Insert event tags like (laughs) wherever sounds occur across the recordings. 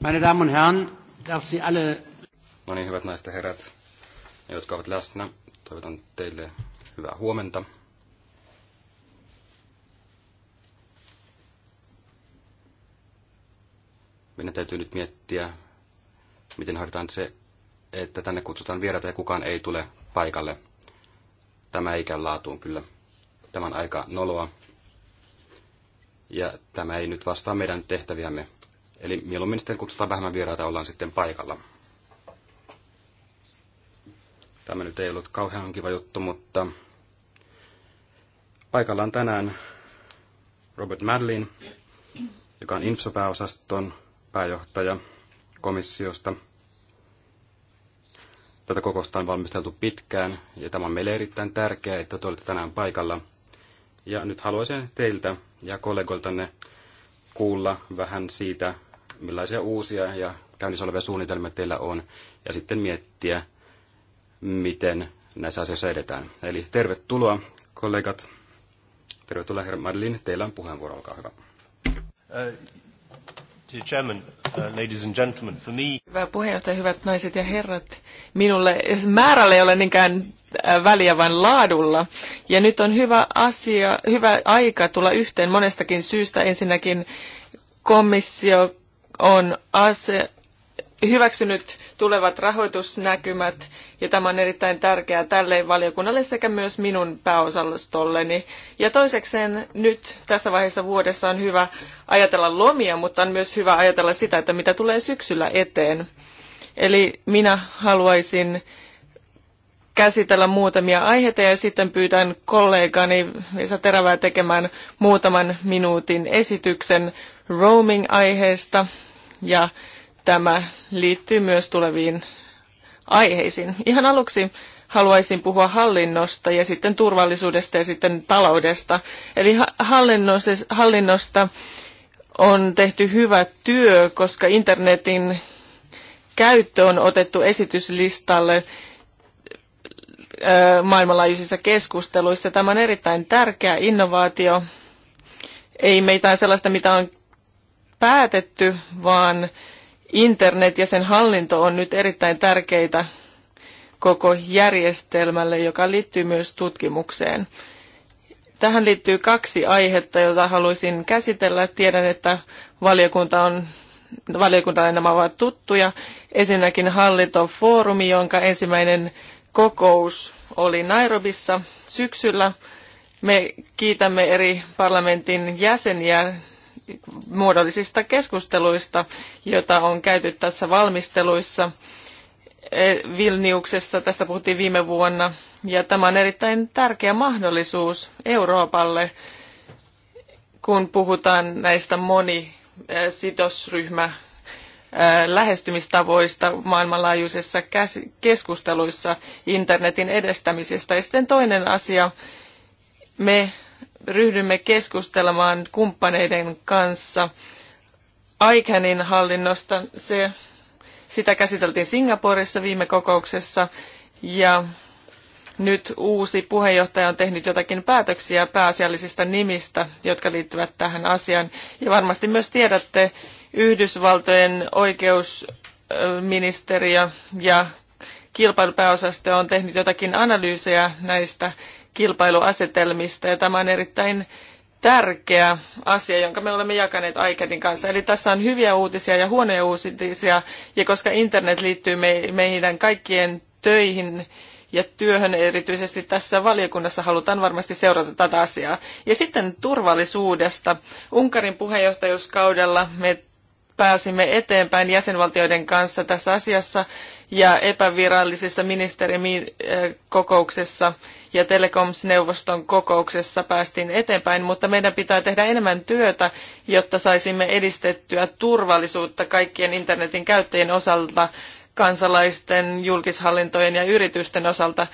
Meine Damen und Herren, darf Sie alle... No niin, hyvät naiset ja herrat, jotka ovat läsnä, toivotan teille hyvää huomenta. Meidän täytyy nyt miettiä, miten hoidetaan se, että tänne kutsutaan vieraita ja kukaan ei tule paikalle. Tämä ei käy laatuun kyllä. Tämä on aika noloa. Ja tämä ei nyt vastaa meidän tehtäviämme. Eli mieluummin sitten kutsutaan vähemmän vieraita, ollaan sitten paikalla. Tämä nyt ei ollut kauhean kiva juttu, mutta paikallaan tänään Robert Madlin, joka on INFSO-pääosaston pääjohtaja komissiosta. Tätä kokousta on valmisteltu pitkään ja tämä on meille erittäin tärkeää, että te olette tänään paikalla. Ja nyt haluaisin teiltä ja kollegoiltanne kuulla vähän siitä, millaisia uusia ja käynnissä olevia suunnitelmia teillä on, ja sitten miettiä, miten näissä asioissa edetään. Eli tervetuloa kollegat. Tervetuloa herra Madlin. Teillä on puheenvuoro, olkaa hyvä. Uh, chairman, uh, ladies and gentlemen, for me... Hyvä puheenjohtaja, hyvät naiset ja herrat. Minulle määrällä ei ole niinkään äh, väliä, vaan laadulla. Ja nyt on hyvä asia, hyvä aika tulla yhteen monestakin syystä. Ensinnäkin komissio on ase, hyväksynyt tulevat rahoitusnäkymät, ja tämä on erittäin tärkeää tälle valiokunnalle sekä myös minun pääosallistolleni. Ja toisekseen nyt tässä vaiheessa vuodessa on hyvä ajatella lomia, mutta on myös hyvä ajatella sitä, että mitä tulee syksyllä eteen. Eli minä haluaisin käsitellä muutamia aiheita ja sitten pyydän kollegani Visa Terävää tekemään muutaman minuutin esityksen roaming-aiheesta ja tämä liittyy myös tuleviin aiheisiin. Ihan aluksi haluaisin puhua hallinnosta ja sitten turvallisuudesta ja sitten taloudesta. Eli hallinnosta on tehty hyvä työ, koska internetin käyttö on otettu esityslistalle maailmanlaajuisissa keskusteluissa. Tämä on erittäin tärkeä innovaatio. Ei meitä sellaista, mitä on päätetty, vaan internet ja sen hallinto on nyt erittäin tärkeitä koko järjestelmälle, joka liittyy myös tutkimukseen. Tähän liittyy kaksi aihetta, joita haluaisin käsitellä. Tiedän, että valiokunta on, valiokuntalle nämä ovat tuttuja. Ensinnäkin hallintofoorumi, jonka ensimmäinen kokous oli Nairobissa syksyllä. Me kiitämme eri parlamentin jäseniä muodollisista keskusteluista, joita on käyty tässä valmisteluissa. E, Vilniuksessa, tästä puhuttiin viime vuonna, ja tämä on erittäin tärkeä mahdollisuus Euroopalle, kun puhutaan näistä moni e, lähestymistavoista maailmanlaajuisessa keskusteluissa internetin edestämisestä. Ja sitten toinen asia, me ryhdymme keskustelemaan kumppaneiden kanssa ICANNin hallinnosta. Se, sitä käsiteltiin Singaporessa viime kokouksessa ja nyt uusi puheenjohtaja on tehnyt jotakin päätöksiä pääasiallisista nimistä, jotka liittyvät tähän asiaan. Ja varmasti myös tiedätte, Yhdysvaltojen oikeusministeriö ja kilpailupääosasto on tehnyt jotakin analyysejä näistä kilpailuasetelmista ja tämä on erittäin tärkeä asia, jonka me olemme jakaneet Aikadin kanssa. Eli tässä on hyviä uutisia ja huonoja uutisia, ja koska internet liittyy meidän kaikkien töihin ja työhön erityisesti tässä valiokunnassa halutaan varmasti seurata tätä asiaa. Ja sitten turvallisuudesta. Unkarin puheenjohtajuuskaudella me pääsimme eteenpäin jäsenvaltioiden kanssa tässä asiassa ja epävirallisissa ministerikokouksessa ja Telekoms-neuvoston kokouksessa päästiin eteenpäin, mutta meidän pitää tehdä enemmän työtä, jotta saisimme edistettyä turvallisuutta kaikkien internetin käyttäjien osalta kansalaisten, julkishallintojen ja yritysten osalta.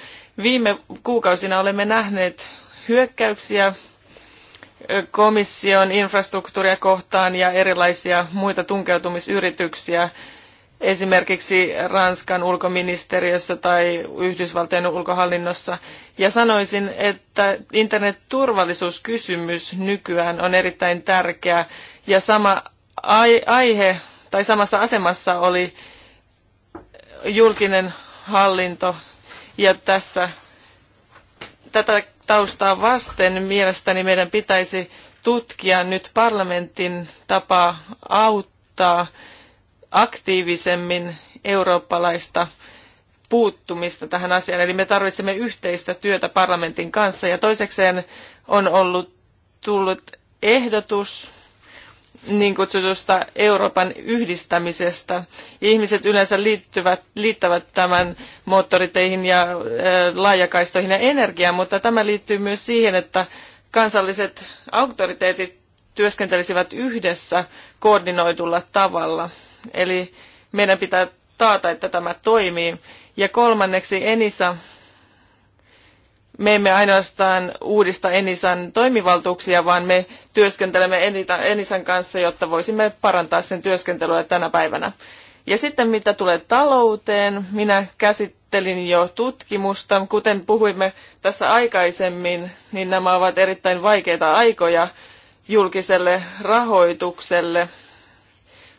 Viime kuukausina olemme nähneet hyökkäyksiä komission infrastruktuuria kohtaan ja erilaisia muita tunkeutumisyrityksiä esimerkiksi Ranskan ulkoministeriössä tai Yhdysvaltojen ulkohallinnossa. Ja sanoisin, että internetturvallisuuskysymys nykyään on erittäin tärkeä ja sama aihe tai samassa asemassa oli julkinen hallinto ja tässä tätä taustaa vasten mielestäni meidän pitäisi tutkia nyt parlamentin tapaa auttaa aktiivisemmin eurooppalaista puuttumista tähän asiaan. Eli me tarvitsemme yhteistä työtä parlamentin kanssa. Ja toisekseen on ollut tullut ehdotus niin kutsutusta Euroopan yhdistämisestä. Ihmiset yleensä liittyvät, liittävät tämän moottoriteihin ja laajakaistoihin ja energiaan, mutta tämä liittyy myös siihen, että kansalliset auktoriteetit työskentelisivät yhdessä koordinoidulla tavalla. Eli meidän pitää taata, että tämä toimii. Ja kolmanneksi Enisa me emme ainoastaan uudista Enisan toimivaltuuksia, vaan me työskentelemme Enisan kanssa, jotta voisimme parantaa sen työskentelyä tänä päivänä. Ja sitten mitä tulee talouteen, minä käsittelin jo tutkimusta. Kuten puhuimme tässä aikaisemmin, niin nämä ovat erittäin vaikeita aikoja julkiselle rahoitukselle.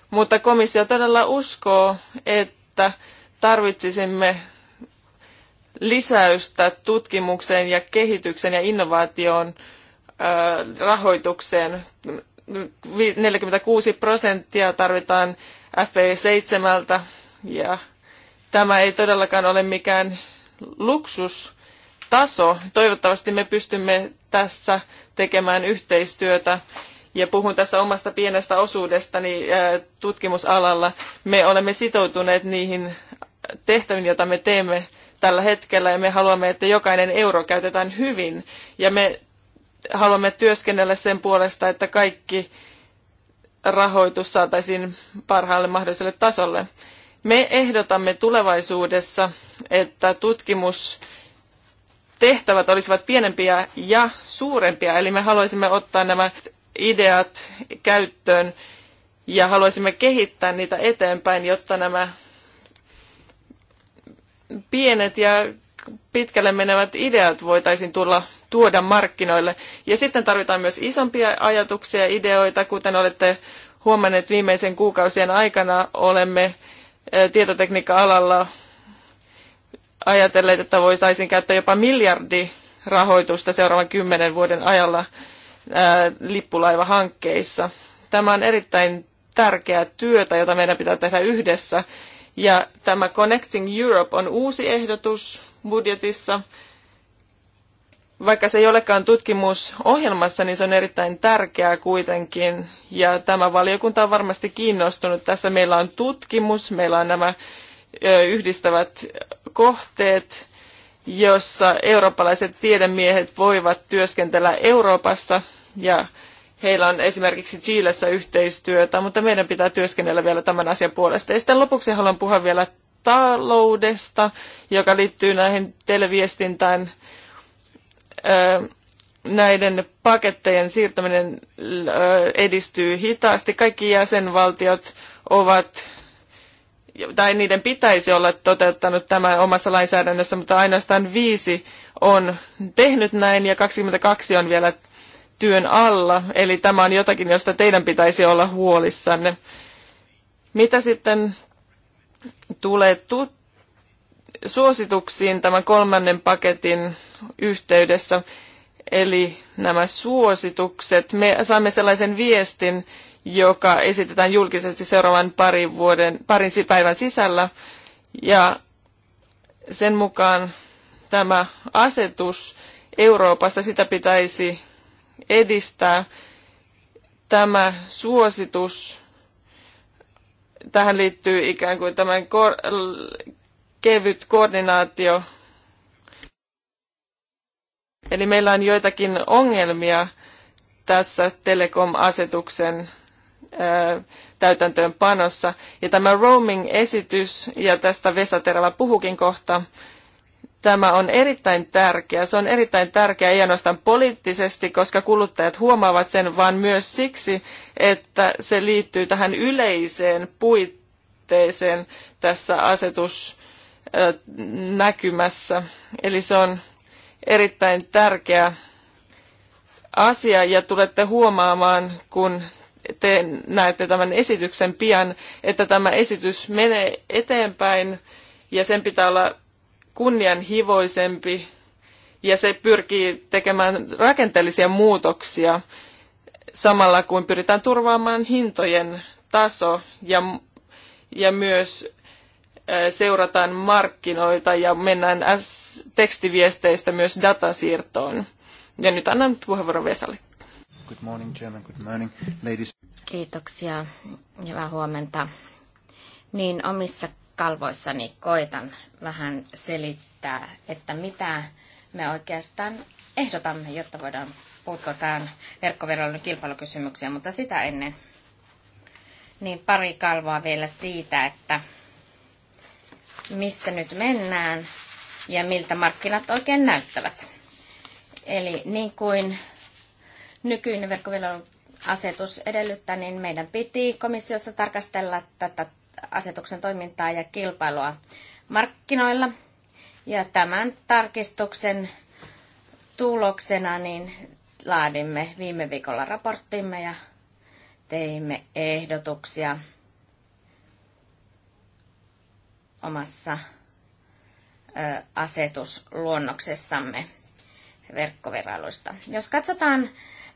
Mutta komissio todella uskoo, että tarvitsisimme lisäystä tutkimukseen ja kehitykseen ja innovaatioon rahoitukseen. 46 prosenttia tarvitaan FP7 ja tämä ei todellakaan ole mikään luksustaso. Toivottavasti me pystymme tässä tekemään yhteistyötä ja puhun tässä omasta pienestä osuudestani tutkimusalalla. Me olemme sitoutuneet niihin tehtäviin, joita me teemme tällä hetkellä ja me haluamme, että jokainen euro käytetään hyvin ja me haluamme työskennellä sen puolesta, että kaikki rahoitus saataisiin parhaalle mahdolliselle tasolle. Me ehdotamme tulevaisuudessa, että tutkimus tehtävät olisivat pienempiä ja suurempia, eli me haluaisimme ottaa nämä ideat käyttöön ja haluaisimme kehittää niitä eteenpäin, jotta nämä pienet ja pitkälle menevät ideat voitaisiin tulla tuoda markkinoille. Ja sitten tarvitaan myös isompia ajatuksia ja ideoita, kuten olette huomanneet viimeisen kuukausien aikana olemme tietotekniikka-alalla ajatelleet, että voisaisin käyttää jopa miljardi rahoitusta seuraavan kymmenen vuoden ajalla lippulaivahankkeissa. Tämä on erittäin tärkeää työtä, jota meidän pitää tehdä yhdessä ja tämä Connecting Europe on uusi ehdotus budjetissa. Vaikka se ei olekaan tutkimusohjelmassa, niin se on erittäin tärkeää kuitenkin. Ja tämä valiokunta on varmasti kiinnostunut. Tässä meillä on tutkimus, meillä on nämä yhdistävät kohteet, jossa eurooppalaiset tiedemiehet voivat työskentellä Euroopassa ja Heillä on esimerkiksi Chilessä yhteistyötä, mutta meidän pitää työskennellä vielä tämän asian puolesta. Ja sitten lopuksi haluan puhua vielä taloudesta, joka liittyy näihin televiestintään näiden pakettejen siirtäminen edistyy hitaasti. Kaikki jäsenvaltiot ovat, tai niiden pitäisi olla toteuttanut tämä omassa lainsäädännössä, mutta ainoastaan viisi on tehnyt näin ja 22 on vielä työn alla, eli tämä on jotakin, josta teidän pitäisi olla huolissanne. Mitä sitten tulee tut- suosituksiin tämän kolmannen paketin yhteydessä, eli nämä suositukset, me saamme sellaisen viestin, joka esitetään julkisesti seuraavan parin, vuoden, parin päivän sisällä, ja sen mukaan tämä asetus Euroopassa, sitä pitäisi edistää. Tämä suositus, tähän liittyy ikään kuin tämän kevyt koordinaatio. Eli meillä on joitakin ongelmia tässä Telekom-asetuksen täytäntöönpanossa. Ja tämä roaming-esitys, ja tästä Vesa Terävä puhukin kohta, Tämä on erittäin tärkeä. Se on erittäin tärkeä ei ainoastaan poliittisesti, koska kuluttajat huomaavat sen, vaan myös siksi, että se liittyy tähän yleiseen puitteeseen tässä asetusnäkymässä. Eli se on erittäin tärkeä asia ja tulette huomaamaan, kun te näette tämän esityksen pian, että tämä esitys menee eteenpäin ja sen pitää olla kunnianhivoisempi ja se pyrkii tekemään rakenteellisia muutoksia samalla kun pyritään turvaamaan hintojen taso ja, ja myös seurataan markkinoita ja mennään tekstiviesteistä myös datasiirtoon. Ja nyt annan puheenvuoron Vesalle. Good morning, German. Good morning, ladies. Kiitoksia. Hyvää huomenta. Niin omissa kalvoissani koitan vähän selittää, että mitä me oikeastaan ehdotamme, jotta voidaan puuttua tähän verkkoverollinen kilpailukysymykseen, mutta sitä ennen niin pari kalvoa vielä siitä, että missä nyt mennään ja miltä markkinat oikein näyttävät. Eli niin kuin nykyinen verkkoverollinen asetus edellyttää, niin meidän piti komissiossa tarkastella tätä asetuksen toimintaa ja kilpailua markkinoilla. Ja tämän tarkistuksen tuloksena niin laadimme viime viikolla raporttimme ja teimme ehdotuksia omassa asetusluonnoksessamme verkkoverailuista. Jos katsotaan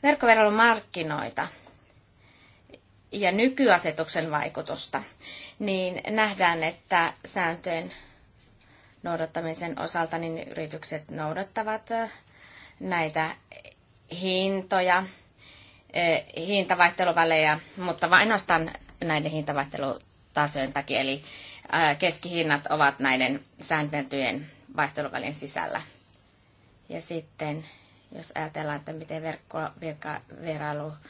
verkkoverailumarkkinoita, ja nykyasetuksen vaikutusta, niin nähdään, että sääntöjen noudattamisen osalta niin yritykset noudattavat äh, näitä hintoja, äh, hintavaihteluvälejä, mutta vain ainoastaan näiden hintavaihtelutasojen takia, eli äh, keskihinnat ovat näiden sääntöjen vaihteluvälin sisällä. Ja sitten, jos ajatellaan, että miten verkkovirkavirailu virka-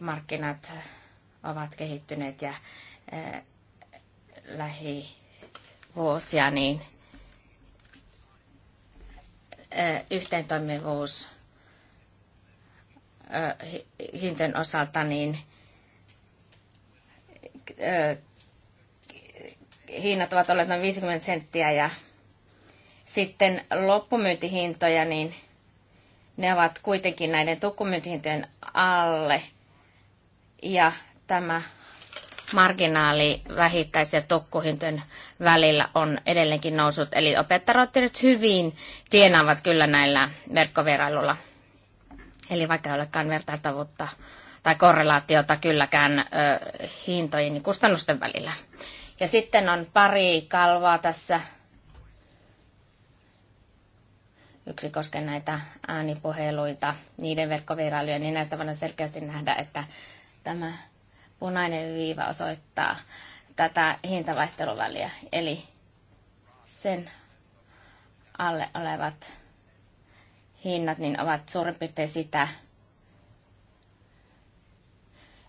markkinat ovat kehittyneet ja lähivuosia, niin yhteentoimivuus hintojen osalta, niin hinnat ovat olleet noin 50 senttiä ja sitten loppumyyntihintoja, niin ne ovat kuitenkin näiden dokumentintojen alle. Ja tämä marginaali vähittäis- ja tukkuhintojen välillä on edelleenkin noussut. Eli opettajat nyt hyvin tienaavat kyllä näillä verkkovierailulla. Eli vaikka ei olekaan vertailtavuutta tai korrelaatiota kylläkään ö, hintojen ja kustannusten välillä. Ja sitten on pari kalvaa tässä yksi koskee näitä äänipuheluita, niiden verkkovierailuja, niin näistä voidaan selkeästi nähdä, että tämä punainen viiva osoittaa tätä hintavaihteluväliä, eli sen alle olevat hinnat niin ovat suurin piirtein sitä,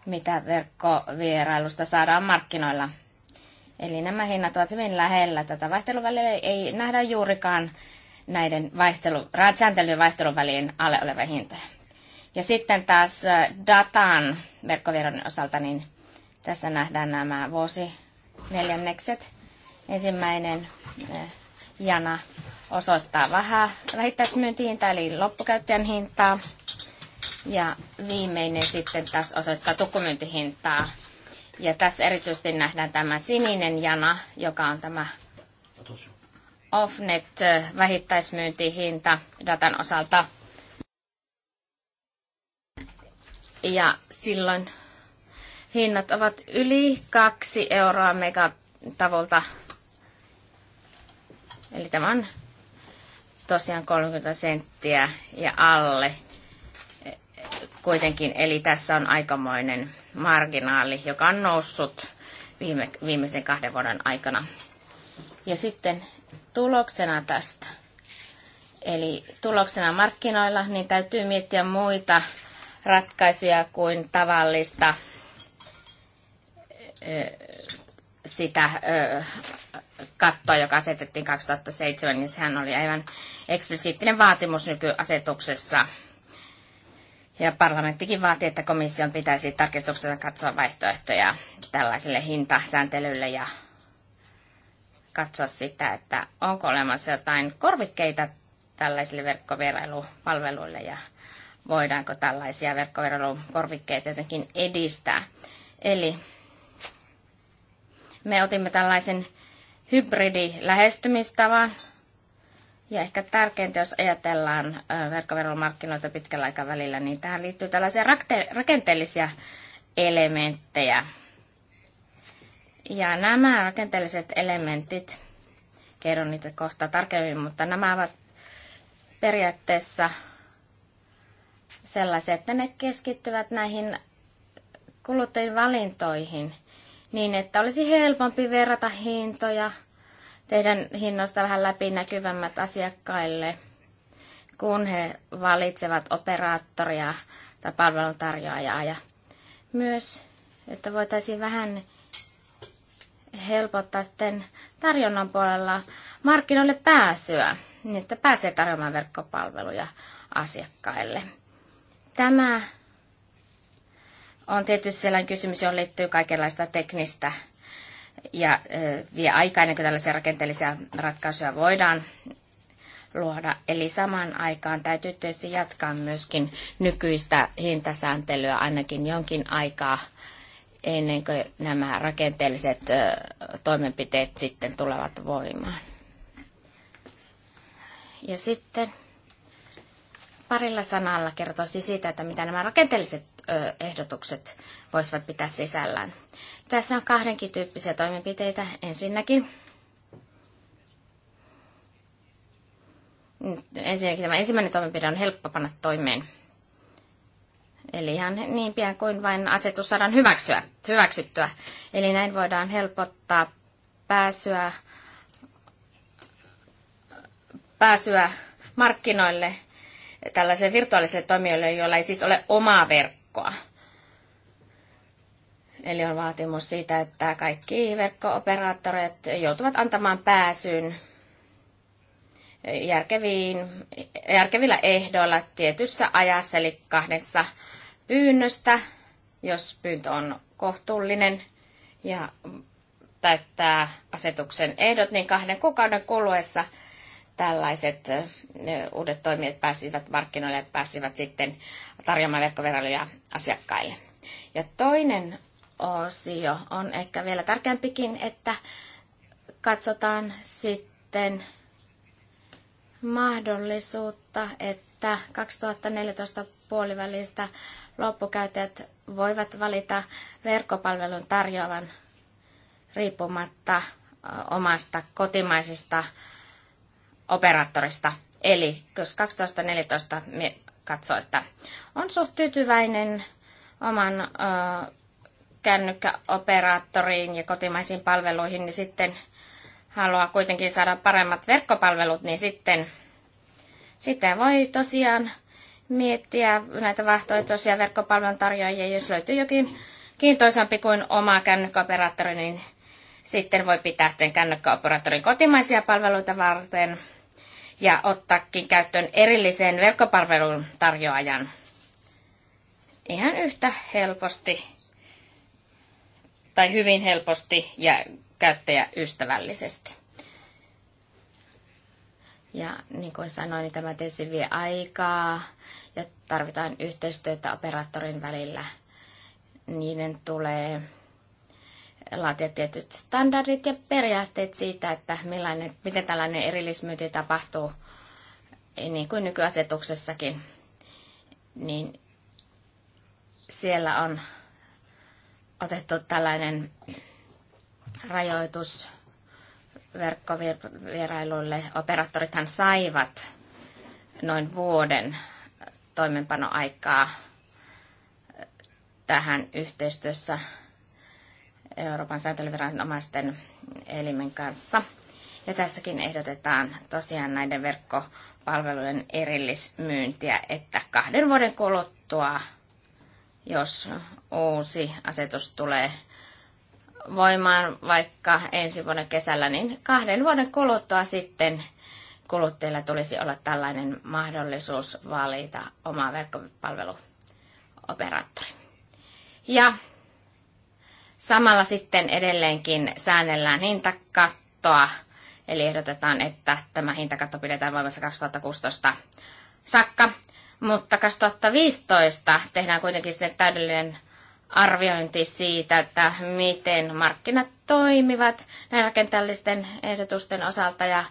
mitä verkkovierailusta saadaan markkinoilla. Eli nämä hinnat ovat hyvin lähellä tätä vaihteluväliä, ei nähdä juurikaan näiden vaihtelu, sääntelyn vaihtelun väliin alle oleva hinta. Ja sitten taas äh, datan verkkovieraiden osalta, niin tässä nähdään nämä vuosi neljännekset. Ensimmäinen äh, jana osoittaa vähän vähittäismyyntiin eli loppukäyttäjän hintaa. Ja viimeinen sitten taas osoittaa tukkumyyntihintaa. Ja tässä erityisesti nähdään tämä sininen jana, joka on tämä Offnet eh, vähittäismyyntihinta datan osalta. Ja silloin hinnat ovat yli 2 euroa megatavolta. Eli tämä on tosiaan 30 senttiä ja alle kuitenkin. Eli tässä on aikamoinen marginaali, joka on noussut viime, viimeisen kahden vuoden aikana. Ja sitten tuloksena tästä, eli tuloksena markkinoilla, niin täytyy miettiä muita ratkaisuja kuin tavallista sitä kattoa, joka asetettiin 2007, niin sehän oli aivan eksplisiittinen vaatimus nykyasetuksessa. Ja parlamenttikin vaatii, että komission pitäisi tarkistuksessa katsoa vaihtoehtoja tällaiselle hintasääntelylle ja katsoa sitä, että onko olemassa jotain korvikkeita tällaisille verkkovierailupalveluille ja voidaanko tällaisia verkkovierailukorvikkeita jotenkin edistää. Eli me otimme tällaisen hybridilähestymistavan. Ja ehkä tärkeintä, jos ajatellaan verkkoverolumarkkinoita pitkällä aikavälillä, niin tähän liittyy tällaisia rakenteellisia elementtejä. Ja nämä rakenteelliset elementit, kerron niitä kohta tarkemmin, mutta nämä ovat periaatteessa sellaisia, että ne keskittyvät näihin kuluttajien valintoihin niin, että olisi helpompi verrata hintoja, tehdä hinnoista vähän läpinäkyvämmät asiakkaille, kun he valitsevat operaattoria tai palveluntarjoajaa. Ja myös, että voitaisiin vähän helpottaa sitten tarjonnan puolella markkinoille pääsyä, niin että pääsee tarjoamaan verkkopalveluja asiakkaille. Tämä on tietysti sellainen kysymys, johon liittyy kaikenlaista teknistä ja vie aikaa ennen kuin tällaisia rakenteellisia ratkaisuja voidaan luoda. Eli samaan aikaan täytyy tietysti jatkaa myöskin nykyistä hintasääntelyä ainakin jonkin aikaa ennen kuin nämä rakenteelliset toimenpiteet sitten tulevat voimaan. Ja sitten parilla sanalla kertoisin siitä, että mitä nämä rakenteelliset ehdotukset voisivat pitää sisällään. Tässä on kahdenkin tyyppisiä toimenpiteitä. Ensinnäkin ensinnäkin tämä ensimmäinen toimenpide on helppo panna toimeen. Eli ihan niin pian kuin vain asetus saadaan hyväksyä, hyväksyttyä. Eli näin voidaan helpottaa pääsyä, pääsyä markkinoille tällaisille virtuaalisille toimijoille, joilla ei siis ole omaa verkkoa. Eli on vaatimus siitä, että kaikki verkkooperaattorit joutuvat antamaan pääsyn järkeviin, järkevillä ehdoilla tietyssä ajassa, eli kahdessa pyynnöstä, jos pyyntö on kohtuullinen ja täyttää asetuksen ehdot, niin kahden kuukauden kuluessa tällaiset uudet toimijat pääsivät markkinoille ja pääsivät sitten tarjoamaan verkkoverailuja asiakkaille. Ja toinen osio on ehkä vielä tärkeämpikin, että katsotaan sitten mahdollisuutta, että 2014 puolivälistä loppukäyttäjät voivat valita verkkopalvelun tarjoavan riippumatta omasta kotimaisesta operaattorista. Eli jos 2014 katsoo, että on suht tyytyväinen oman ö, kännykkäoperaattoriin ja kotimaisiin palveluihin, niin sitten haluaa kuitenkin saada paremmat verkkopalvelut, niin sitten, sitten voi tosiaan miettiä näitä vaihtoehtoisia verkkopalvelun tarjoajia. Jos löytyy jokin kiintoisampi kuin oma kännykkäoperaattori, niin sitten voi pitää tämän kännykkäoperaattorin kotimaisia palveluita varten ja ottaakin käyttöön erillisen verkkopalvelun tarjoajan. Ihan yhtä helposti tai hyvin helposti ja käyttäjäystävällisesti. Ja niin kuin sanoin, niin tämä tietysti vie aikaa ja tarvitaan yhteistyötä operaattorin välillä. Niiden tulee laatia tietyt standardit ja periaatteet siitä, että millainen, miten tällainen erillismyynti tapahtuu, niin kuin nykyasetuksessakin. Niin siellä on otettu tällainen rajoitus verkkovierailuille. Operaattorithan saivat noin vuoden toimenpanoaikaa tähän yhteistyössä Euroopan sääntelyviranomaisten elimen kanssa. Ja tässäkin ehdotetaan tosiaan näiden verkkopalvelujen erillismyyntiä, että kahden vuoden kuluttua, jos uusi asetus tulee voimaan vaikka ensi vuonna kesällä, niin kahden vuoden kuluttua sitten kuluttajilla tulisi olla tällainen mahdollisuus valita oma verkkopalveluoperaattori. Ja samalla sitten edelleenkin säännellään hintakattoa, eli ehdotetaan, että tämä hintakatto pidetään voimassa 2016 sakka, mutta 2015 tehdään kuitenkin sitten täydellinen arviointi siitä, että miten markkinat toimivat näiden rakenteellisten ehdotusten osalta ja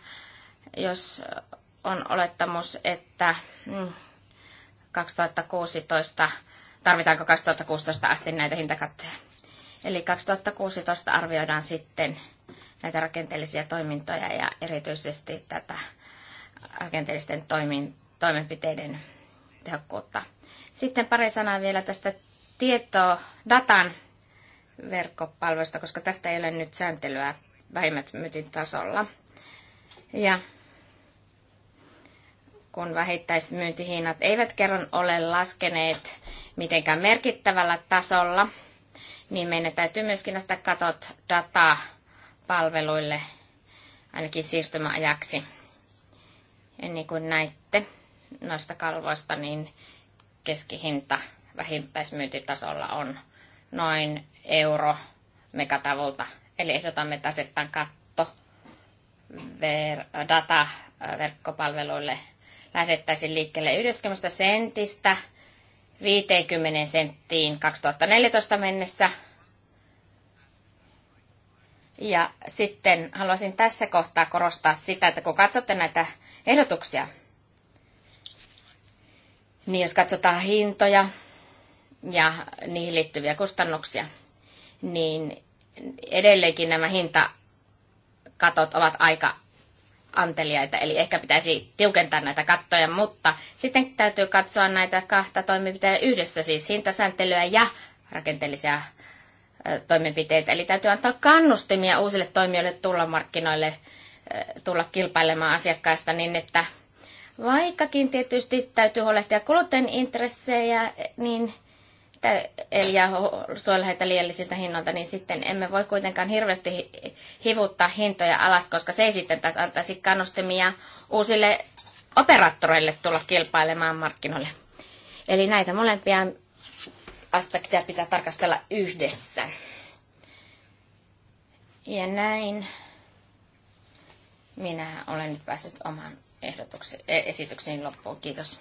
jos on olettamus, että 2016, mm, tarvitaanko 2016 asti näitä hintakatteja. Eli 2016 arvioidaan sitten näitä rakenteellisia toimintoja ja erityisesti tätä rakenteellisten toimin, toimenpiteiden tehokkuutta. Sitten pari sanaa vielä tästä tietoa, datan verkkopalvelusta, koska tästä ei ole nyt sääntelyä mytin tasolla. Ja kun vähittäismyyntihinnat eivät kerran ole laskeneet mitenkään merkittävällä tasolla, niin meidän täytyy myöskin näistä katot dataa palveluille ainakin siirtymäajaksi. Ja niin kuin näitte noista kalvoista, niin keskihinta vähimpäismyyntitasolla on noin euro megatavulta. Eli ehdotamme tasettaan katto ver- data verkkopalveluille lähdettäisiin liikkeelle 90 sentistä 50 senttiin 2014 mennessä. Ja sitten haluaisin tässä kohtaa korostaa sitä, että kun katsotte näitä ehdotuksia, niin jos katsotaan hintoja, ja niihin liittyviä kustannuksia, niin edelleenkin nämä hintakatot ovat aika anteliaita, eli ehkä pitäisi tiukentaa näitä kattoja, mutta sitten täytyy katsoa näitä kahta toimenpiteitä yhdessä, siis hintasääntelyä ja rakenteellisia toimenpiteitä. Eli täytyy antaa kannustimia uusille toimijoille tulla markkinoille, tulla kilpailemaan asiakkaista niin, että vaikkakin tietysti täytyy huolehtia kuluttajien intressejä, niin ja suojelheitä liiallisilta hinnoilta, niin sitten emme voi kuitenkaan hirveästi hivuttaa hintoja alas, koska se ei sitten taas antaisi kannustimia uusille operaattoreille tulla kilpailemaan markkinoille. Eli näitä molempia aspekteja pitää tarkastella yhdessä. Ja näin minä olen nyt päässyt oman ehdotuksen, esitykseni loppuun. Kiitos.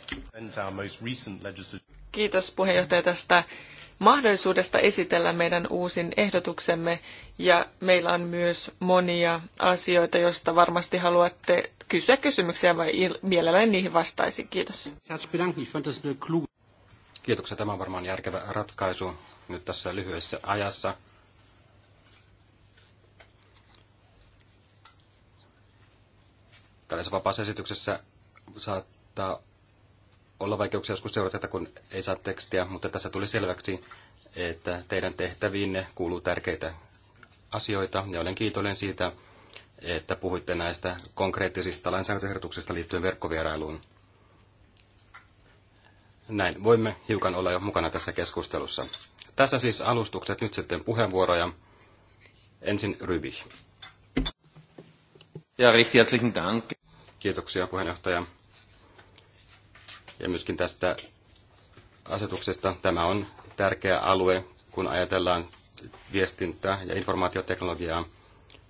Kiitos puheenjohtaja tästä mahdollisuudesta esitellä meidän uusin ehdotuksemme ja meillä on myös monia asioita, joista varmasti haluatte kysyä kysymyksiä vai mielelläni niihin vastaisin. Kiitos. Kiitoksia. Tämä on varmaan järkevä ratkaisu nyt tässä lyhyessä ajassa. Tällaisessa vapaassa esityksessä saattaa olla vaikeuksia joskus seurata, kun ei saa tekstiä, mutta tässä tuli selväksi, että teidän tehtäviinne kuuluu tärkeitä asioita, ja olen kiitollinen siitä, että puhuitte näistä konkreettisista lainsäädäntöehdotuksista liittyen verkkovierailuun. Näin, voimme hiukan olla jo mukana tässä keskustelussa. Tässä siis alustukset, nyt sitten puheenvuoroja. Ensin Ryby. Ja, recht herzlichen Dank. Kiitoksia puheenjohtaja ja myöskin tästä asetuksesta. Tämä on tärkeä alue, kun ajatellaan viestintää ja informaatioteknologiaa.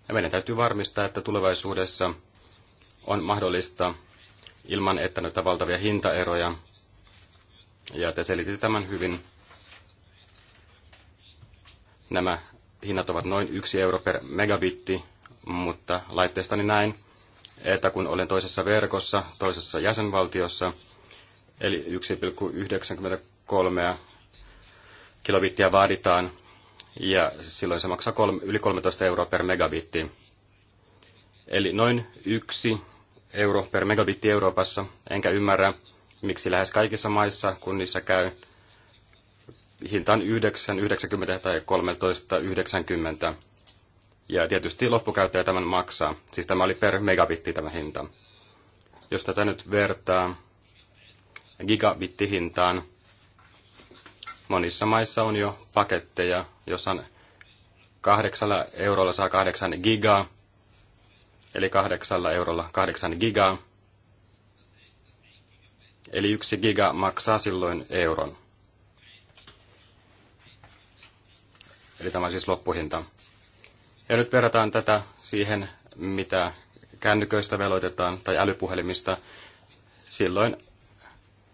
Ja meidän täytyy varmistaa, että tulevaisuudessa on mahdollista ilman, että näitä valtavia hintaeroja. Ja te selititte tämän hyvin. Nämä hinnat ovat noin yksi euro per megabitti, mutta laitteestani näin, että kun olen toisessa verkossa, toisessa jäsenvaltiossa, eli 1,93 kilobittiä vaaditaan, ja silloin se maksaa yli 13 euroa per megabitti. Eli noin yksi euro per megabitti Euroopassa, enkä ymmärrä, miksi lähes kaikissa maissa, kun niissä käy, hintaan 9,90 tai 13,90. Ja tietysti loppukäyttäjä tämän maksaa. Siis tämä oli per megabitti tämä hinta. Jos tätä nyt vertaa gigabittihintaan. Monissa maissa on jo paketteja, jossa on kahdeksalla eurolla saa kahdeksan gigaa, eli kahdeksalla eurolla kahdeksan gigaa. Eli yksi giga maksaa silloin euron. Eli tämä on siis loppuhinta. Ja nyt verrataan tätä siihen, mitä kännyköistä veloitetaan tai älypuhelimista. Silloin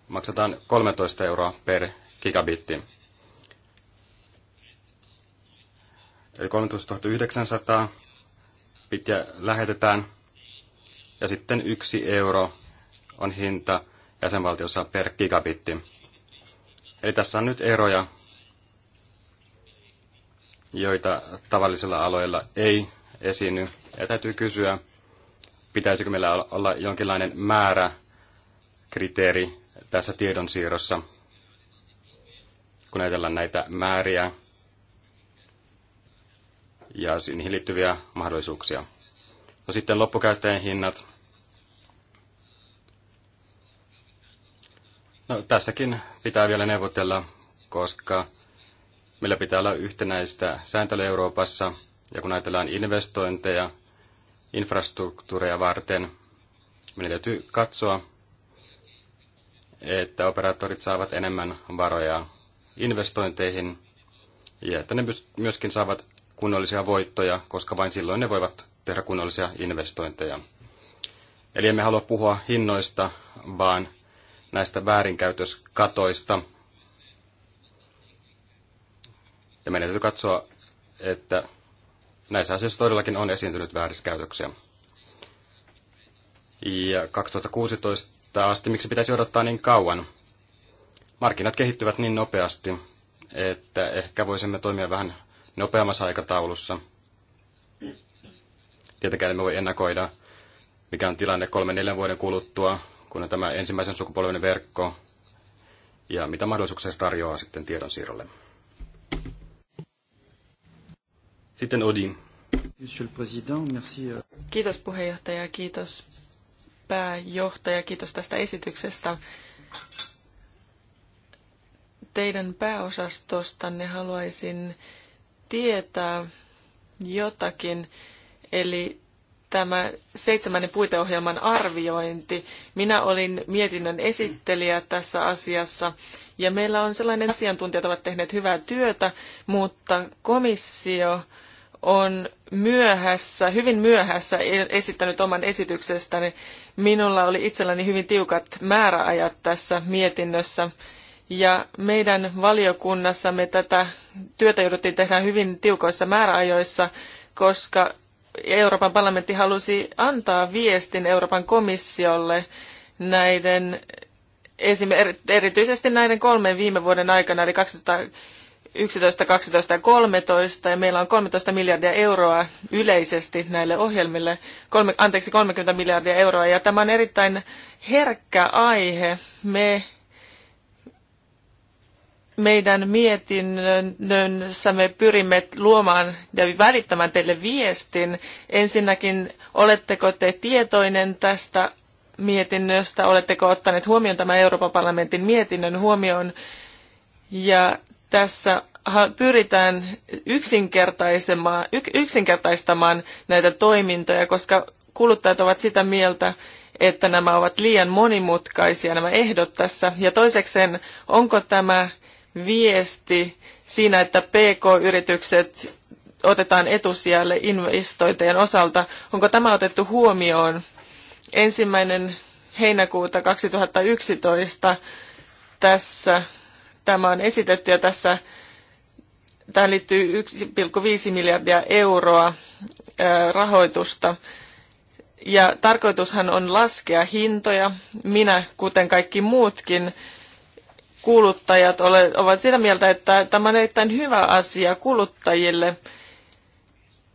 maksetaan 13 euroa per gigabitti. Eli 13 900 bittiä lähetetään ja sitten yksi euro on hinta jäsenvaltiossa per gigabitti. Eli tässä on nyt eroja, joita tavallisilla aloilla ei esiinny. Ja täytyy kysyä, pitäisikö meillä olla jonkinlainen määrä kriteeri tässä tiedonsiirrossa, kun ajatellaan näitä määriä ja niihin liittyviä mahdollisuuksia. No sitten loppukäyttäjien hinnat. No tässäkin pitää vielä neuvotella, koska meillä pitää olla yhtenäistä sääntelyä Euroopassa, ja kun ajatellaan investointeja infrastruktuureja varten, meidän täytyy katsoa, että operaattorit saavat enemmän varoja investointeihin ja että ne myöskin saavat kunnollisia voittoja, koska vain silloin ne voivat tehdä kunnollisia investointeja. Eli emme halua puhua hinnoista, vaan näistä väärinkäytöskatoista. Ja meidän täytyy katsoa, että näissä asioissa todellakin on esiintynyt vääriskäytöksiä. Ja 2016 asti, miksi pitäisi odottaa niin kauan? Markkinat kehittyvät niin nopeasti, että ehkä voisimme toimia vähän nopeammassa aikataulussa. Tietenkään emme voi ennakoida, mikä on tilanne kolmen neljän vuoden kuluttua, kun on tämä ensimmäisen sukupolven verkko, ja mitä mahdollisuuksia se tarjoaa sitten tiedonsiirrolle. Sitten Odin. Euh. Kiitos puheenjohtaja ja kiitos pääjohtaja, kiitos tästä esityksestä. Teidän pääosastostanne haluaisin tietää jotakin, eli tämä seitsemännen puiteohjelman arviointi. Minä olin mietinnön esittelijä tässä asiassa ja meillä on sellainen asiantuntijat ovat tehneet hyvää työtä, mutta komissio on myöhässä, hyvin myöhässä esittänyt oman esityksestäni. Minulla oli itselläni hyvin tiukat määräajat tässä mietinnössä. Ja meidän valiokunnassamme tätä työtä jouduttiin tehdä hyvin tiukoissa määräajoissa, koska Euroopan parlamentti halusi antaa viestin Euroopan komissiolle näiden, erityisesti näiden kolmen viime vuoden aikana, eli 2010, 11, 12 ja 13, ja meillä on 13 miljardia euroa yleisesti näille ohjelmille, kolme, anteeksi 30 miljardia euroa, ja tämä on erittäin herkkä aihe. Me, meidän mietinnössä me pyrimme luomaan ja välittämään teille viestin. Ensinnäkin, oletteko te tietoinen tästä mietinnöstä, oletteko ottaneet huomioon tämän Euroopan parlamentin mietinnön huomioon, ja tässä pyritään yksinkertaisemaan, yksinkertaistamaan näitä toimintoja, koska kuluttajat ovat sitä mieltä, että nämä ovat liian monimutkaisia nämä ehdot tässä. Ja toisekseen, onko tämä viesti siinä, että PK-yritykset otetaan etusijalle investointien osalta, onko tämä otettu huomioon? Ensimmäinen heinäkuuta 2011 tässä tämä on esitetty ja tässä tähän liittyy 1,5 miljardia euroa rahoitusta. Ja tarkoitushan on laskea hintoja. Minä, kuten kaikki muutkin kuluttajat, ole, ovat sitä mieltä, että tämä on erittäin hyvä asia kuluttajille.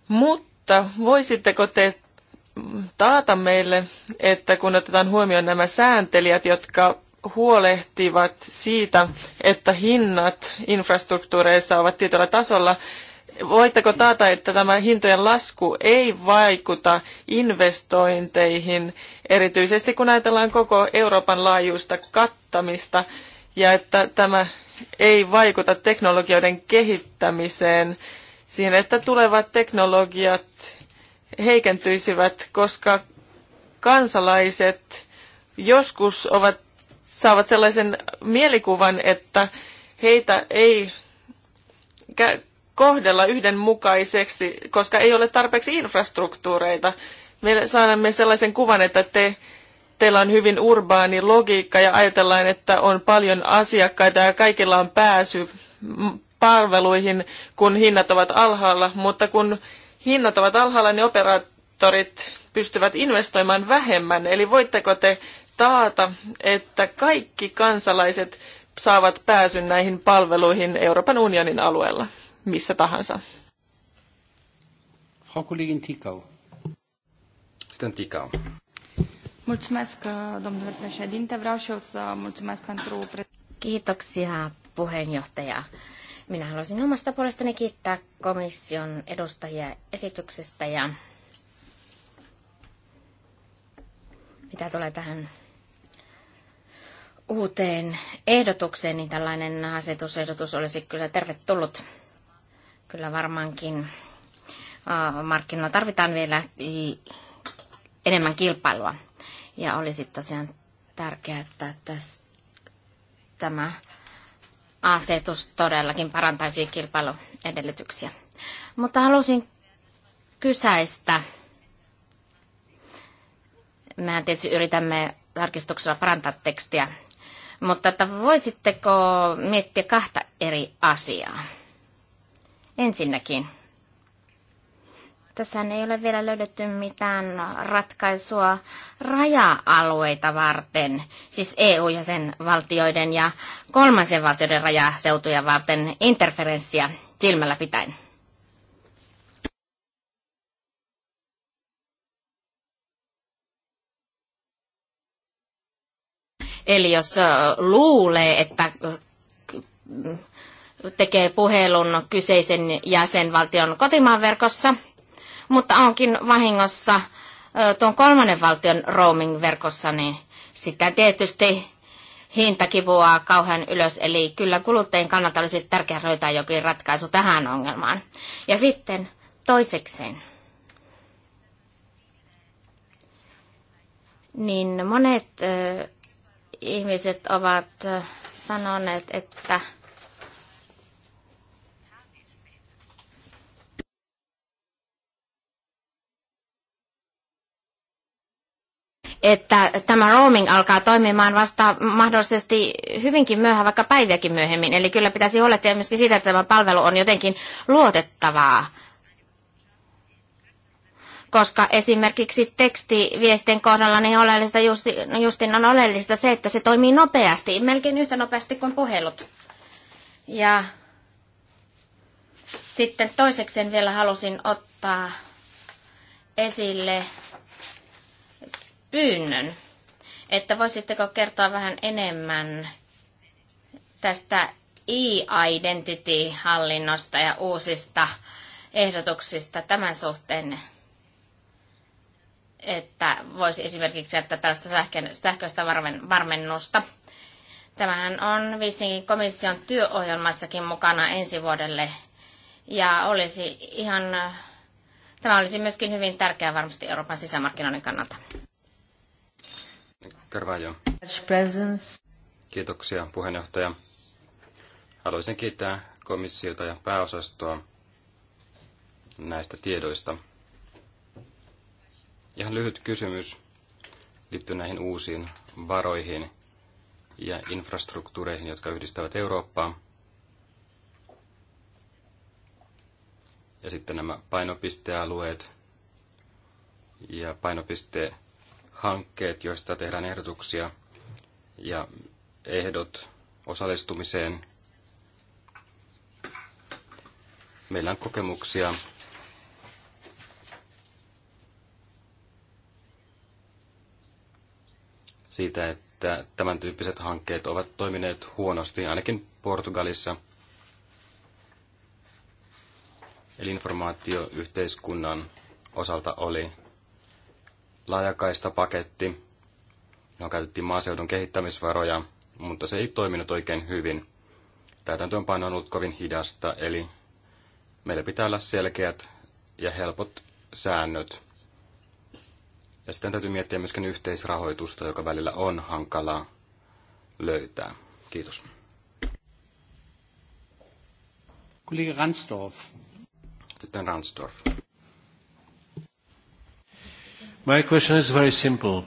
Mutta voisitteko te taata meille, että kun otetaan huomioon nämä sääntelijät, jotka huolehtivat siitä, että hinnat infrastruktuureissa ovat tietyllä tasolla. Voitteko taata, että tämä hintojen lasku ei vaikuta investointeihin, erityisesti kun ajatellaan koko Euroopan laajuista kattamista, ja että tämä ei vaikuta teknologioiden kehittämiseen, siihen, että tulevat teknologiat heikentyisivät, koska kansalaiset joskus ovat saavat sellaisen mielikuvan, että heitä ei kohdella yhdenmukaiseksi, koska ei ole tarpeeksi infrastruktuureita. Me saamme sellaisen kuvan, että te, teillä on hyvin urbaani logiikka ja ajatellaan, että on paljon asiakkaita ja kaikilla on pääsy palveluihin, kun hinnat ovat alhaalla, mutta kun hinnat ovat alhaalla, niin operaattorit pystyvät investoimaan vähemmän. Eli voitteko te taata, että kaikki kansalaiset saavat pääsyn näihin palveluihin Euroopan unionin alueella, missä tahansa. Frau Kollegin Tikau. Stăm Tikau. Mulțumesc, domnule președinte. Vreau și eu să mulțumesc pentru... Kiitoksia, puheenjohtaja. Minä haluaisin omasta puolestani kiittää komission edustajia esityksestä ja mitä tulee tähän uuteen ehdotukseen, niin tällainen asetusehdotus olisi kyllä tervetullut. Kyllä varmaankin markkinoilla tarvitaan vielä enemmän kilpailua. Ja olisi tosiaan tärkeää, että tämä asetus todellakin parantaisi kilpailuedellytyksiä. Mutta halusin kysäistä. Mehän tietysti yritämme tarkistuksella parantaa tekstiä mutta että voisitteko miettiä kahta eri asiaa? Ensinnäkin, tässä ei ole vielä löydetty mitään ratkaisua raja-alueita varten, siis EU-jäsenvaltioiden ja kolmansien valtioiden rajaseutuja varten interferenssia silmällä pitäen. Eli jos luulee, että tekee puhelun kyseisen jäsenvaltion kotimaan verkossa, mutta onkin vahingossa tuon kolmannen valtion roaming-verkossa, niin sitä tietysti hinta kivuaa kauhean ylös, eli kyllä kuluttajien kannalta olisi tärkeää löytää jokin ratkaisu tähän ongelmaan. Ja sitten toisekseen. Niin monet ihmiset ovat äh, sanoneet, että että tämä roaming alkaa toimimaan vasta mahdollisesti hyvinkin myöhään, vaikka päiviäkin myöhemmin. Eli kyllä pitäisi olla myöskin siitä, että tämä palvelu on jotenkin luotettavaa koska esimerkiksi tekstiviestin kohdalla niin oleellista justi, justin on oleellista se, että se toimii nopeasti, melkein yhtä nopeasti kuin puhelut. Ja sitten toisekseen vielä halusin ottaa esille pyynnön, että voisitteko kertoa vähän enemmän tästä e-identity-hallinnosta ja uusista ehdotuksista tämän suhteen että voisi esimerkiksi jättää tällaista sähkön, sähköistä varmen, varmennusta. Tämähän on vissiin komission työohjelmassakin mukana ensi vuodelle ja olisi ihan, tämä olisi myöskin hyvin tärkeää varmasti Euroopan sisämarkkinoiden kannalta. Carvalho. Kiitoksia puheenjohtaja. Haluaisin kiittää komissiota ja pääosastoa näistä tiedoista. Ihan lyhyt kysymys liittyy näihin uusiin varoihin ja infrastruktuureihin, jotka yhdistävät Eurooppaa. Ja sitten nämä painopistealueet ja painopistehankkeet, joista tehdään ehdotuksia ja ehdot osallistumiseen. Meillä on kokemuksia siitä, että tämän tyyppiset hankkeet ovat toimineet huonosti, ainakin Portugalissa. Eli informaatioyhteiskunnan osalta oli laajakaista paketti, johon käytettiin maaseudun kehittämisvaroja, mutta se ei toiminut oikein hyvin. Täytäntöönpano on ollut kovin hidasta, eli meillä pitää olla selkeät ja helpot säännöt ja sitten täytyy miettiä myöskin yhteisrahoitusta, joka välillä on hankalaa löytää. Kiitos. Kollega Ransdorf. Sitten Ransdorf. My question is very simple.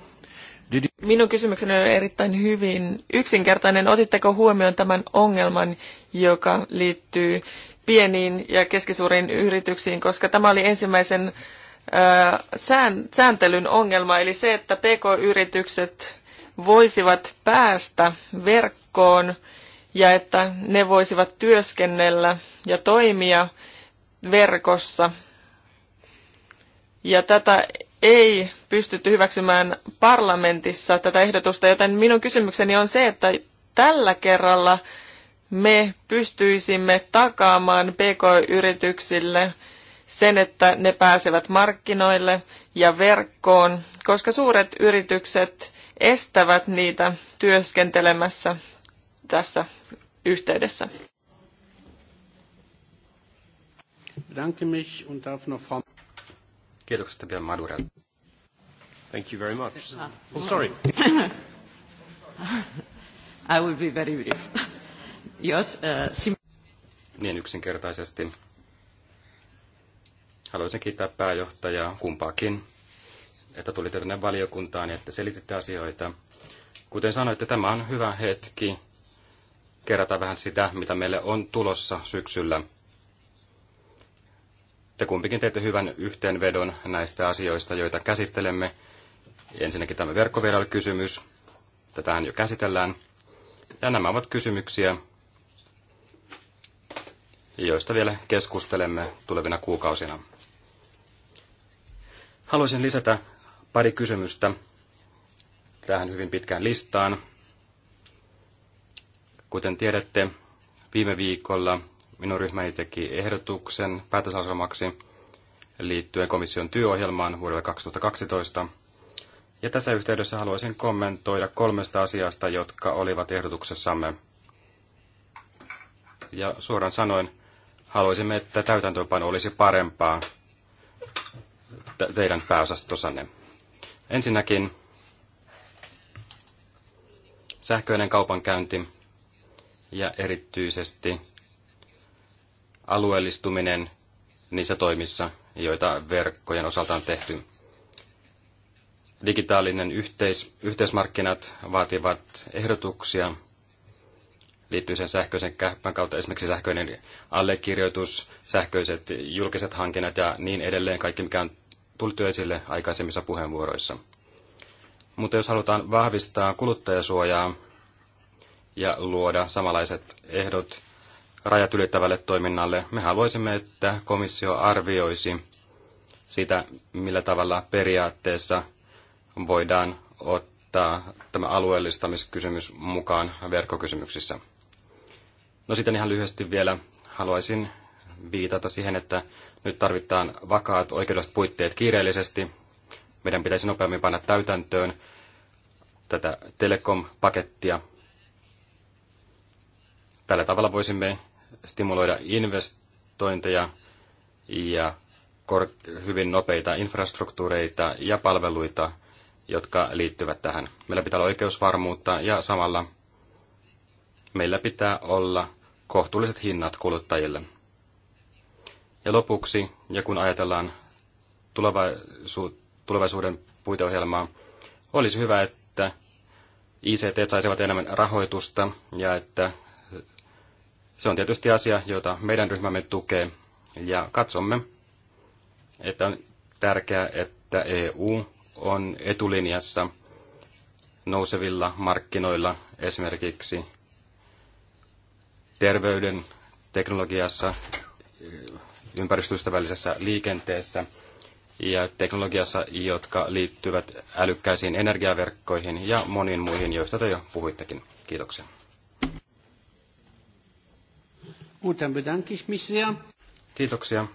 Did you... Minun kysymykseni on erittäin hyvin yksinkertainen. Otitteko huomioon tämän ongelman, joka liittyy pieniin ja keskisuuriin yrityksiin, koska tämä oli ensimmäisen sääntelyn ongelma, eli se, että pk-yritykset voisivat päästä verkkoon ja että ne voisivat työskennellä ja toimia verkossa. Ja tätä ei pystytty hyväksymään parlamentissa tätä ehdotusta, joten minun kysymykseni on se, että tällä kerralla me pystyisimme takaamaan pk-yrityksille sen, että ne pääsevät markkinoille ja verkkoon, koska suuret yritykset estävät niitä työskentelemässä tässä yhteydessä. Kiitoksia vielä Madurelle. Thank you very much. Ah. Oh, sorry. (laughs) I will be very brief. Jos, uh, sim- niin yksinkertaisesti Haluaisin kiittää pääjohtajaa kumpaakin, että tulitte tänne valiokuntaan ja että selititte asioita. Kuten sanoitte, tämä on hyvä hetki kerätä vähän sitä, mitä meille on tulossa syksyllä. Te kumpikin teette hyvän yhteenvedon näistä asioista, joita käsittelemme. Ensinnäkin tämä verkkovierailukysymys. Tätähän jo käsitellään. Ja nämä ovat kysymyksiä, joista vielä keskustelemme tulevina kuukausina. Haluaisin lisätä pari kysymystä tähän hyvin pitkään listaan. Kuten tiedätte, viime viikolla minun ryhmäni teki ehdotuksen päätöslauselmaksi liittyen komission työohjelmaan vuodelle 2012. Ja tässä yhteydessä haluaisin kommentoida kolmesta asiasta, jotka olivat ehdotuksessamme. Ja suoraan sanoen, haluaisimme, että täytäntöönpano olisi parempaa teidän pääosastosanne. Ensinnäkin sähköinen kaupankäynti ja erityisesti alueellistuminen niissä toimissa, joita verkkojen osalta on tehty. Digitaalinen yhteis, yhteismarkkinat vaativat ehdotuksia liittyen sähköisen käppän kautta, esimerkiksi sähköinen allekirjoitus, sähköiset julkiset hankinnat ja niin edelleen, kaikki mikä on tultu esille aikaisemmissa puheenvuoroissa. Mutta jos halutaan vahvistaa kuluttajasuojaa ja luoda samanlaiset ehdot rajat ylittävälle toiminnalle, me haluaisimme, että komissio arvioisi sitä, millä tavalla periaatteessa voidaan ottaa tämä alueellistamiskysymys mukaan verkkokysymyksissä. No sitten ihan lyhyesti vielä haluaisin viitata siihen, että nyt tarvitaan vakaat oikeudelliset puitteet kiireellisesti. Meidän pitäisi nopeammin panna täytäntöön tätä telekom-pakettia. Tällä tavalla voisimme stimuloida investointeja ja hyvin nopeita infrastruktuureita ja palveluita, jotka liittyvät tähän. Meillä pitää olla oikeusvarmuutta ja samalla meillä pitää olla kohtuulliset hinnat kuluttajille. Ja lopuksi, ja kun ajatellaan tulevaisuuden puiteohjelmaa, olisi hyvä, että ICT saisivat enemmän rahoitusta ja että se on tietysti asia, jota meidän ryhmämme tukee ja katsomme, että on tärkeää, että EU on etulinjassa nousevilla markkinoilla esimerkiksi terveyden teknologiassa, ympäristöystävällisessä liikenteessä ja teknologiassa, jotka liittyvät älykkäisiin energiaverkkoihin ja moniin muihin, joista te jo puhuittekin. Kiitoksia. Kiitoksia.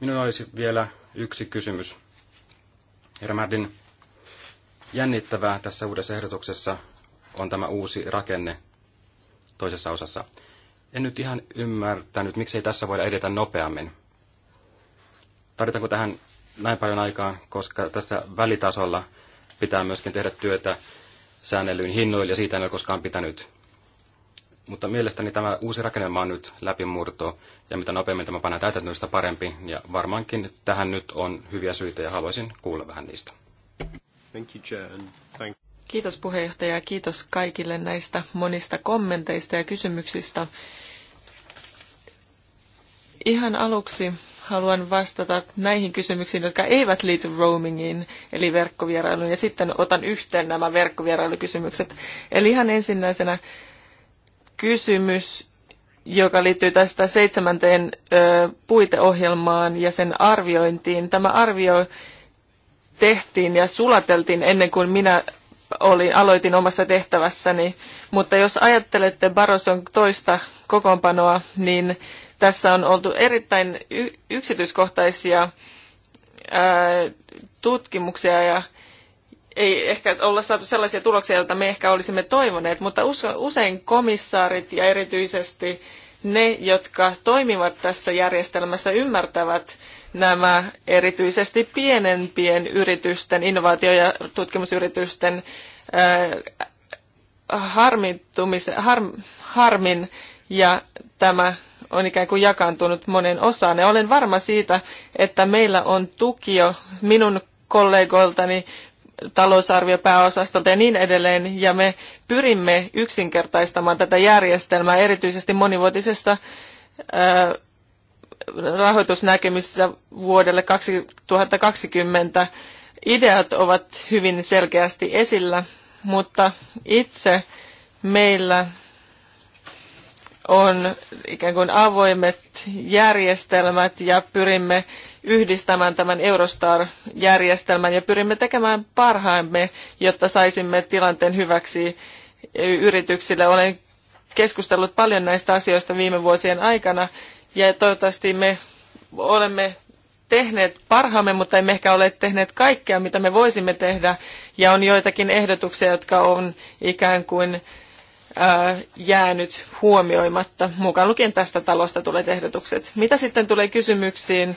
Minulla olisi vielä yksi kysymys. Herra jännittävää tässä uudessa ehdotuksessa on tämä uusi rakenne toisessa osassa en nyt ihan ymmärtänyt, miksei tässä voida edetä nopeammin. Tarvitaanko tähän näin paljon aikaa, koska tässä välitasolla pitää myöskin tehdä työtä säännellyin hinnoilla ja siitä en ole koskaan pitänyt. Mutta mielestäni tämä uusi rakennelma on nyt läpimurto ja mitä nopeammin tämä pannaan täytäntöön, sitä parempi. Ja varmaankin tähän nyt on hyviä syitä ja haluaisin kuulla vähän niistä. Thank you, Chair, and thank... Kiitos puheenjohtaja ja kiitos kaikille näistä monista kommenteista ja kysymyksistä. Ihan aluksi haluan vastata näihin kysymyksiin, jotka eivät liity roamingiin, eli verkkovierailuun, ja sitten otan yhteen nämä verkkovierailukysymykset. Eli ihan ensimmäisenä kysymys, joka liittyy tästä seitsemänteen ö, puiteohjelmaan ja sen arviointiin. Tämä arvio tehtiin ja sulateltiin ennen kuin minä oli aloitin omassa tehtävässäni. Mutta jos ajattelette Baroson toista kokoonpanoa, niin tässä on oltu erittäin yksityiskohtaisia ää, tutkimuksia ja ei ehkä olla saatu sellaisia tuloksia, joita me ehkä olisimme toivoneet, mutta usein komissaarit ja erityisesti ne, jotka toimivat tässä järjestelmässä, ymmärtävät, nämä erityisesti pienempien yritysten, innovaatio- ja tutkimusyritysten harm, harmin ja tämä on ikään kuin jakaantunut monen osaan. Ja olen varma siitä, että meillä on tukio minun kollegoiltani talousarviopääosastolta ja niin edelleen, ja me pyrimme yksinkertaistamaan tätä järjestelmää erityisesti monivuotisessa rahoitusnäkemissä vuodelle 2020 ideat ovat hyvin selkeästi esillä, mutta itse meillä on ikään kuin avoimet järjestelmät ja pyrimme yhdistämään tämän Eurostar-järjestelmän ja pyrimme tekemään parhaamme, jotta saisimme tilanteen hyväksi yrityksille. Olen keskustellut paljon näistä asioista viime vuosien aikana ja toivottavasti me olemme tehneet parhaamme, mutta emme ehkä ole tehneet kaikkea, mitä me voisimme tehdä. Ja on joitakin ehdotuksia, jotka on ikään kuin ää, jäänyt huomioimatta. Mukaan lukien tästä talosta tulee ehdotukset. Mitä sitten tulee kysymyksiin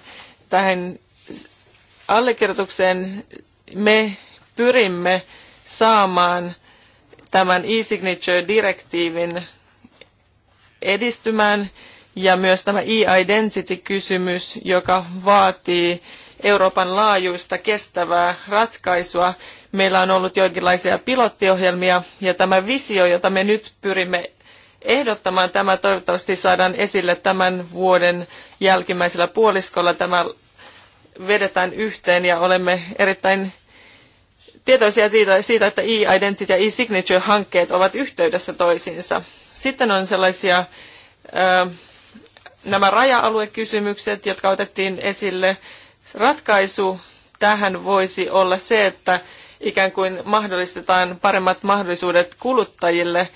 tähän allekirjoitukseen? Me pyrimme saamaan tämän e-signature-direktiivin edistymään ja myös tämä e-identity-kysymys, joka vaatii Euroopan laajuista kestävää ratkaisua. Meillä on ollut jonkinlaisia pilottiohjelmia ja tämä visio, jota me nyt pyrimme ehdottamaan, tämä toivottavasti saadaan esille tämän vuoden jälkimmäisellä puoliskolla. Tämä vedetään yhteen ja olemme erittäin tietoisia siitä, että e-identity ja e-signature-hankkeet ovat yhteydessä toisiinsa. Sitten on sellaisia äh, nämä raja-aluekysymykset, jotka otettiin esille, ratkaisu tähän voisi olla se, että ikään kuin mahdollistetaan paremmat mahdollisuudet kuluttajille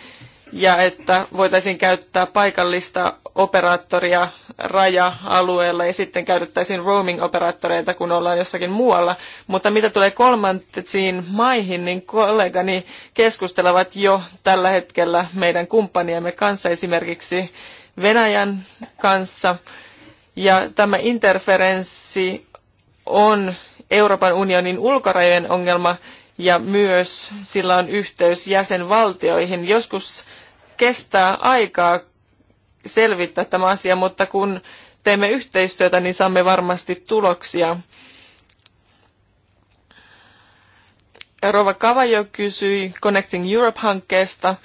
ja että voitaisiin käyttää paikallista operaattoria raja-alueella ja sitten käytettäisiin roaming-operaattoreita, kun ollaan jossakin muualla. Mutta mitä tulee kolmantisiin maihin, niin kollegani keskustelevat jo tällä hetkellä meidän kumppaniemme kanssa esimerkiksi Venäjän kanssa. Ja tämä interferenssi on Euroopan unionin ulkorajojen ongelma ja myös sillä on yhteys jäsenvaltioihin. Joskus kestää aikaa selvittää tämä asia, mutta kun teemme yhteistyötä, niin saamme varmasti tuloksia. Rova Kavajo kysyi Connecting Europe-hankkeesta.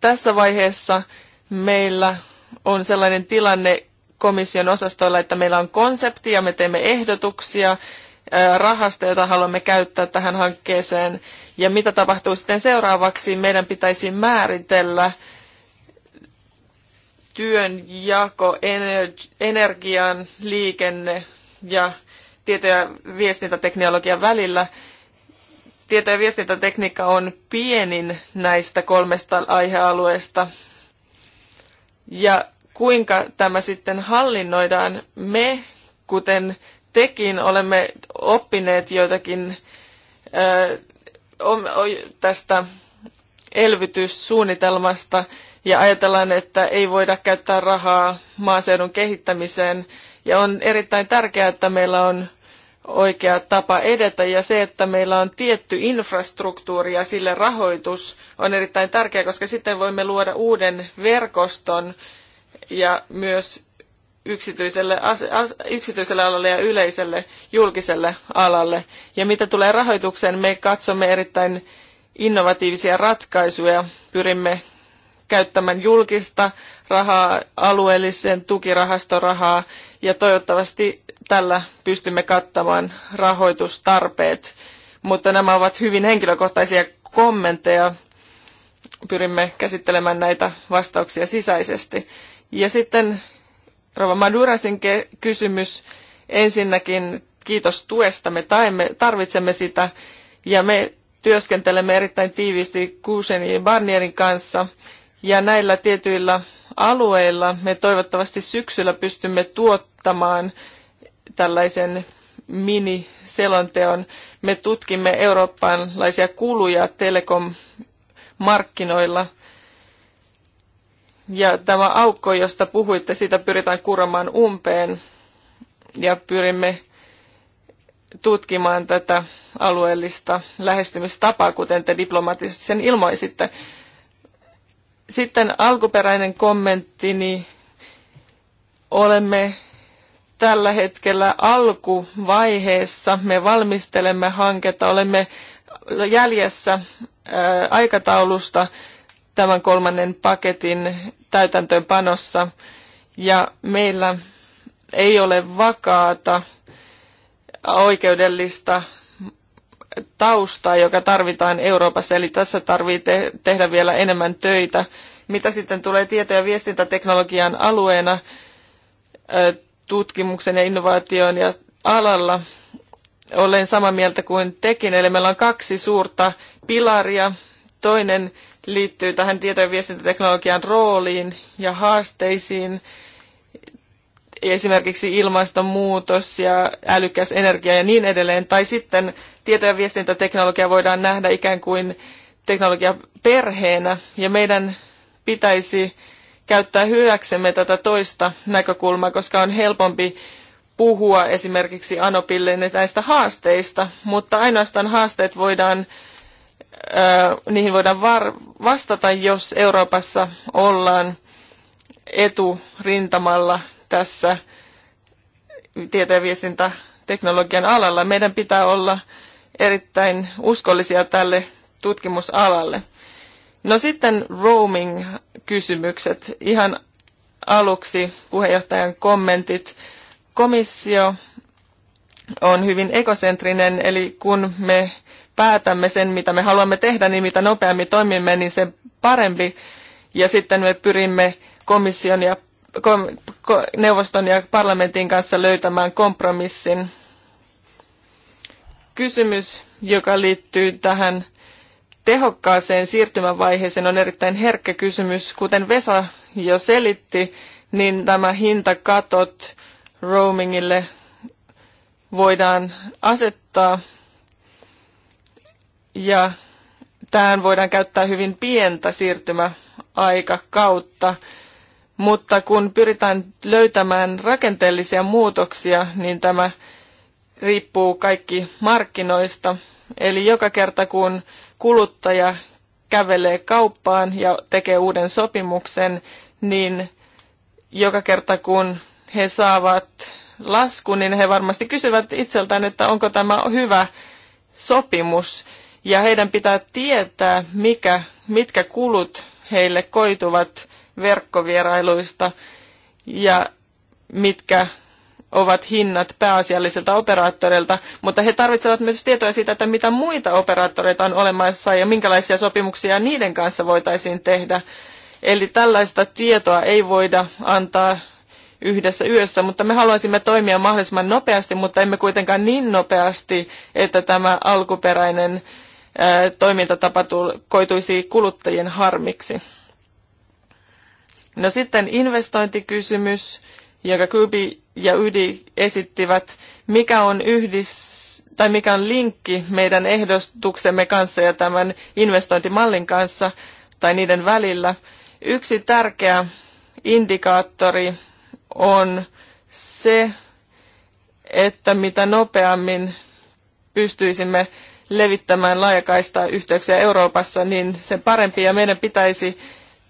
Tässä vaiheessa meillä on sellainen tilanne komission osastolla, että meillä on konsepti ja me teemme ehdotuksia rahasta, jota haluamme käyttää tähän hankkeeseen. Ja mitä tapahtuu sitten seuraavaksi, meidän pitäisi määritellä työnjako, energian, liikenne ja tieto- ja viestintäteknologian välillä. Tieto- ja viestintätekniikka on pienin näistä kolmesta aihealueesta, ja kuinka tämä sitten hallinnoidaan. Me, kuten tekin, olemme oppineet joitakin tästä elvytyssuunnitelmasta ja ajatellaan, että ei voida käyttää rahaa maaseudun kehittämiseen. Ja on erittäin tärkeää, että meillä on oikea tapa edetä ja se, että meillä on tietty infrastruktuuri ja sille rahoitus on erittäin tärkeää, koska sitten voimme luoda uuden verkoston ja myös yksityiselle, yksityiselle alalle ja yleiselle julkiselle alalle. Ja mitä tulee rahoitukseen, me katsomme erittäin innovatiivisia ratkaisuja, pyrimme käyttämään julkista rahaa, alueellisen tukirahastorahaa ja toivottavasti tällä pystymme kattamaan rahoitustarpeet. Mutta nämä ovat hyvin henkilökohtaisia kommentteja. Pyrimme käsittelemään näitä vastauksia sisäisesti. Ja sitten Rova Madurasin kysymys. Ensinnäkin kiitos tuesta. Me tarvitsemme sitä ja me työskentelemme erittäin tiiviisti Kuusen ja Barnierin kanssa. Ja näillä tietyillä alueilla me toivottavasti syksyllä pystymme tuottamaan tällaisen mini-selonteon. Me tutkimme eurooppalaisia kuluja telekom-markkinoilla. Ja tämä aukko, josta puhuitte, sitä pyritään kuromaan umpeen ja pyrimme tutkimaan tätä alueellista lähestymistapaa, kuten te diplomaattisesti sen ilmoisitte. Sitten alkuperäinen kommenttini. Olemme tällä hetkellä alkuvaiheessa. Me valmistelemme hanketta, olemme jäljessä äh, aikataulusta tämän kolmannen paketin täytäntöönpanossa ja meillä ei ole vakaata oikeudellista taustaa, joka tarvitaan Euroopassa, eli tässä tarvitsee tehdä vielä enemmän töitä. Mitä sitten tulee tieto- ja viestintäteknologian alueena, tutkimuksen ja innovaation ja alalla olen samaa mieltä kuin tekin. Eli meillä on kaksi suurta pilaria. Toinen liittyy tähän tieto- ja viestintäteknologian rooliin ja haasteisiin, esimerkiksi ilmastonmuutos ja älykäs energia ja niin edelleen. Tai sitten tieto- ja viestintäteknologia voidaan nähdä ikään kuin teknologia perheenä ja meidän pitäisi käyttää hyväksemme tätä toista näkökulmaa, koska on helpompi puhua esimerkiksi Anopille näistä haasteista, mutta ainoastaan haasteet voidaan, äh, niihin voidaan vastata, jos Euroopassa ollaan eturintamalla tässä tieto- ja viestintäteknologian alalla. Meidän pitää olla erittäin uskollisia tälle tutkimusalalle. No sitten roaming-kysymykset. Ihan aluksi puheenjohtajan kommentit. Komissio on hyvin ekosentrinen, eli kun me päätämme sen, mitä me haluamme tehdä, niin mitä nopeammin toimimme, niin se parempi. Ja sitten me pyrimme komission ja kom, ko, neuvoston ja parlamentin kanssa löytämään kompromissin. Kysymys, joka liittyy tähän tehokkaaseen siirtymävaiheeseen on erittäin herkkä kysymys. Kuten Vesa jo selitti, niin tämä hintakatot roamingille voidaan asettaa ja tähän voidaan käyttää hyvin pientä siirtymäaikakautta. Mutta kun pyritään löytämään rakenteellisia muutoksia, niin tämä riippuu kaikki markkinoista. Eli joka kerta kun kuluttaja kävelee kauppaan ja tekee uuden sopimuksen, niin joka kerta kun he saavat laskun, niin he varmasti kysyvät itseltään, että onko tämä hyvä sopimus. Ja heidän pitää tietää, mikä, mitkä kulut heille koituvat verkkovierailuista ja mitkä ovat hinnat pääasiallisilta operaattoreilta, mutta he tarvitsevat myös tietoa siitä, että mitä muita operaattoreita on olemassa ja minkälaisia sopimuksia niiden kanssa voitaisiin tehdä. Eli tällaista tietoa ei voida antaa yhdessä yössä, mutta me haluaisimme toimia mahdollisimman nopeasti, mutta emme kuitenkaan niin nopeasti, että tämä alkuperäinen toimintatapa koituisi kuluttajien harmiksi. No sitten investointikysymys, joka Kybi ja Ydi esittivät, mikä on yhdis, tai mikä on linkki meidän ehdotuksemme kanssa ja tämän investointimallin kanssa tai niiden välillä. Yksi tärkeä indikaattori on se, että mitä nopeammin pystyisimme levittämään laajakaista yhteyksiä Euroopassa, niin sen parempi. Ja meidän pitäisi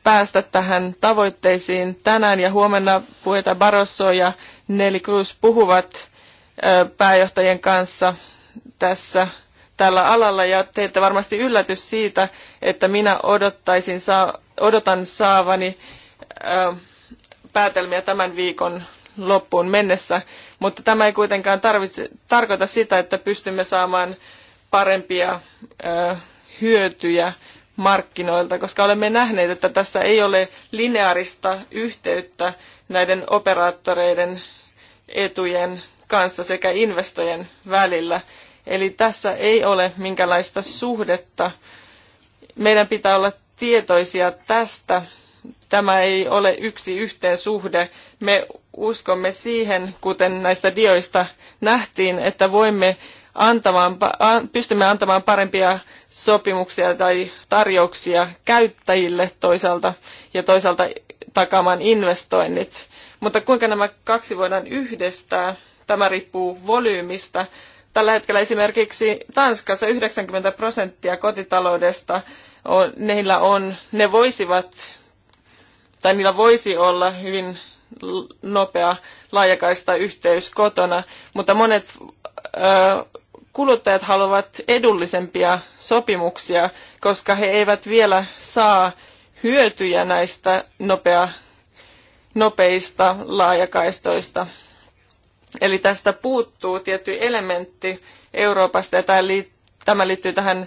päästä tähän tavoitteisiin. Tänään ja huomenna puheita Barroso ja Nelly Cruz puhuvat pääjohtajien kanssa tässä tällä alalla ja teette varmasti yllätys siitä, että minä odottaisin, saa, odotan saavani ää, päätelmiä tämän viikon loppuun mennessä, mutta tämä ei kuitenkaan tarvitse, tarkoita sitä, että pystymme saamaan parempia ää, hyötyjä markkinoilta, koska olemme nähneet, että tässä ei ole lineaarista yhteyttä näiden operaattoreiden etujen kanssa sekä investojen välillä. Eli tässä ei ole minkälaista suhdetta. Meidän pitää olla tietoisia tästä. Tämä ei ole yksi yhteen suhde. Me uskomme siihen, kuten näistä dioista nähtiin, että voimme antamaan, pystymme antamaan parempia sopimuksia tai tarjouksia käyttäjille toisaalta ja toisaalta takaamaan investoinnit. Mutta kuinka nämä kaksi voidaan yhdistää, tämä riippuu volyymista. Tällä hetkellä esimerkiksi Tanskassa 90 prosenttia kotitaloudesta on, neillä on, ne voisivat, tai niillä voisi olla hyvin nopea laajakaista yhteys kotona, mutta monet kuluttajat haluavat edullisempia sopimuksia, koska he eivät vielä saa hyötyjä näistä nopea, nopeista laajakaistoista. Eli tästä puuttuu tietty elementti Euroopasta, ja tämä liittyy tähän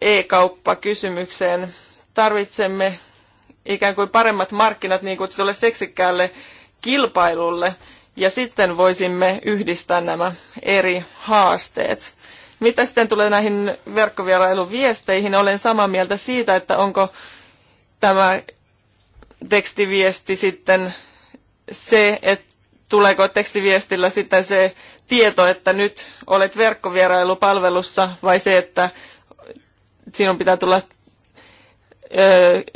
e-kauppakysymykseen. Tarvitsemme ikään kuin paremmat markkinat niin kutsutulle seksikkäälle kilpailulle, ja sitten voisimme yhdistää nämä eri haasteet. Mitä sitten tulee näihin verkkovierailuviesteihin, olen samaa mieltä siitä, että onko tämä tekstiviesti sitten se, että tuleeko tekstiviestillä sitten se tieto, että nyt olet verkkovierailupalvelussa vai se, että sinun pitää tulla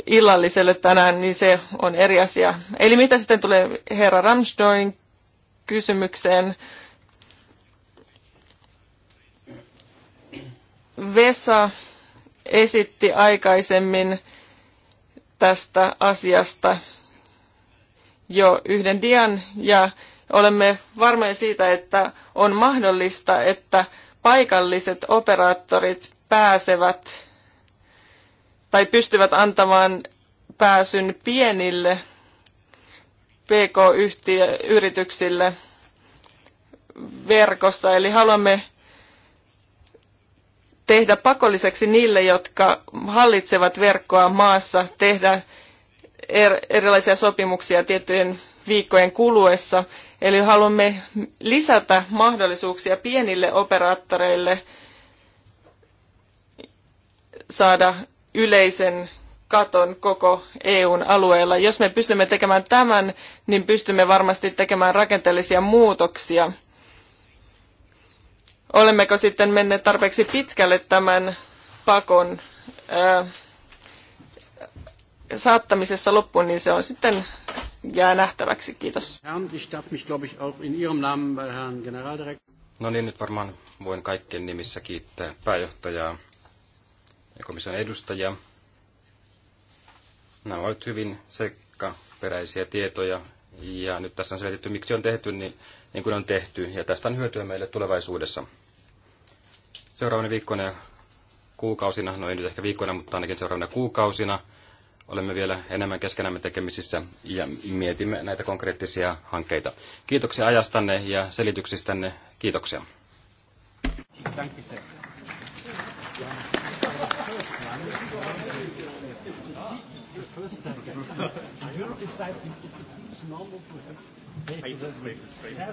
illalliselle tänään, niin se on eri asia. Eli mitä sitten tulee herra Ramstein kysymykseen. Vesa esitti aikaisemmin tästä asiasta jo yhden dian ja olemme varmoja siitä, että on mahdollista, että paikalliset operaattorit pääsevät tai pystyvät antamaan pääsyn pienille PK-yrityksille verkossa. Eli haluamme tehdä pakolliseksi niille, jotka hallitsevat verkkoa maassa, tehdä er-, erilaisia sopimuksia tiettyjen viikkojen kuluessa. Eli haluamme lisätä mahdollisuuksia pienille operaattoreille saada yleisen katon koko EUn alueella. Jos me pystymme tekemään tämän, niin pystymme varmasti tekemään rakenteellisia muutoksia. Olemmeko sitten menneet tarpeeksi pitkälle tämän pakon ää, äh, saattamisessa loppuun, niin se on sitten jää nähtäväksi. Kiitos. No niin, nyt varmaan voin kaikkien nimissä kiittää pääjohtajaa ja komission edustajaa. Nämä ovat hyvin sekkaperäisiä tietoja, ja nyt tässä on selitetty, miksi on tehty niin, niin kuin on tehty, ja tästä on hyötyä meille tulevaisuudessa. Seuraavana viikkoina ja kuukausina, no ei nyt ehkä viikkoina, mutta ainakin seuraavana kuukausina, olemme vielä enemmän keskenämme tekemisissä ja mietimme näitä konkreettisia hankkeita. Kiitoksia ajastanne ja selityksistänne. Kiitoksia. sir. understand that. Europe is it seems normal to have.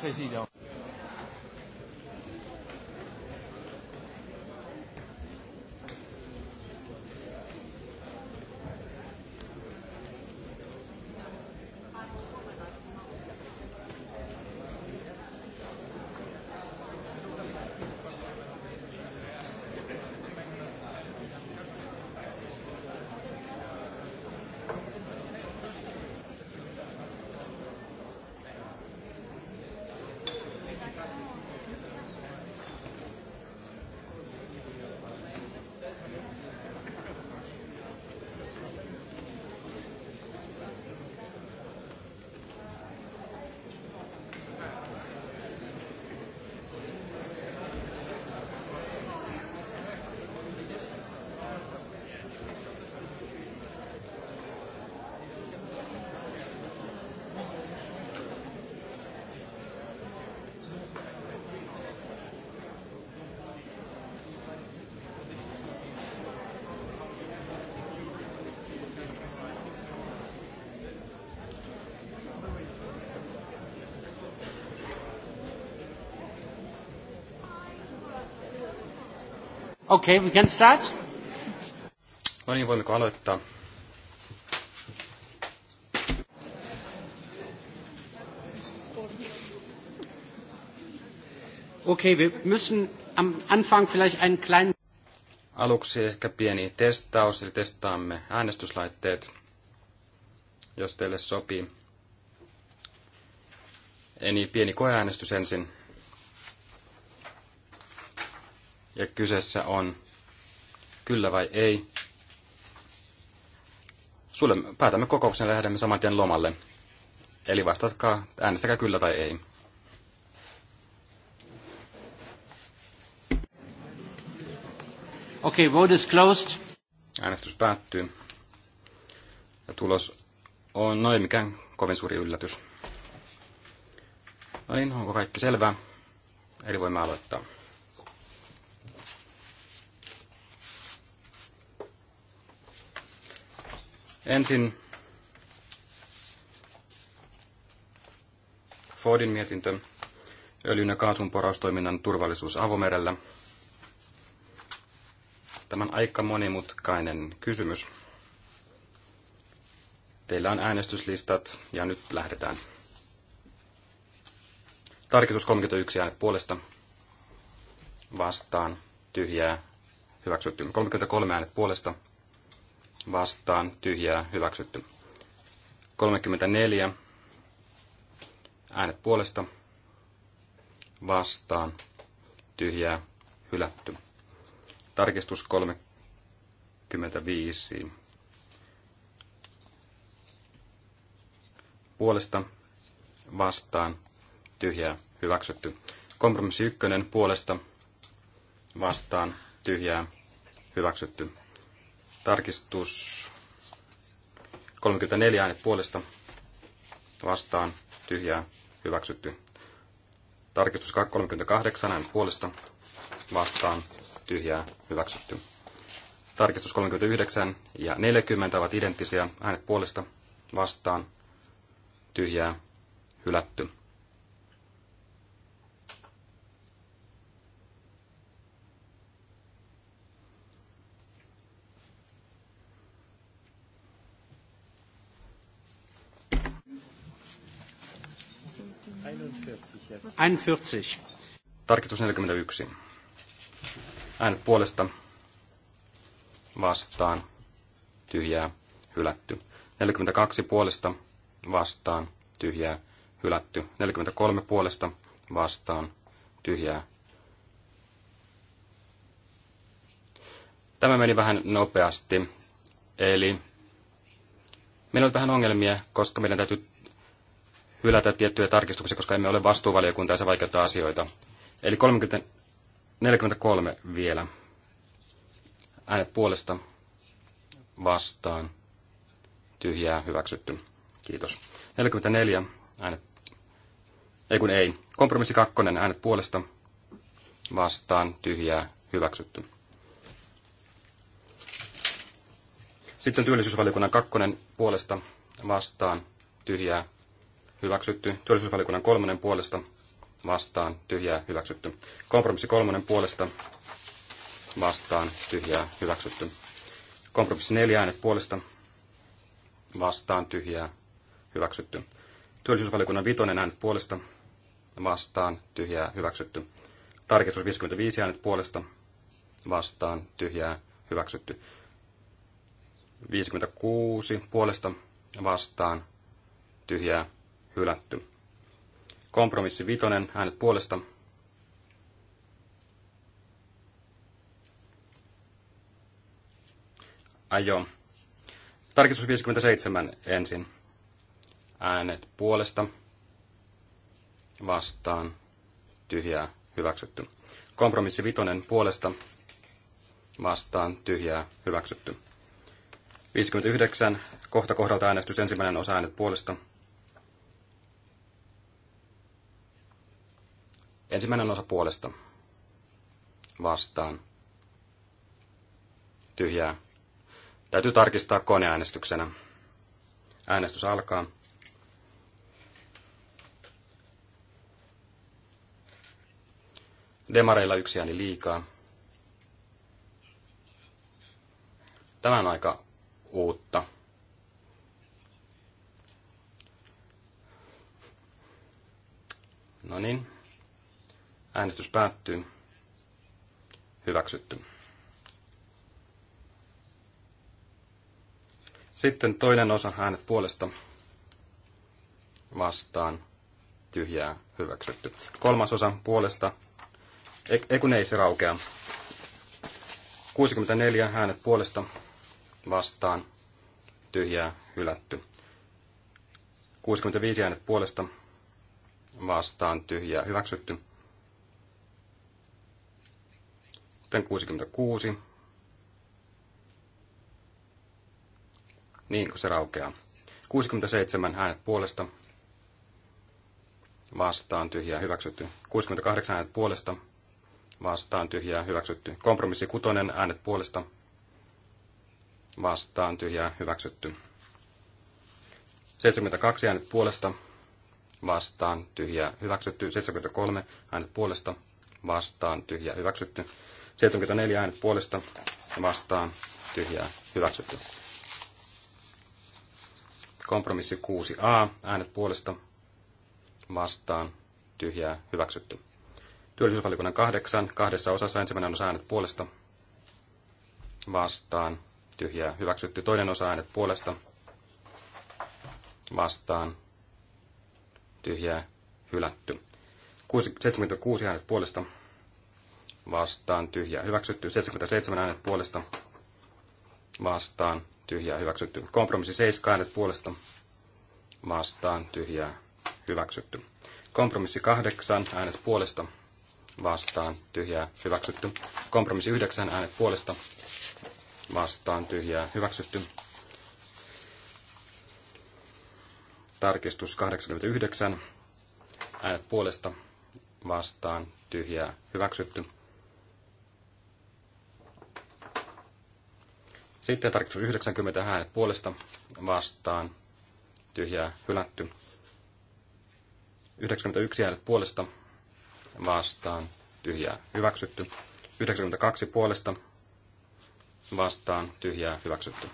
Président. Okay, we can start. No niin, voimmeko aloittaa? Okay, wir müssen am Anfang vielleicht einen kleinen... Aluksi ehkä pieni testaus, eli testaamme äänestyslaitteet, jos teille sopii. Eli pieni koeäänestys ensin. Ja kyseessä on kyllä vai ei. Sulle päätämme kokouksen ja lähdemme saman tien lomalle. Eli vastatkaa, äänestäkää kyllä tai ei. Okei, okay, vote is closed. Äänestys päättyy. Ja tulos on noin mikään kovin suuri yllätys. No niin, onko kaikki selvää? Eli voimme aloittaa. Ensin Fordin mietintö öljyn ja kaasun poraustoiminnan turvallisuus avomerellä. Tämä on aika monimutkainen kysymys. Teillä on äänestyslistat ja nyt lähdetään. Tarkistus 31 äänet puolesta vastaan tyhjää hyväksytty. 33 äänet puolesta vastaan tyhjää hyväksytty. 34 äänet puolesta vastaan tyhjää hylätty. Tarkistus 35 puolesta vastaan tyhjää hyväksytty. Kompromissi 1 puolesta vastaan tyhjää hyväksytty. Tarkistus 34 äänet puolesta vastaan tyhjää hyväksytty. Tarkistus 38 äänet puolesta vastaan tyhjää hyväksytty. Tarkistus 39 ja 40 ovat identtisiä äänet puolesta vastaan tyhjää hylätty. 41. Tarkistus 41. Äänet puolesta vastaan tyhjää hylätty. 42 puolesta vastaan tyhjää hylätty. 43 puolesta vastaan tyhjää. Tämä meni vähän nopeasti. Eli meillä on vähän ongelmia, koska meidän täytyy hylätä tiettyjä tarkistuksia, koska emme ole vastuuvaliokunta ja se vaikeuttaa asioita. Eli 30, 43 vielä. Äänet puolesta vastaan. Tyhjää hyväksytty. Kiitos. 44 äänet. Ei kun ei. Kompromissi kakkonen äänet puolesta vastaan. Tyhjää hyväksytty. Sitten työllisyysvaliokunnan kakkonen puolesta vastaan tyhjää hyväksytty. Työllisyysvaliokunnan kolmannen puolesta vastaan tyhjää hyväksytty. Kompromissi kolmannen puolesta vastaan tyhjää hyväksytty. Kompromissi neljä äänet puolesta vastaan tyhjää hyväksytty. Työllisyysvaliokunnan vitonen äänet puolesta vastaan tyhjää hyväksytty. Tarkistus 55 äänet puolesta vastaan tyhjää hyväksytty. 56 puolesta vastaan tyhjää hylätty. Kompromissi vitonen, äänet puolesta. Ajo. Tarkistus 57 ensin. Äänet puolesta. Vastaan. Tyhjää. Hyväksytty. Kompromissi vitonen puolesta. Vastaan. Tyhjää. Hyväksytty. 59. Kohta kohdalta äänestys ensimmäinen osa äänet puolesta Ensimmäinen osa puolesta. Vastaan. Tyhjää. Täytyy tarkistaa koneäänestyksenä. Äänestys alkaa. Demareilla yksi ääni liikaa. Tämä on aika uutta. No niin. Äänestys päättyy. Hyväksytty. Sitten toinen osa äänet puolesta vastaan tyhjää hyväksytty. Kolmas osa puolesta, e, ei kun ei se raukea. 64 äänet puolesta vastaan tyhjää hylätty. 65 äänet puolesta vastaan tyhjää hyväksytty. Sitten 66. Niin, kun se raukeaa. 67 äänet puolesta. Vastaan tyhjää hyväksytty. 68 äänet puolesta. Vastaan tyhjää hyväksytty. Kompromissi 6 äänet puolesta. Vastaan tyhjää hyväksytty. 72 äänet puolesta. Vastaan tyhjää hyväksytty. 73 äänet puolesta. Vastaan tyhjää hyväksytty. 74 äänet puolesta vastaan tyhjää hyväksytty. Kompromissi 6a äänet puolesta vastaan tyhjää hyväksytty. Työllisyysvaliokunnan kahdeksan, kahdessa osassa ensimmäinen osa äänet puolesta vastaan tyhjää hyväksytty. Toinen osa äänet puolesta vastaan tyhjää hylätty. 76 äänet puolesta vastaan tyhjää hyväksytty. 77 äänet puolesta vastaan tyhjää hyväksytty. Kompromissi 7 äänet puolesta vastaan tyhjää hyväksytty. Kompromissi 8 äänet puolesta vastaan tyhjää hyväksytty. Kompromissi 9 äänet puolesta vastaan tyhjää hyväksytty. Tarkistus 89 äänet puolesta vastaan tyhjää hyväksytty. Sitten tarkistus 90 hänet puolesta vastaan, tyhjää hylätty. 91 hänet puolesta vastaan, tyhjää hyväksytty. 92 puolesta vastaan, tyhjää hyväksytty.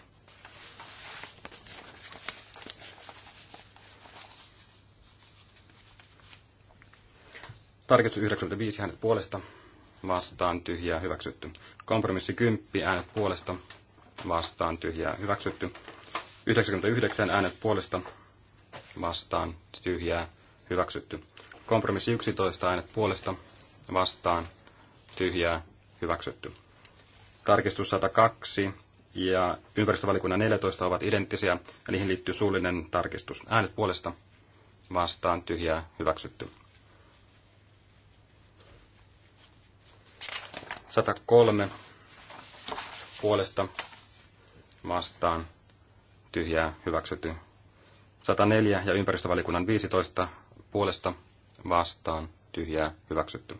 Tarkistus 95 hänet puolesta vastaan, tyhjää hyväksytty. Kompromissi 10 äänet puolesta vastaan tyhjää hyväksytty. 99 äänet puolesta vastaan tyhjää hyväksytty. Kompromissi 11 äänet puolesta vastaan tyhjää hyväksytty. Tarkistus 102 ja ympäristövalikunnan 14 ovat identtisiä ja niihin liittyy suullinen tarkistus. Äänet puolesta vastaan tyhjää hyväksytty. 103 puolesta vastaan tyhjää hyväksytty. 104 ja ympäristövaliokunnan 15 puolesta vastaan tyhjää hyväksytty.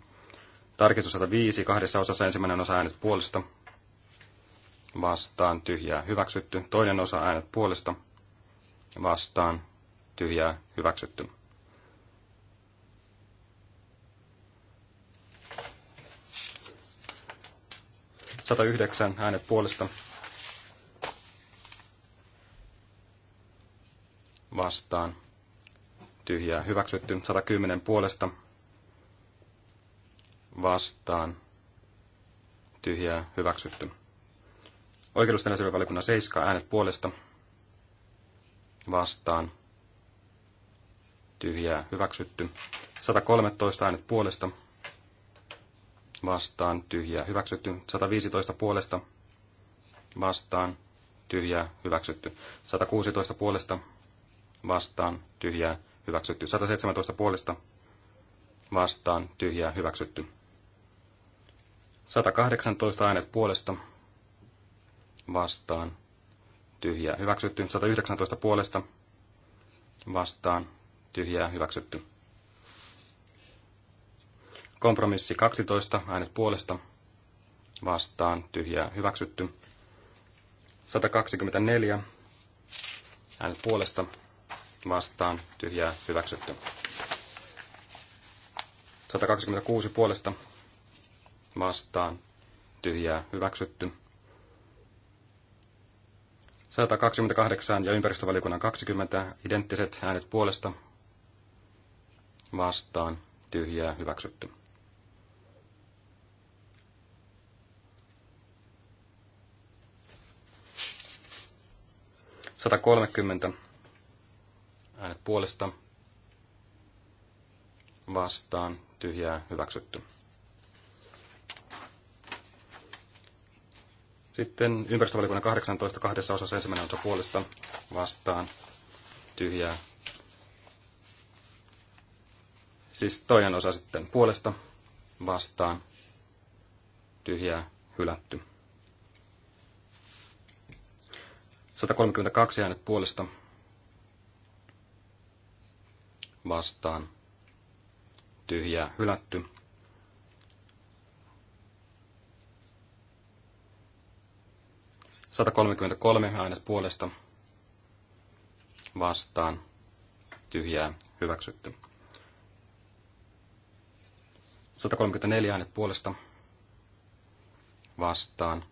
Tarkistus 105 kahdessa osassa ensimmäinen osa äänet puolesta vastaan tyhjää hyväksytty. Toinen osa äänet puolesta vastaan tyhjää hyväksytty. Sata yhdeksän äänet puolesta vastaan. Tyhjää hyväksytty. 110 puolesta vastaan. Tyhjää hyväksytty. Oikeudellisten asioiden valiokunnan 7 äänet puolesta vastaan. Tyhjää hyväksytty. 113 äänet puolesta vastaan. Tyhjää hyväksytty. 115 puolesta vastaan. Tyhjää hyväksytty. 116 puolesta vastaan vastaan tyhjää hyväksytty. 117 puolesta vastaan tyhjää hyväksytty. 118 äänet puolesta vastaan tyhjää hyväksytty. 119 puolesta vastaan tyhjää hyväksytty. Kompromissi 12 äänet puolesta vastaan tyhjää hyväksytty. 124 äänet puolesta vastaan tyhjää hyväksytty. 126 puolesta vastaan tyhjää hyväksytty. 128 ja ympäristövaliokunnan 20 identtiset äänet puolesta vastaan tyhjää hyväksytty. 130 Äänet puolesta vastaan tyhjää hyväksytty. Sitten ympäristövaliokunnan 18 kahdessa osassa ensimmäinen osa puolesta vastaan tyhjää. Siis toinen osa sitten puolesta vastaan tyhjää hylätty. 132 äänet puolesta vastaan tyhjää hylätty. Sata kolmekymmentäkolme äänet puolesta vastaan tyhjää hyväksytty. 134 äänet puolesta vastaan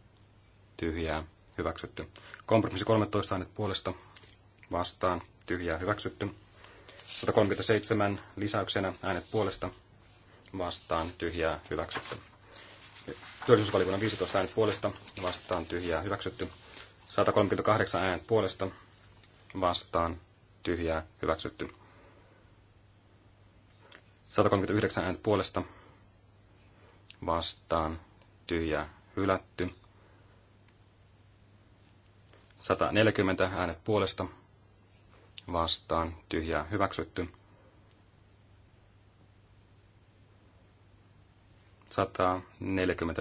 tyhjää hyväksytty. Kompromissi 13 äänet puolesta vastaan tyhjää hyväksytty. 137 lisäyksenä äänet puolesta vastaan tyhjää hyväksytty. Työllisyysvaliokunnan 15 äänet puolesta vastaan tyhjää hyväksytty. 138 äänet puolesta vastaan tyhjää hyväksytty. 139 äänet puolesta vastaan tyhjää hylätty. 140 äänet puolesta vastaan tyhjää hyväksytty.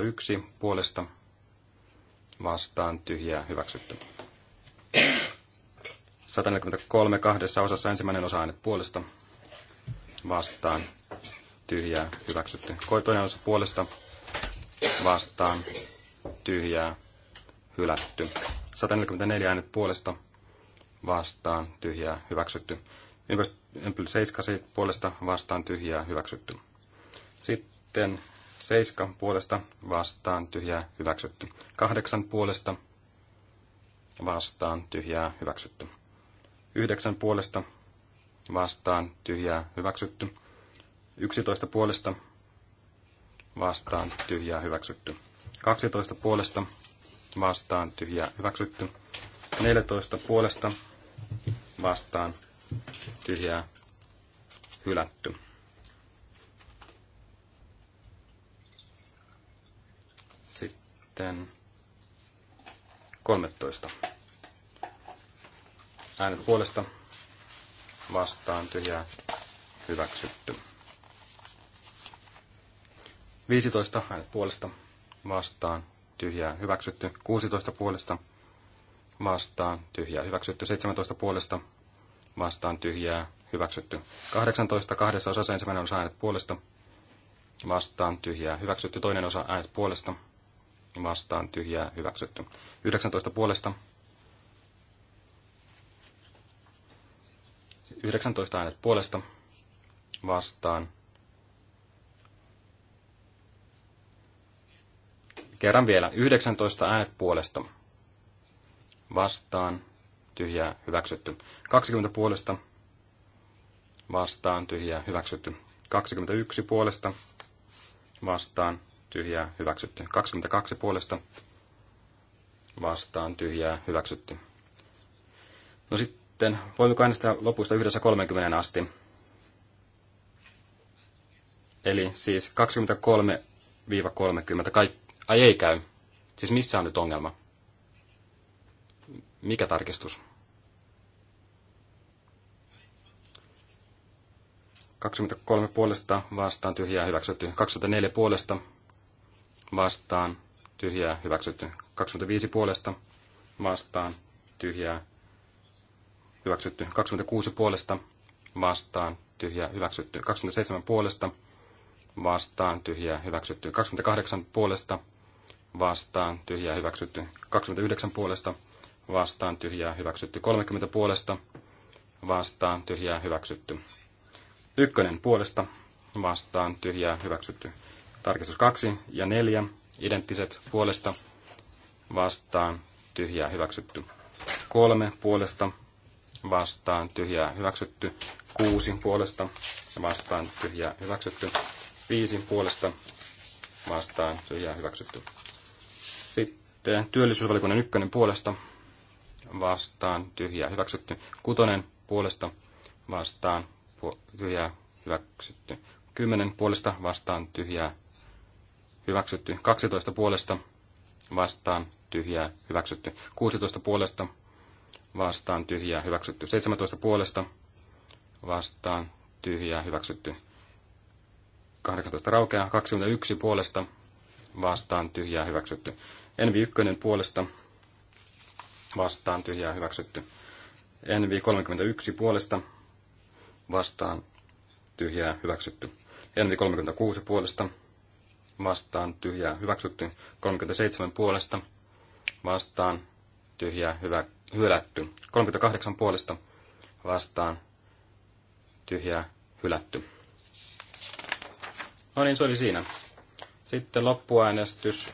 yksi puolesta vastaan tyhjää hyväksytty. 143 kahdessa osassa ensimmäinen osa aine puolesta vastaan tyhjää hyväksytty. Toinen osa puolesta vastaan tyhjää hylätty. 144 äänet puolesta vastaan tyhjää hyväksytty. Ympäristö 7 puolesta vastaan tyhjää hyväksytty. Sitten 7 puolesta vastaan tyhjää hyväksytty. 8 puolesta vastaan tyhjää hyväksytty. 9 puolesta vastaan tyhjää hyväksytty. 11 puolesta vastaan tyhjää hyväksytty. 12 puolesta vastaan tyhjää hyväksytty. 14 puolesta vastaan tyhjää hylätty. Sitten 13. Äänet puolesta vastaan tyhjää hyväksytty. 15. Äänet puolesta vastaan tyhjää hyväksytty. 16 puolesta vastaan tyhjää hyväksytty 17 puolesta, vastaan tyhjää hyväksytty 18, kahdessa osassa ensimmäinen osa äänet puolesta, vastaan tyhjää hyväksytty toinen osa äänet puolesta, vastaan tyhjää hyväksytty 19 puolesta, 19 äänet puolesta, vastaan Kerran vielä 19 äänet puolesta vastaan, tyhjää, hyväksytty. 20 puolesta, vastaan, tyhjää, hyväksytty. 21 puolesta, vastaan, tyhjää, hyväksytty. 22 puolesta, vastaan, tyhjää, hyväksytty. No sitten, voimmeko äänestää lopusta yhdessä 30 asti? Eli siis 23-30, kaikki, ai ei käy. Siis missä on nyt ongelma? Mikä tarkistus? 23 puolesta vastaan tyhjää hyväksytty. 24 puolesta vastaan tyhjää hyväksytty. 25 puolesta vastaan tyhjää hyväksytty. 26 puolesta vastaan tyhjää hyväksytty. 27 puolesta vastaan tyhjää hyväksytty. 28 puolesta vastaan tyhjää hyväksytty. 29 puolesta vastaan, vastaan tyhjää hyväksytty. 30 puolesta vastaan tyhjää hyväksytty. Ykkönen puolesta vastaan tyhjää hyväksytty. Tarkistus 2 ja 4 identtiset puolesta vastaan tyhjää hyväksytty. 3 puolesta vastaan tyhjää hyväksytty. 6 puolesta vastaan tyhjää hyväksytty. 5 puolesta vastaan tyhjää hyväksytty. Sitten työllisyysvalikunnan ykkönen puolesta vastaan, tyhjää hyväksytty. Kutonen puolesta vastaan, tyhjää hyväksytty. Kymmenen puolesta vastaan, tyhjää hyväksytty. 12 puolesta vastaan, tyhjää hyväksytty. 16 puolesta vastaan, tyhjää hyväksytty. 17 puolesta vastaan, tyhjää hyväksytty. 18 raukeaa, 21 puolesta vastaan, tyhjää hyväksytty. Envi ykkönen puolesta vastaan tyhjää hyväksytty. Envi 31 puolesta vastaan tyhjää hyväksytty. Envi 36 puolesta vastaan tyhjää hyväksytty. 37 puolesta vastaan tyhjää hyvä, hylätty. 38 puolesta vastaan tyhjää hylätty. No niin, se oli siinä. Sitten loppuäänestys.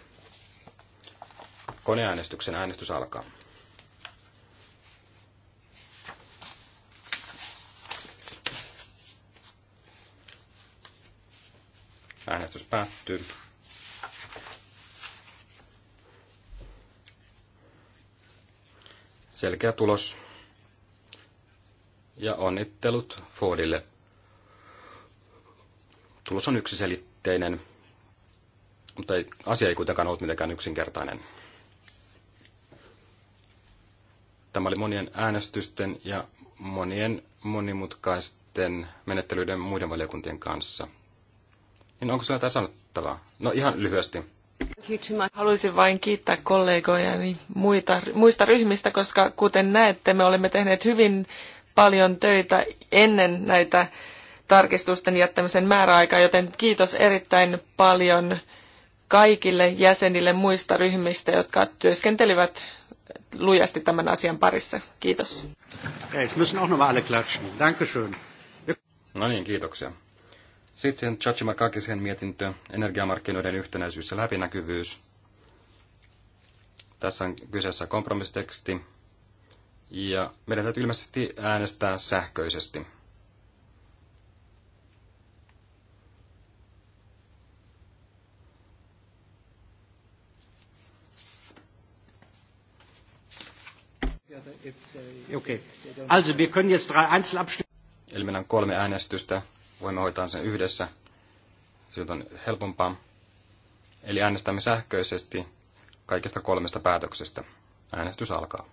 Koneäänestyksen äänestys alkaa. Äänestys päättyy. Selkeä tulos. Ja onnittelut Fordille. Tulos on yksiselitteinen, mutta ei, asia ei kuitenkaan ollut mitenkään yksinkertainen. Tämä oli monien äänestysten ja monien monimutkaisten menettelyiden muiden valiokuntien kanssa – niin onko sinulla jotain sanottavaa? No ihan lyhyesti. Haluaisin vain kiittää kollegoja muita, muista ryhmistä, koska kuten näette, me olemme tehneet hyvin paljon töitä ennen näitä tarkistusten jättämisen määräaikaa, joten kiitos erittäin paljon kaikille jäsenille muista ryhmistä, jotka työskentelivät lujasti tämän asian parissa. Kiitos. Ja, No niin, kiitoksia. Sitten Chachimakakisen mietintö, energiamarkkinoiden yhtenäisyys ja läpinäkyvyys. Tässä on kyseessä kompromisteksti, ja meidän täytyy ilmeisesti äänestää sähköisesti. Okay. Also, wir können jetzt drei Einzelabstimmungen. Eli meillä on kolme äänestystä voimme hoitaa sen yhdessä. Siitä on helpompaa. Eli äänestämme sähköisesti kaikista kolmesta päätöksestä. Äänestys alkaa.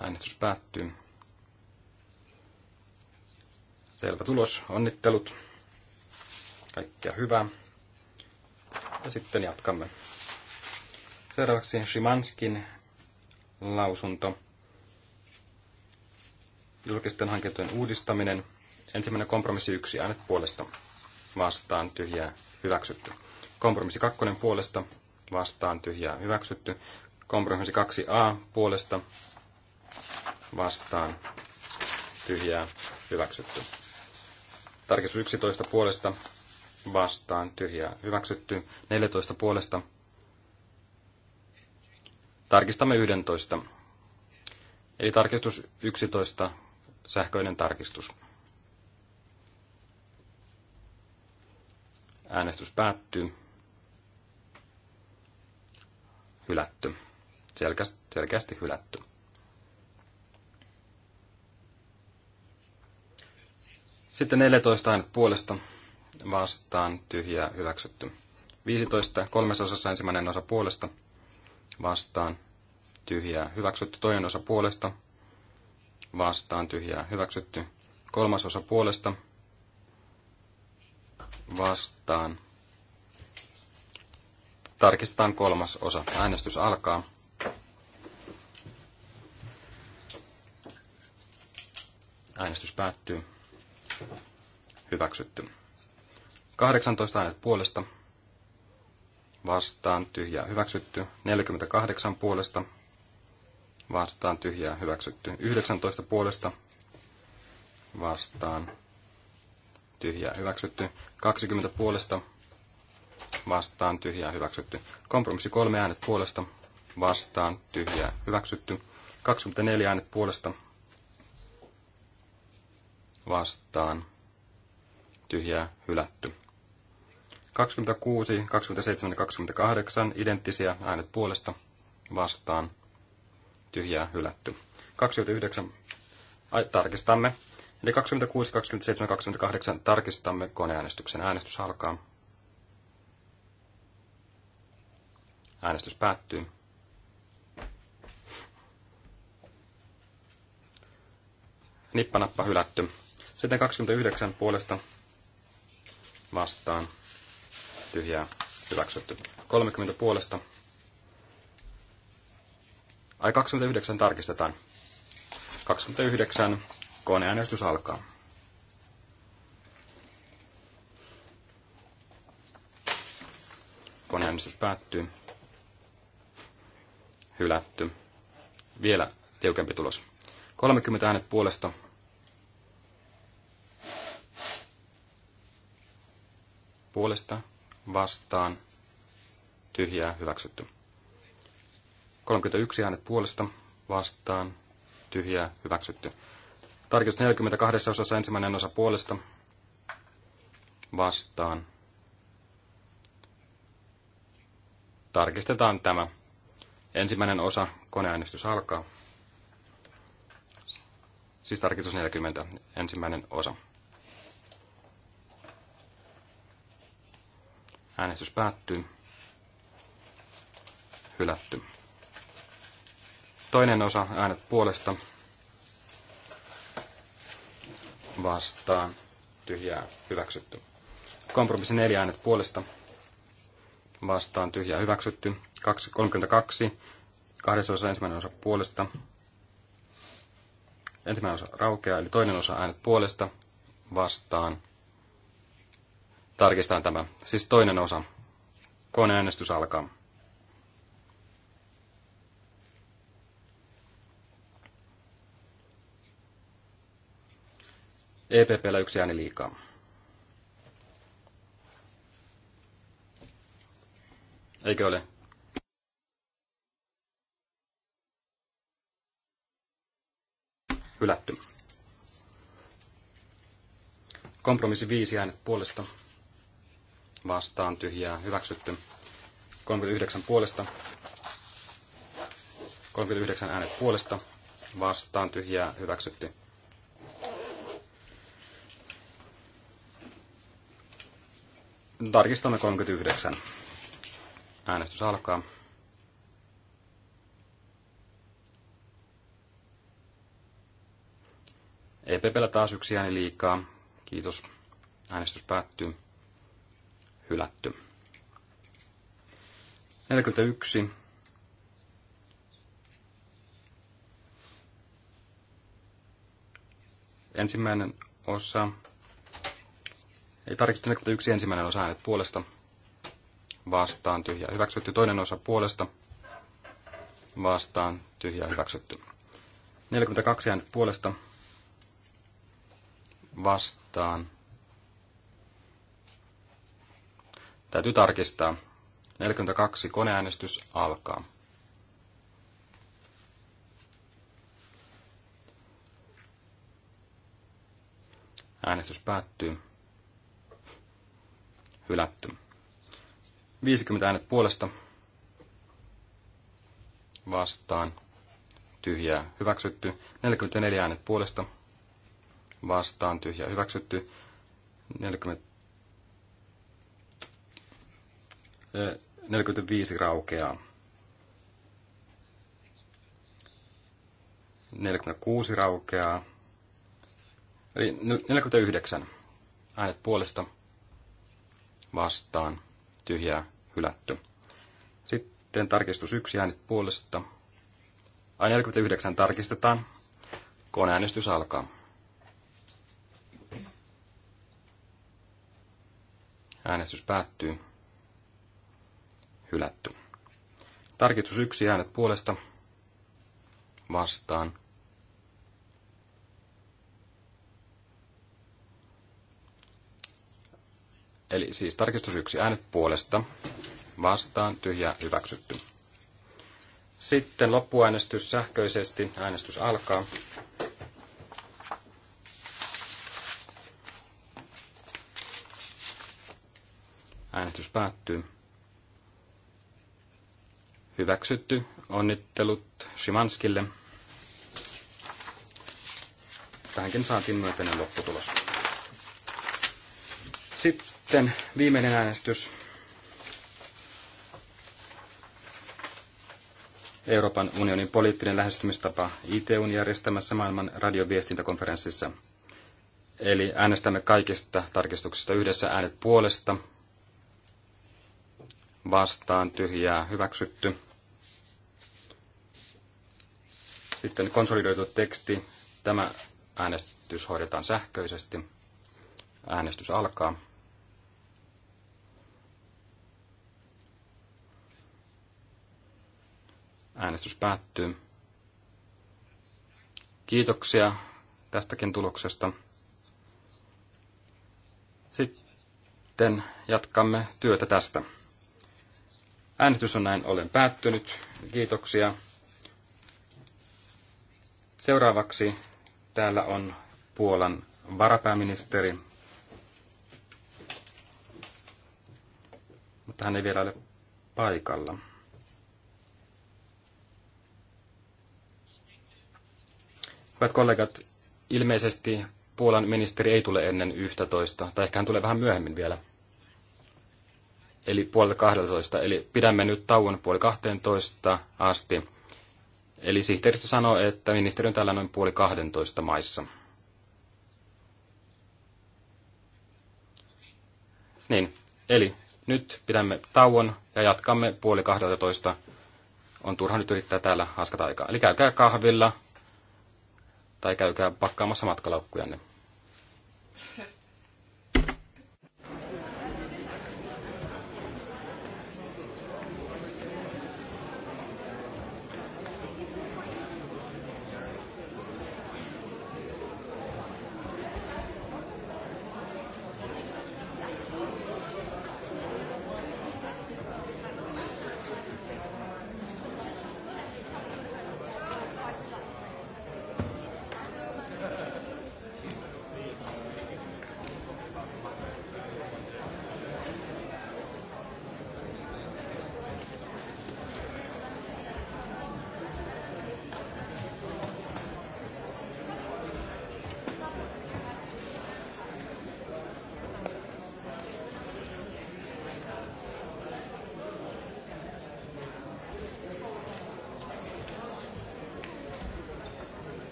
Äänestys päättyy. Selvä tulos. Onnittelut. Kaikkea hyvää. Ja sitten jatkamme. Seuraavaksi Shimanskin lausunto. Julkisten hankintojen uudistaminen. Ensimmäinen kompromissi yksi äänet puolesta vastaan tyhjää hyväksytty. Kompromissi kakkonen puolesta vastaan tyhjää hyväksytty. Kompromissi 2a puolesta vastaan tyhjää hyväksytty. Tarkistus 11 puolesta vastaan tyhjää hyväksytty. 14 puolesta tarkistamme 11. Eli tarkistus 11, sähköinen tarkistus. Äänestys päättyy. Hylätty. Selkeästi, selkeästi hylätty. Sitten 14 äänet puolesta vastaan tyhjää hyväksytty. 15 kolmasosassa ensimmäinen osa puolesta vastaan tyhjää hyväksytty. Toinen osa puolesta vastaan tyhjää hyväksytty. Kolmas osa puolesta vastaan. Tarkistetaan kolmas osa. Äänestys alkaa. Äänestys päättyy. Hyväksytty. 18 äänet puolesta vastaan tyhjää hyväksytty. 48 puolesta vastaan tyhjää hyväksytty. 19 puolesta vastaan tyhjää hyväksytty. 20 puolesta vastaan tyhjää hyväksytty. Kompromissi kolme äänet puolesta vastaan tyhjää hyväksytty. 24 äänet puolesta vastaan tyhjää hylätty. 26, 27 ja 28 identtisiä äänet puolesta vastaan tyhjää hylätty. 29 ai, tarkistamme. Eli 26, 27, 28 tarkistamme koneäänestyksen. Äänestys alkaa. Äänestys päättyy. Nippanappa hylätty. Sitten 29 puolesta vastaan tyhjää hyväksytty. 30 puolesta. Ai 29 tarkistetaan. 29 koneäänestys alkaa. Koneäänestys päättyy. Hylätty. Vielä tiukempi tulos. 30 äänet puolesta, puolesta vastaan, tyhjää, hyväksytty. 31 äänet puolesta, vastaan, tyhjää, hyväksytty. Tarkistus 42 osassa ensimmäinen osa puolesta, vastaan. Tarkistetaan tämä. Ensimmäinen osa, koneäänestys alkaa. Siis tarkistus 40, ensimmäinen osa. Äänestys päättyy. Hylätty. Toinen osa äänet puolesta vastaan tyhjää hyväksytty. Kompromissi neljä äänet puolesta vastaan tyhjää hyväksytty. 32, kahdessa osa ensimmäinen osa puolesta. Ensimmäinen osa raukeaa, eli toinen osa äänet puolesta vastaan Tarkistan tämä. Siis toinen osa. Koneäänestys alkaa. EPPllä yksi ääni liikaa. Eikö ole? Hylätty. Kompromissi viisi äänet puolesta vastaan tyhjää hyväksytty. 39 puolesta. 39 äänet puolesta vastaan tyhjää hyväksytty. Tarkistamme 39. Äänestys alkaa. EPPllä taas yksi ääni liikaa. Kiitos. Äänestys päättyy hylätty. 41. Ensimmäinen osa. Ei tarkistu 41 ensimmäinen osa äänet puolesta. Vastaan tyhjä hyväksytty. Toinen osa puolesta. Vastaan tyhjä hyväksytty. 42 äänet puolesta. Vastaan Täytyy tarkistaa. 42 koneäänestys alkaa. Äänestys päättyy. Hylätty. 50 äänet puolesta. Vastaan. Tyhjää. Hyväksytty. 44 äänet puolesta. Vastaan. Tyhjää. Hyväksytty. 40 45 raukeaa. 46 raukeaa. Eli 49 äänet puolesta vastaan tyhjää hylätty. Sitten tarkistus 1 äänet puolesta. Ai 49 tarkistetaan. Koneäänestys alkaa. Äänestys päättyy hylätty. Tarkistus yksi äänet puolesta vastaan. Eli siis tarkistus yksi äänet puolesta vastaan tyhjä hyväksytty. Sitten loppuäänestys sähköisesti. Äänestys alkaa. Äänestys päättyy. Hyväksytty. Onnittelut Shimanskille. Tähänkin saatiin myönteinen lopputulos. Sitten viimeinen äänestys. Euroopan unionin poliittinen lähestymistapa ITUn järjestämässä maailman radioviestintäkonferenssissa. Eli äänestämme kaikista tarkistuksista yhdessä äänet puolesta, vastaan tyhjää hyväksytty. Sitten konsolidoitu teksti. Tämä äänestys hoidetaan sähköisesti. Äänestys alkaa. Äänestys päättyy. Kiitoksia tästäkin tuloksesta. Sitten jatkamme työtä tästä. Äänestys on näin ollen päättynyt. Kiitoksia. Seuraavaksi täällä on Puolan varapääministeri, mutta hän ei vielä ole paikalla. Hyvät kollegat, ilmeisesti Puolan ministeri ei tule ennen 11, tai ehkä hän tulee vähän myöhemmin vielä, eli puolelta 12, eli pidämme nyt tauon puoli 12 asti Eli sihteeristö sanoo, että ministeri on täällä noin puoli 12 maissa. Niin, eli nyt pidämme tauon ja jatkamme puoli 12. On turha nyt yrittää täällä haskata aikaa. Eli käykää kahvilla tai käykää pakkaamassa matkalaukkujanne.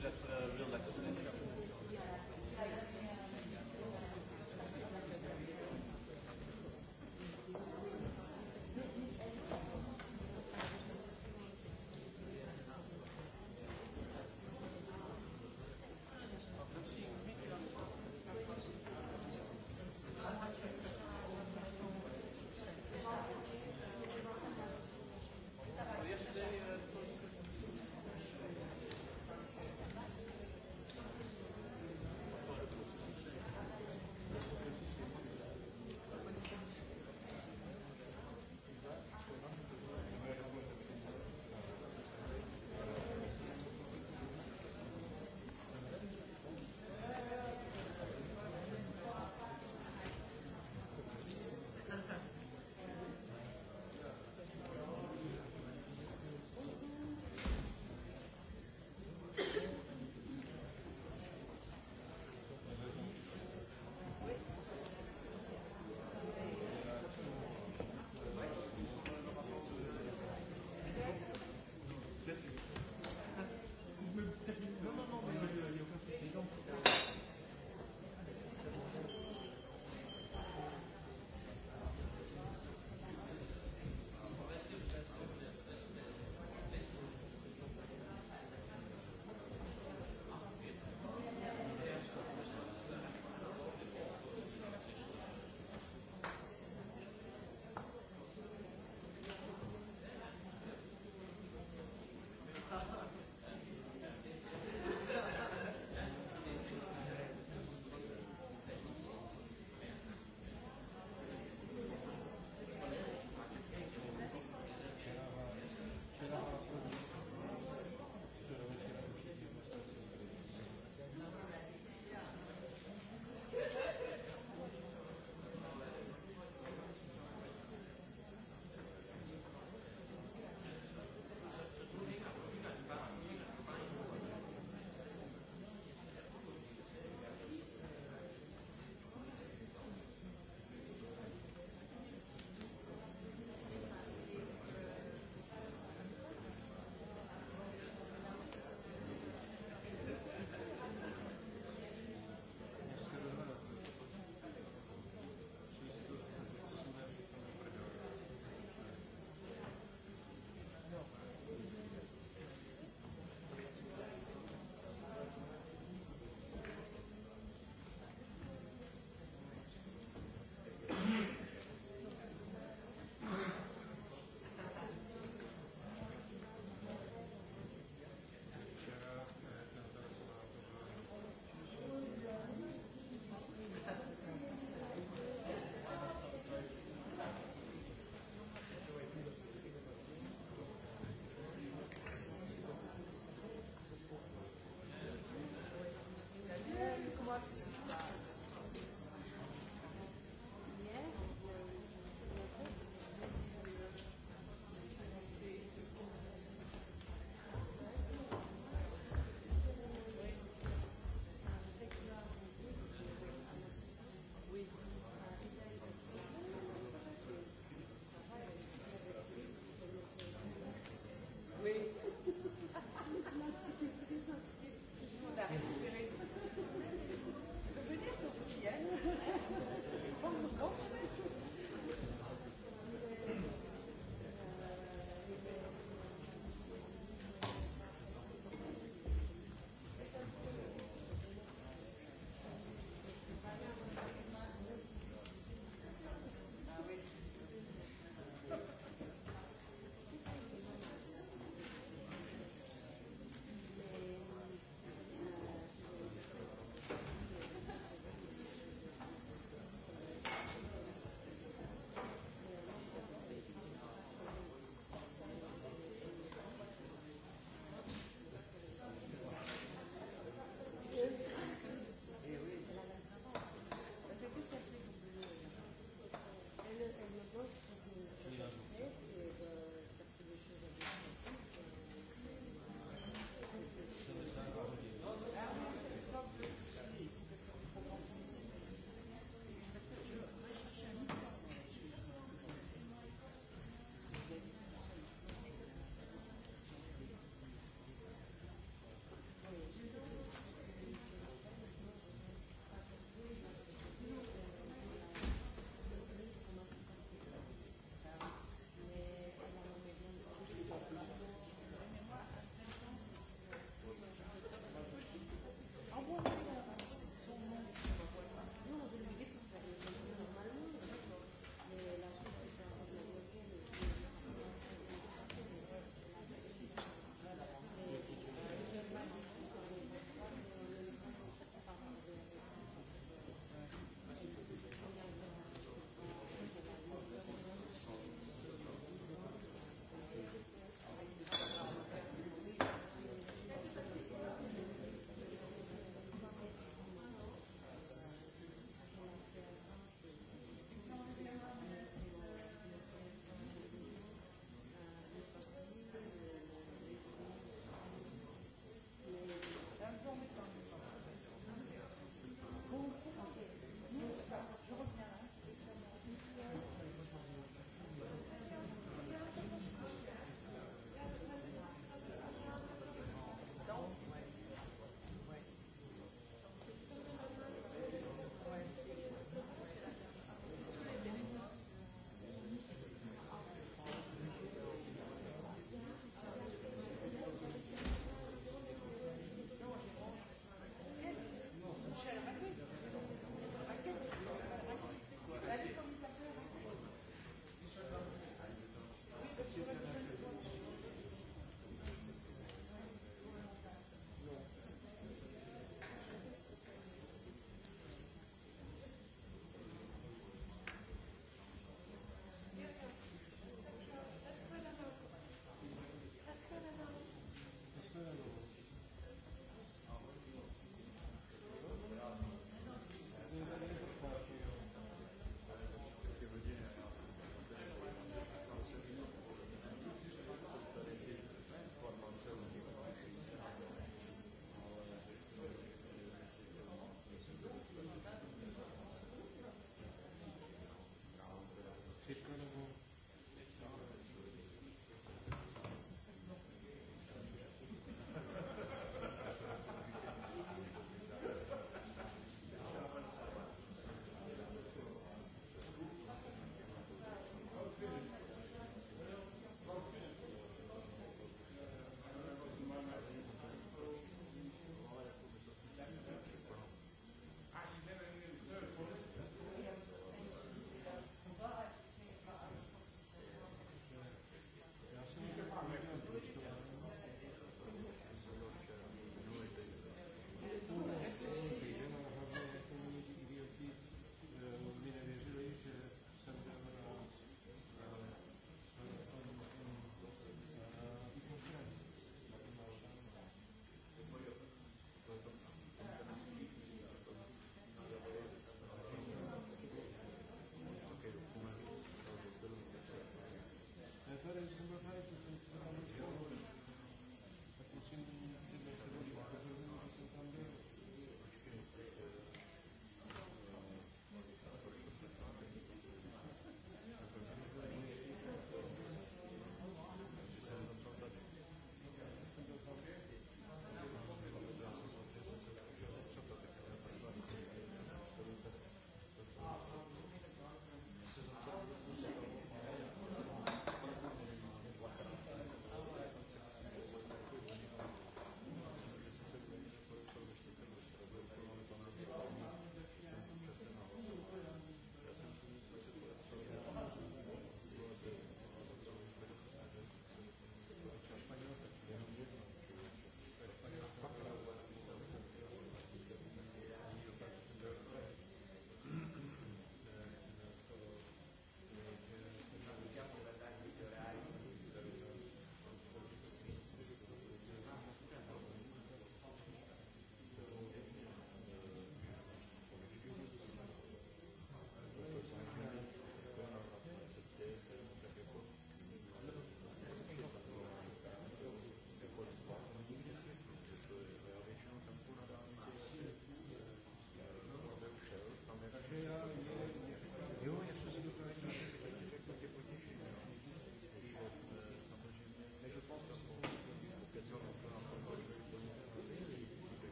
sujet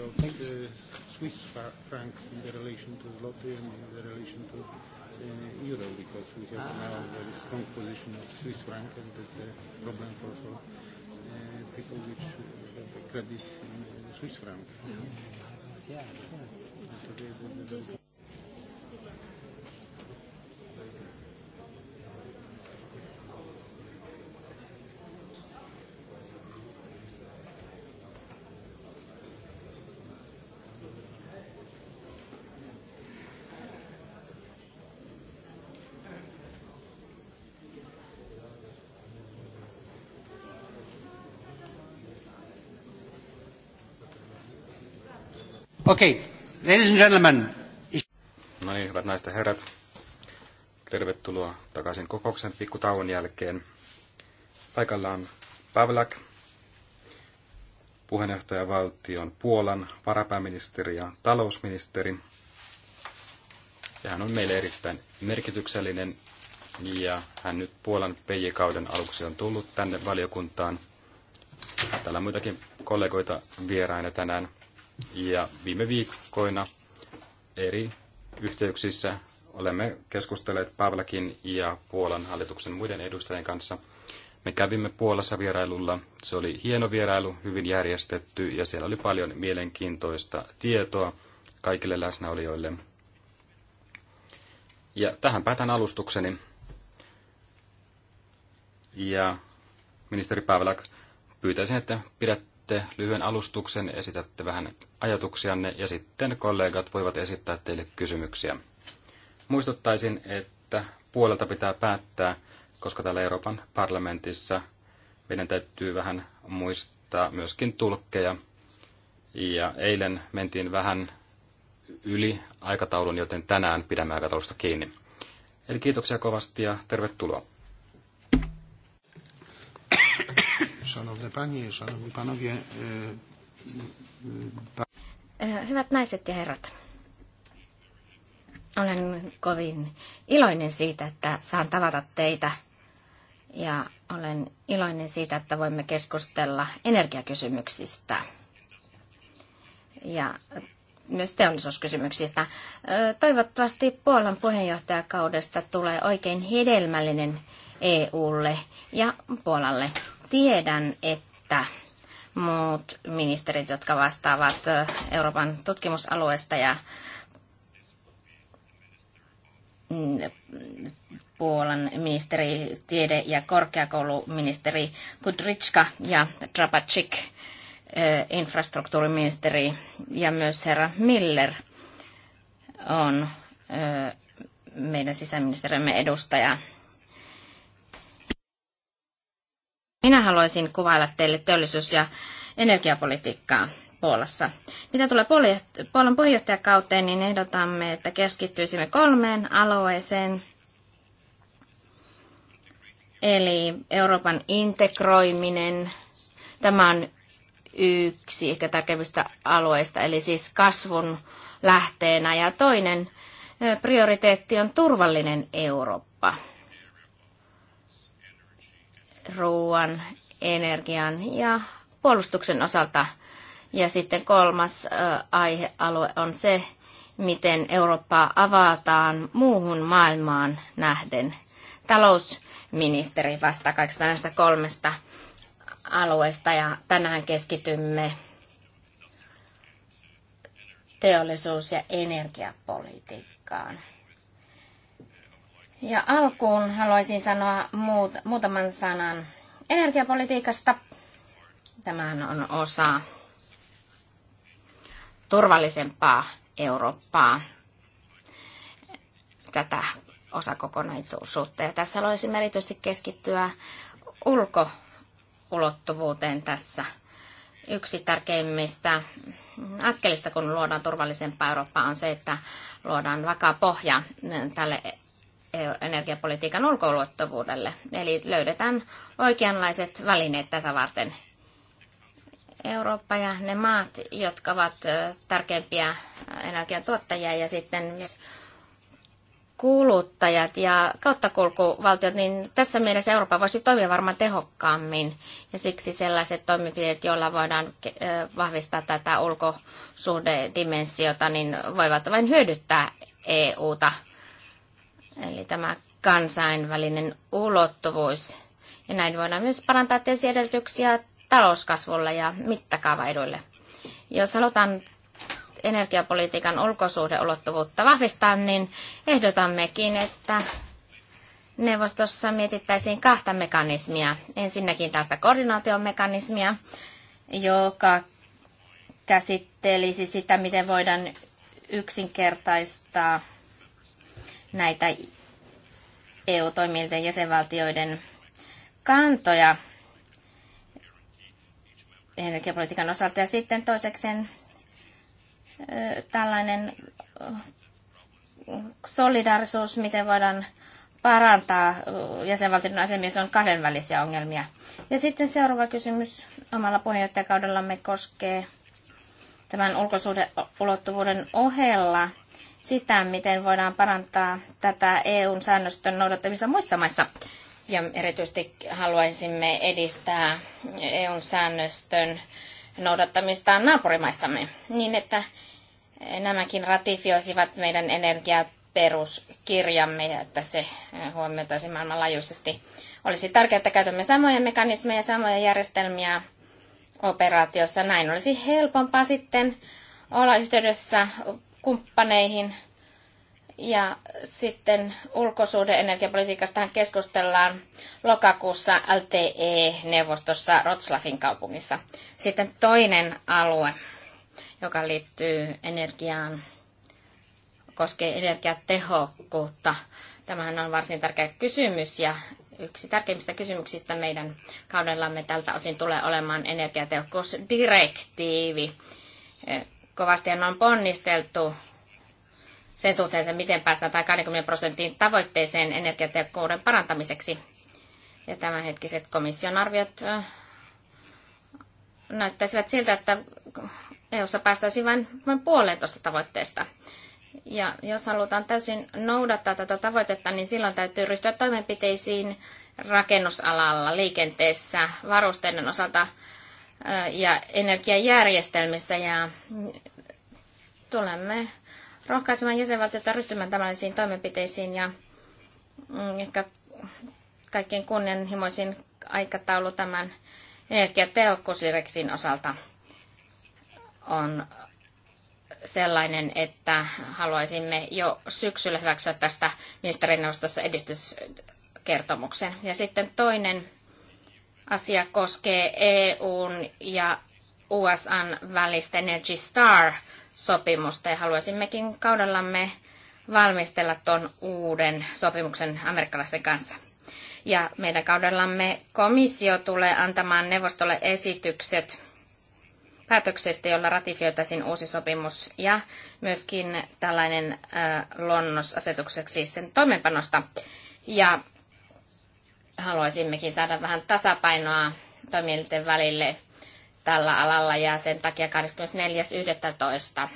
So take the Swiss franc in the relation to the Lotte and in the relation to uh, euro, because we have now a very strong position of Swiss franc, and that's a uh, problem for, uh, people which have credit in Swiss franc. Yeah. yeah. Okei, okay. ladies and gentlemen. No niin, hyvät naiset ja herrat. Tervetuloa takaisin kokouksen pikkutauon jälkeen. Paikalla on Pavlak, puheenjohtajavaltion Puolan varapääministeri ja talousministeri. Ja hän on meille erittäin merkityksellinen ja hän nyt Puolan peijikauden aluksi on tullut tänne valiokuntaan. Täällä on muitakin kollegoita vieraina tänään. Ja viime viikkoina eri yhteyksissä olemme keskustelleet Pavlakin ja Puolan hallituksen muiden edustajien kanssa. Me kävimme Puolassa vierailulla. Se oli hieno vierailu, hyvin järjestetty ja siellä oli paljon mielenkiintoista tietoa kaikille läsnäolijoille. Ja tähän päätän alustukseni. Ja ministeri Pavlak, pyytäisin, että pidät pidätte lyhyen alustuksen, esitätte vähän ajatuksianne ja sitten kollegat voivat esittää teille kysymyksiä. Muistuttaisin, että puolelta pitää päättää, koska täällä Euroopan parlamentissa meidän täytyy vähän muistaa myöskin tulkkeja. Ja eilen mentiin vähän yli aikataulun, joten tänään pidämme aikataulusta kiinni. Eli kiitoksia kovasti ja tervetuloa. Szanowne panie, szanowni panowie. E, e, e, hyvät naiset ja herrat. Olen kovin iloinen siitä, että saan tavata teitä ja olen iloinen siitä, että voimme keskustella energiakysymyksistä ja myös teollisuuskysymyksistä. Toivottavasti Puolan puheenjohtajakaudesta tulee oikein hedelmällinen EUlle ja Puolalle. Tiedän, että muut ministerit, jotka vastaavat Euroopan tutkimusalueesta ja mm, Puolan ministeri, tiede- ja korkeakouluministeri Kudrička ja Drabacik, infrastruktuuriministeri ja myös herra Miller on meidän sisäministerimme edustaja Minä haluaisin kuvailla teille teollisuus- ja energiapolitiikkaa Puolassa. Mitä tulee Puolan puheenjohtajakauteen, niin ehdotamme, että keskittyisimme kolmeen alueeseen, eli Euroopan integroiminen. Tämä on yksi ehkä tärkeimmistä alueista, eli siis kasvun lähteenä. Ja toinen prioriteetti on turvallinen Eurooppa ruoan, energian ja puolustuksen osalta. Ja sitten kolmas aihealue on se, miten Eurooppaa avataan muuhun maailmaan nähden. Talousministeri vastaa kaikista näistä kolmesta alueesta ja tänään keskitymme teollisuus- ja energiapolitiikkaan. Ja alkuun haluaisin sanoa muut, muutaman sanan energiapolitiikasta. Tämähän on osa turvallisempaa Eurooppaa, tätä osakokonaisuutta. Ja tässä haluaisin erityisesti keskittyä ulkoulottuvuuteen tässä. Yksi tärkeimmistä askelista, kun luodaan turvallisempaa Eurooppaa, on se, että luodaan vakaa pohja tälle energiapolitiikan ulkoulottuvuudelle. Eli löydetään oikeanlaiset välineet tätä varten. Eurooppa ja ne maat, jotka ovat tärkeimpiä energiantuottajia ja sitten myös kuluttajat ja kauttakulkuvaltiot, niin tässä mielessä Eurooppa voisi toimia varmaan tehokkaammin. Ja siksi sellaiset toimenpiteet, joilla voidaan vahvistaa tätä ulkosuhdedimensiota, niin voivat vain hyödyttää EUta. Eli tämä kansainvälinen ulottuvuus. Ja näin voidaan myös parantaa tietysti edellytyksiä talouskasvulle ja mittakaavaeduille. Jos halutaan energiapolitiikan ulkosuhdeulottuvuutta vahvistaa, niin ehdotammekin, että neuvostossa mietittäisiin kahta mekanismia. Ensinnäkin tästä koordinaatiomekanismia, joka käsittelisi sitä, miten voidaan yksinkertaistaa näitä EU-toimijoiden jäsenvaltioiden kantoja energiapolitiikan osalta. Ja sitten toisekseen tällainen solidarisuus, miten voidaan parantaa jäsenvaltioiden asemia, se on kahdenvälisiä ongelmia. Ja sitten seuraava kysymys omalla puheenjohtajakaudellamme koskee tämän ulkosuhdeulottuvuuden ohella sitä, miten voidaan parantaa tätä EUn säännöstön noudattamista muissa maissa. Ja erityisesti haluaisimme edistää EUn säännöstön noudattamista naapurimaissamme, niin että nämäkin ratifioisivat meidän energiaperuskirjamme ja että se huomioitaisiin maailmanlaajuisesti. Olisi tärkeää, että käytämme samoja mekanismeja ja samoja järjestelmiä operaatiossa. Näin olisi helpompaa sitten olla yhteydessä kumppaneihin. Ja sitten ulkosuhde energiapolitiikastahan keskustellaan lokakuussa LTE-neuvostossa Rotslafin kaupungissa. Sitten toinen alue, joka liittyy energiaan, koskee energiatehokkuutta. Tämähän on varsin tärkeä kysymys ja yksi tärkeimmistä kysymyksistä meidän kaudellamme tältä osin tulee olemaan energiatehokkuusdirektiivi kovasti on ponnisteltu sen suhteen, että miten päästään tai 20 prosentin tavoitteeseen energiatehokkuuden parantamiseksi. Ja tämänhetkiset komission arviot näyttäisivät siltä, että EU-ssa päästäisiin vain, vain puoleen tuosta tavoitteesta. Ja jos halutaan täysin noudattaa tätä tavoitetta, niin silloin täytyy ryhtyä toimenpiteisiin rakennusalalla, liikenteessä, varusteiden osalta, ja energiajärjestelmissä ja tulemme rohkaisemaan jäsenvaltiota ryhtymään tavallisiin toimenpiteisiin ja mm, ehkä kaikkien kunnianhimoisin aikataulu tämän energiatehokkuusdirektiivin osalta on sellainen, että haluaisimme jo syksyllä hyväksyä tästä ministerineuvostossa edistyskertomuksen. Ja sitten toinen asia koskee EUn ja USAn välistä Energy Star-sopimusta ja haluaisimmekin kaudellamme valmistella tuon uuden sopimuksen amerikkalaisten kanssa. Ja meidän kaudellamme komissio tulee antamaan neuvostolle esitykset päätöksestä, jolla ratifioitaisiin uusi sopimus ja myöskin tällainen äh, luonnosasetukseksi sen toimeenpanosta. Ja haluaisimmekin saada vähän tasapainoa toimielinten välille tällä alalla ja sen takia 24.11.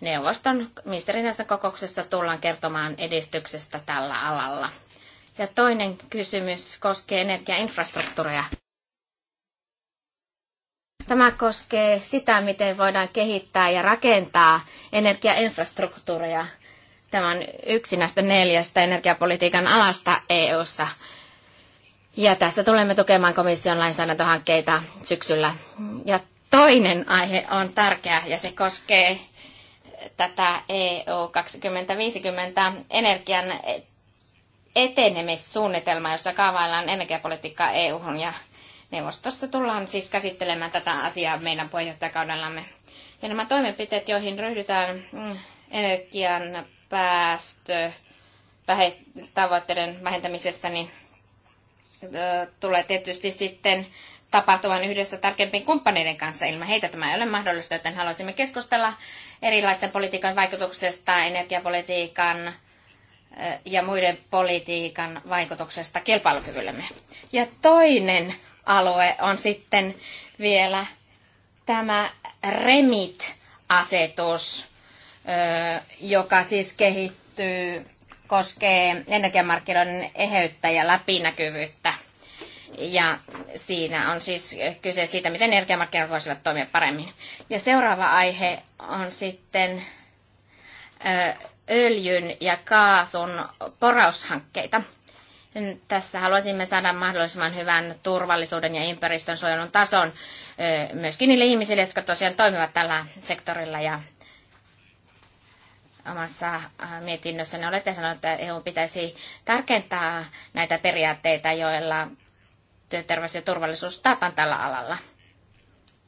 neuvoston ministerinässä kokouksessa tullaan kertomaan edistyksestä tällä alalla. Ja toinen kysymys koskee energiainfrastruktuuria. Tämä koskee sitä, miten voidaan kehittää ja rakentaa energiainfrastruktuuria. Tämä on yksi näistä neljästä energiapolitiikan alasta EU:ssa. ssa ja tässä tulemme tukemaan komission lainsäädäntöhankkeita syksyllä. Ja toinen aihe on tärkeä ja se koskee tätä EU 2050 energian etenemissuunnitelmaa, jossa kaavaillaan energiapolitiikkaa EU:hun ja neuvostossa tullaan siis käsittelemään tätä asiaa meidän puheenjohtajakaudellamme. Ja nämä toimenpiteet, joihin ryhdytään mm, energian päästö tavoitteiden vähentämisessä, niin tulee tietysti sitten tapahtuvan yhdessä tarkempien kumppaneiden kanssa. Ilman heitä tämä ei ole mahdollista, joten haluaisimme keskustella erilaisten politiikan vaikutuksesta, energiapolitiikan ja muiden politiikan vaikutuksesta kilpailukyvyllemme. Ja toinen alue on sitten vielä tämä REMIT-asetus, joka siis kehittyy koskee energiamarkkinoiden eheyttä ja läpinäkyvyyttä. Ja siinä on siis kyse siitä, miten energiamarkkinat voisivat toimia paremmin. Ja seuraava aihe on sitten öljyn ja kaasun poraushankkeita. Tässä haluaisimme saada mahdollisimman hyvän turvallisuuden ja ympäristön suojelun tason myöskin niille ihmisille, jotka tosiaan toimivat tällä sektorilla ja omassa äh, mietinnössänne olette sanoneet, että EU pitäisi tarkentaa näitä periaatteita, joilla työterveys ja turvallisuus tapan tällä alalla.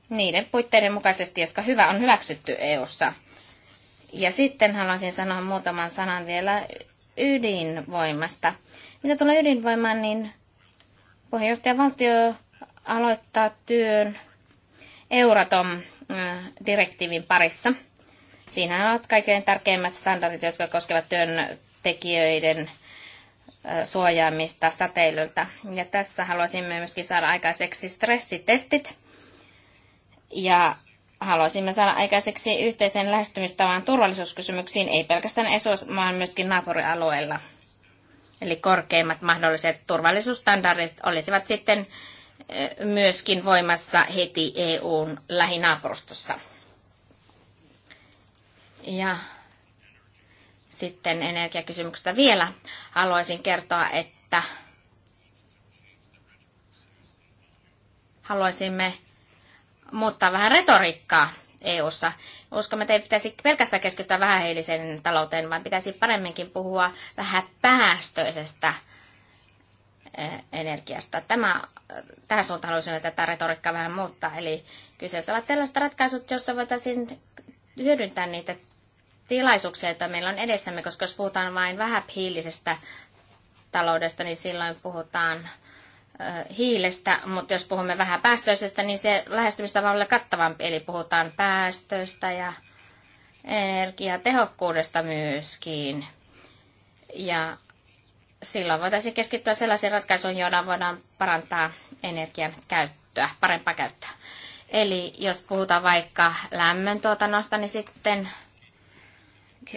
Niiden puitteiden mukaisesti, jotka hyvä on hyväksytty EU:ssa. Ja sitten haluaisin sanoa muutaman sanan vielä ydinvoimasta. Mitä tulee ydinvoimaan, niin puheenjohtajavaltio aloittaa työn Euratom-direktiivin äh, parissa – Siinä ovat kaikkein tärkeimmät standardit, jotka koskevat työntekijöiden suojaamista säteilyltä. Ja tässä haluaisimme myöskin saada aikaiseksi stressitestit. Ja haluaisimme saada aikaiseksi yhteisen lähestymistavan turvallisuuskysymyksiin, ei pelkästään ESOS, vaan myöskin naapurialueella. Eli korkeimmat mahdolliset turvallisuusstandardit olisivat sitten myöskin voimassa heti EUn lähinaapurustossa. Ja sitten energiakysymyksestä vielä haluaisin kertoa, että haluaisimme muuttaa vähän retoriikkaa EU-ssa. Uskomme, että ei pitäisi pelkästään keskittyä vähähiiliseen talouteen, vaan pitäisi paremminkin puhua vähän päästöisestä e, energiasta. Tämä, tähän suuntaan haluaisin tätä retoriikkaa vähän muuttaa. Eli kyseessä ovat sellaiset ratkaisut, joissa voitaisiin hyödyntää niitä tilaisuuksia, joita meillä on edessämme, koska jos puhutaan vain hiilisestä taloudesta, niin silloin puhutaan hiilestä, mutta jos puhumme vähän päästöisestä, niin se lähestymistapa on kattavampi, eli puhutaan päästöistä ja energiatehokkuudesta myöskin. Ja silloin voitaisiin keskittyä sellaisiin ratkaisuihin, joilla voidaan parantaa energian käyttöä, parempaa käyttöä. Eli jos puhutaan vaikka lämmöntuotannosta, niin sitten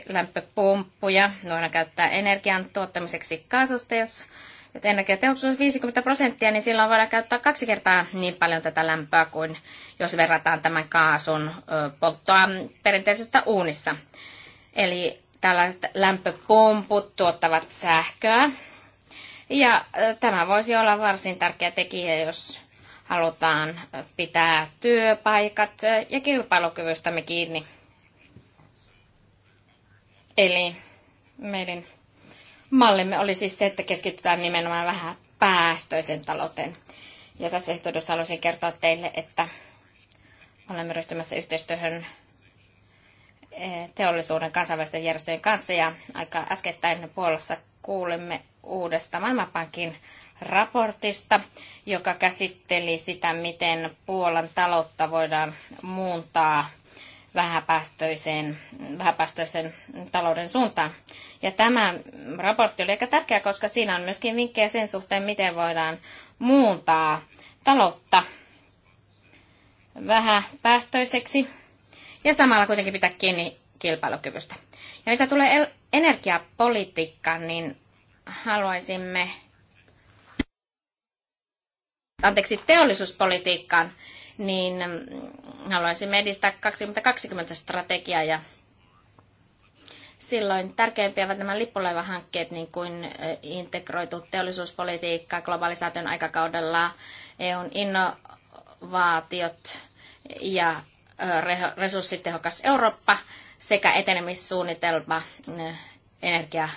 lämpöpumppuja voidaan käyttää energian tuottamiseksi kaasusta. Jos nyt energiatehokkuus on 50 prosenttia, niin silloin voidaan käyttää kaksi kertaa niin paljon tätä lämpöä kuin jos verrataan tämän kaasun polttoa perinteisestä uunissa. Eli tällaiset lämpöpumput tuottavat sähköä. Ja tämä voisi olla varsin tärkeä tekijä, jos Halutaan pitää työpaikat ja kilpailukyvystämme kiinni. Eli meidän mallimme oli siis se, että keskitytään nimenomaan vähän päästöisen talouteen. Ja tässä yhteydessä haluaisin kertoa teille, että olemme ryhtymässä yhteistyöhön eh, teollisuuden kansainvälisten järjestöjen kanssa ja aika äskettäin Puolassa kuulimme uudesta Maailmanpankin raportista, joka käsitteli sitä, miten Puolan taloutta voidaan muuntaa vähäpäästöiseen, vähäpäästöisen talouden suuntaan. Ja tämä raportti oli aika tärkeä, koska siinä on myöskin vinkkejä sen suhteen, miten voidaan muuntaa taloutta vähäpäästöiseksi ja samalla kuitenkin pitää kiinni kilpailukyvystä. Ja mitä tulee energiapolitiikkaan, niin haluaisimme anteeksi, teollisuuspolitiikkaan, niin mm, haluaisimme edistää 2020-strategiaa ja silloin tärkeimpiä ovat nämä lippulaivahankkeet, niin kuin integroitu teollisuuspolitiikka globalisaation aikakaudella, EUn innovaatiot ja resurssitehokas Eurooppa sekä etenemissuunnitelma energia,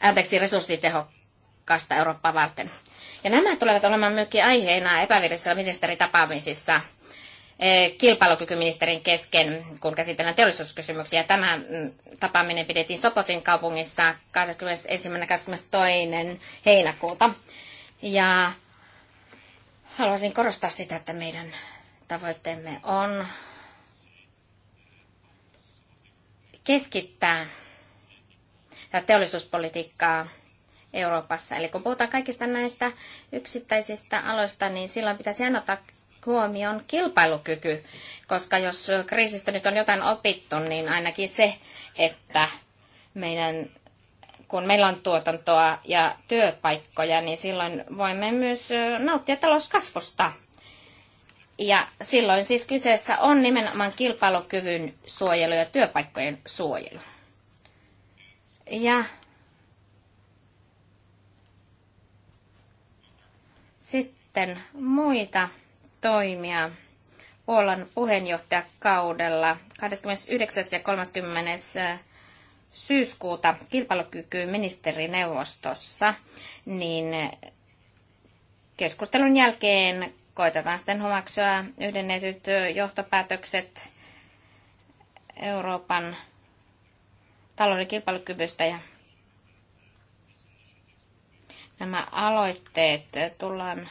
anteeksi, resurssitehokasta Eurooppaa varten. Ja nämä tulevat olemaan myöskin aiheena epävirallisissa ministeritapaamisissa eh, kilpailukykyministerin kesken, kun käsitellään teollisuuskysymyksiä. Tämä mm, tapaaminen pidettiin Sopotin kaupungissa 21.22. heinäkuuta. Ja haluaisin korostaa sitä, että meidän tavoitteemme on keskittää tätä teollisuuspolitiikkaa Euroopassa. Eli kun puhutaan kaikista näistä yksittäisistä aloista, niin silloin pitäisi aina ottaa huomioon kilpailukyky, koska jos kriisistä nyt on jotain opittu, niin ainakin se, että meidän, kun meillä on tuotantoa ja työpaikkoja, niin silloin voimme myös nauttia talouskasvusta. Ja silloin siis kyseessä on nimenomaan kilpailukyvyn suojelu ja työpaikkojen suojelu. Ja sitten muita toimia Puolan puheenjohtajakaudella 29. ja 30. Äh, syyskuuta kilpailukyky ministerineuvostossa, niin keskustelun jälkeen koitetaan sitten hyväksyä yhdennetyt äh, johtopäätökset Euroopan talouden kilpailukyvystä ja nämä aloitteet äh, tullaan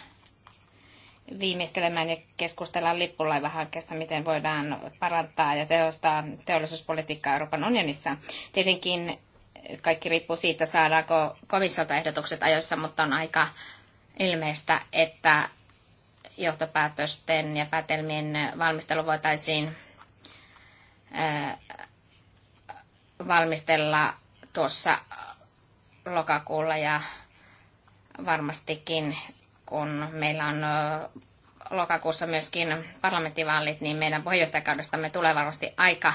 viimeistelemään ja keskustellaan lippulaivahankkeesta, miten voidaan parantaa ja tehostaa teollisuuspolitiikkaa Euroopan unionissa. Tietenkin kaikki riippuu siitä, saadaanko komissiolta ehdotukset ajoissa, mutta on aika ilmeistä, että johtopäätösten ja päätelmien valmistelu voitaisiin valmistella tuossa lokakuulla ja varmastikin kun meillä on lokakuussa myöskin parlamenttivaalit, niin meidän puheenjohtajakaudestamme tulee varmasti aika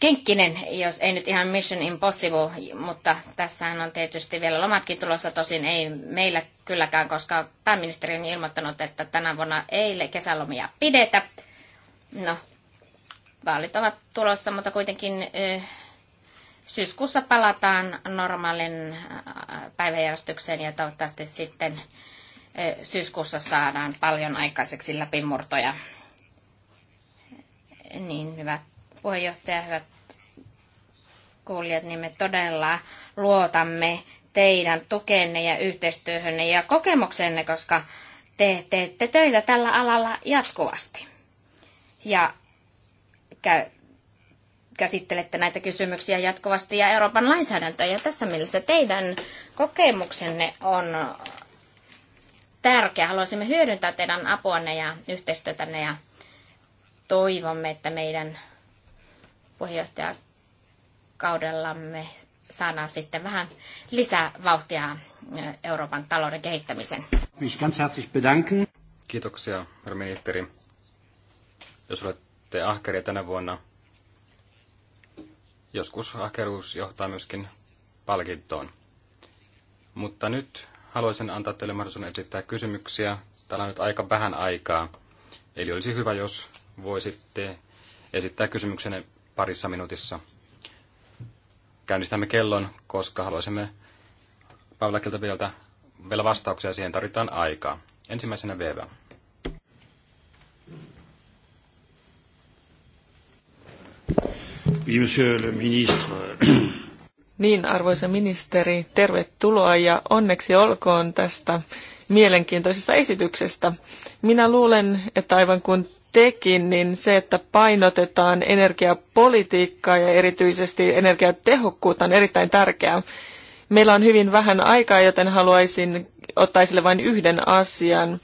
kenkkinen, jos ei nyt ihan Mission Impossible, mutta tässähän on tietysti vielä lomatkin tulossa, tosin ei meillä kylläkään, koska pääministeri on ilmoittanut, että tänä vuonna ei kesälomia pidetä. No, vaalit ovat tulossa, mutta kuitenkin syyskuussa palataan normaalin äh, päiväjärjestykseen ja toivottavasti sitten äh, syyskuussa saadaan paljon aikaiseksi läpimurtoja. Niin, hyvä puheenjohtaja, hyvät kuulijat, niin me todella luotamme teidän tukeenne ja yhteistyöhönne ja kokemuksenne, koska te teette töitä tällä alalla jatkuvasti. Ja käy, käsittelette näitä kysymyksiä jatkuvasti ja Euroopan lainsäädäntöä. Ja tässä mielessä teidän kokemuksenne on tärkeä. Haluaisimme hyödyntää teidän apuanne ja yhteistyötänne ja toivomme, että meidän puheenjohtajakaudellamme saadaan sitten vähän lisää vauhtia äh, Euroopan talouden kehittämiseen. Kiitoksia, herra ministeri. Jos olette ahkeria tänä vuonna, Joskus ahkeruus johtaa myöskin palkintoon. Mutta nyt haluaisin antaa teille mahdollisuuden esittää kysymyksiä. Täällä on nyt aika vähän aikaa, eli olisi hyvä, jos voisitte esittää kysymyksenne parissa minuutissa. Käynnistämme kellon, koska haluaisimme Pavlakilta vielä, vielä vastauksia. Siihen tarvitaan aikaa. Ensimmäisenä Vevä. Monsieur le ministre. Niin, arvoisa ministeri, tervetuloa ja onneksi olkoon tästä mielenkiintoisesta esityksestä. Minä luulen, että aivan kuin tekin, niin se, että painotetaan energiapolitiikkaa ja erityisesti energiatehokkuutta on erittäin tärkeää. Meillä on hyvin vähän aikaa, joten haluaisin ottaa esille vain yhden asian.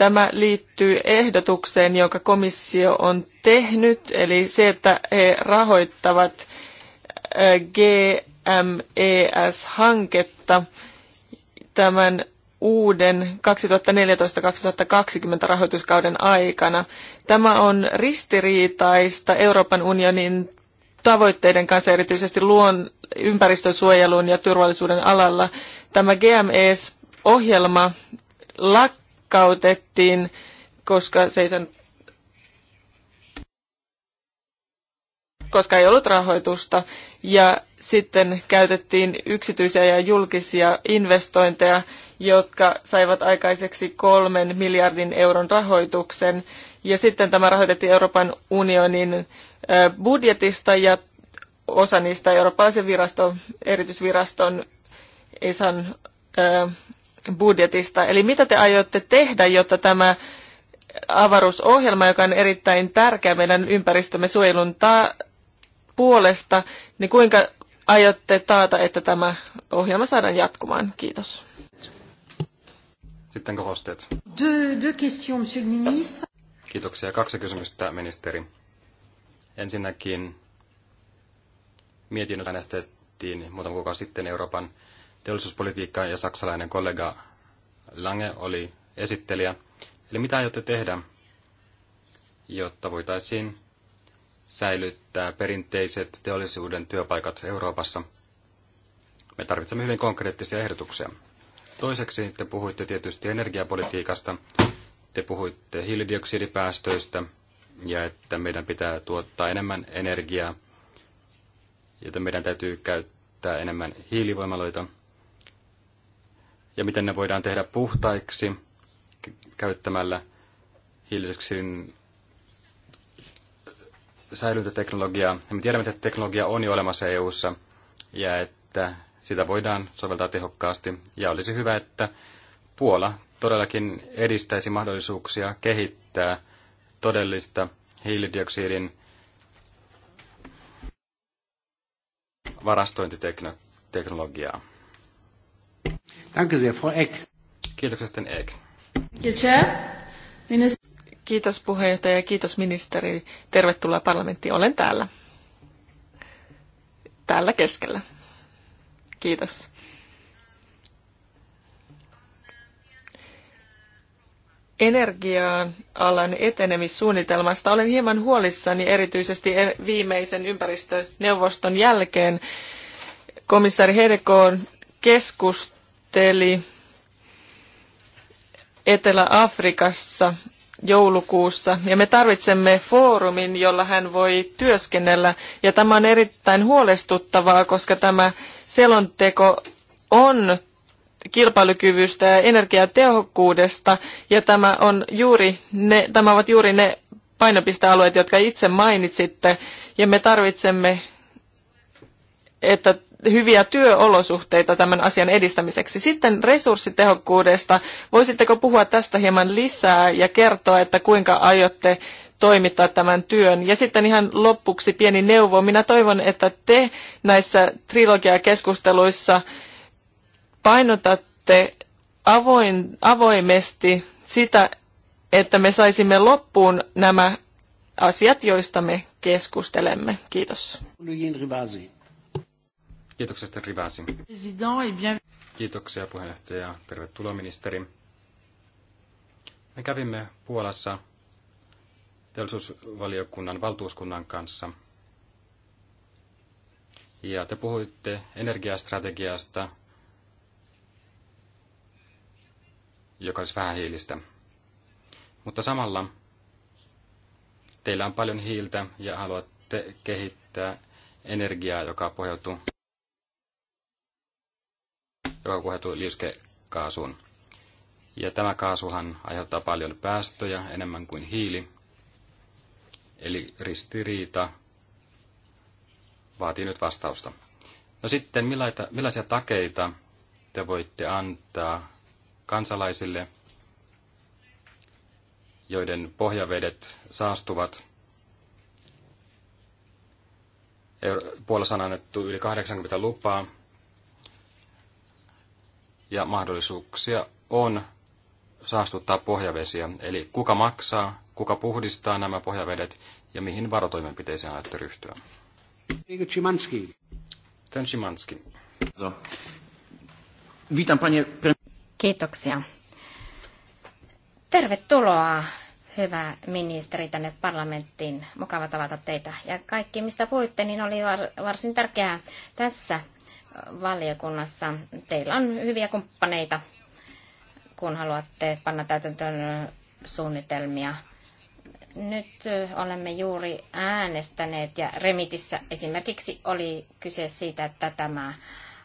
Tämä liittyy ehdotukseen, jonka komissio on tehnyt, eli se, että he rahoittavat GMES-hanketta tämän uuden 2014-2020 rahoituskauden aikana. Tämä on ristiriitaista Euroopan unionin tavoitteiden kanssa erityisesti luon ympäristönsuojelun ja turvallisuuden alalla. Tämä GMES-ohjelma lakkautettiin, koska se ei sen... koska ei ollut rahoitusta. Ja sitten käytettiin yksityisiä ja julkisia investointeja, jotka saivat aikaiseksi kolmen miljardin euron rahoituksen. Ja sitten tämä rahoitettiin Euroopan unionin budjetista ja osa niistä Euroopan viraston, erityisviraston ESAN budjetista. Eli mitä te aiotte tehdä, jotta tämä avaruusohjelma, joka on erittäin tärkeä meidän ympäristömme suojelun puolesta, niin kuinka aiotte taata, että tämä ohjelma saadaan jatkumaan? Kiitos. Sitten Ministre. Kiitoksia. Kaksi kysymystä, ministeri. Ensinnäkin mietinnöt äänestettiin muutama kuukausi sitten Euroopan teollisuuspolitiikkaa ja saksalainen kollega Lange oli esittelijä. Eli mitä aiotte tehdä, jotta voitaisiin säilyttää perinteiset teollisuuden työpaikat Euroopassa? Me tarvitsemme hyvin konkreettisia ehdotuksia. Toiseksi te puhuitte tietysti energiapolitiikasta, te puhuitte hiilidioksidipäästöistä ja että meidän pitää tuottaa enemmän energiaa, että meidän täytyy käyttää enemmän hiilivoimaloita – ja miten ne voidaan tehdä puhtaiksi käyttämällä hiilidioksidin säilyntäteknologiaa. Ja me tiedämme, että teknologia on jo olemassa EU:ssa ja että sitä voidaan soveltaa tehokkaasti. Ja olisi hyvä, että Puola todellakin edistäisi mahdollisuuksia kehittää todellista hiilidioksidin varastointiteknologiaa. Danke sehr, Frau Eck. Eck. Kiitos puheenjohtaja ja kiitos ministeri. Tervetuloa parlamenttiin. Olen täällä. Täällä keskellä. Kiitos. energia-alan etenemissuunnitelmasta. Olen hieman huolissani erityisesti viimeisen ympäristöneuvoston jälkeen. Komissaari Hedekoon keskus Teli Etelä-Afrikassa joulukuussa ja me tarvitsemme foorumin, jolla hän voi työskennellä ja tämä on erittäin huolestuttavaa, koska tämä selonteko on kilpailukyvystä ja energiatehokkuudesta ja tämä on juuri ne, tämä ovat juuri ne painopistealueet, jotka itse mainitsitte ja me tarvitsemme että hyviä työolosuhteita tämän asian edistämiseksi. Sitten resurssitehokkuudesta. Voisitteko puhua tästä hieman lisää ja kertoa, että kuinka aiotte toimittaa tämän työn. Ja sitten ihan lopuksi pieni neuvo. Minä toivon, että te näissä trilogiakeskusteluissa painotatte avoin, avoimesti sitä, että me saisimme loppuun nämä asiat, joista me keskustelemme. Kiitos. Kiitoksia sitten Rivasi. Kiitoksia puheenjohtaja. Tervetuloa ministeri. Me kävimme Puolassa teollisuusvaliokunnan valtuuskunnan kanssa. Ja te puhuitte energiastrategiasta, joka olisi hiilistä. Mutta samalla teillä on paljon hiiltä ja haluatte kehittää energiaa, joka pohjautuu joka kuhetui liuskekaasuun. Ja tämä kaasuhan aiheuttaa paljon päästöjä enemmän kuin hiili. Eli ristiriita vaatii nyt vastausta. No sitten, millaisia takeita te voitte antaa kansalaisille, joiden pohjavedet saastuvat? Puolassa on annettu yli 80 lupaa ja mahdollisuuksia on saastuttaa pohjavesiä, eli kuka maksaa, kuka puhdistaa nämä pohjavedet ja mihin varotoimenpiteisiin aiotte ryhtyä. Szymanski. Szymanski. Kiitoksia. Tervetuloa, hyvä ministeri, tänne parlamenttiin. Mukava tavata teitä. Ja kaikki, mistä puhuitte, niin oli varsin tärkeää tässä valiokunnassa. Teillä on hyviä kumppaneita, kun haluatte panna täytäntöön suunnitelmia. Nyt olemme juuri äänestäneet ja Remitissä esimerkiksi oli kyse siitä, että tämä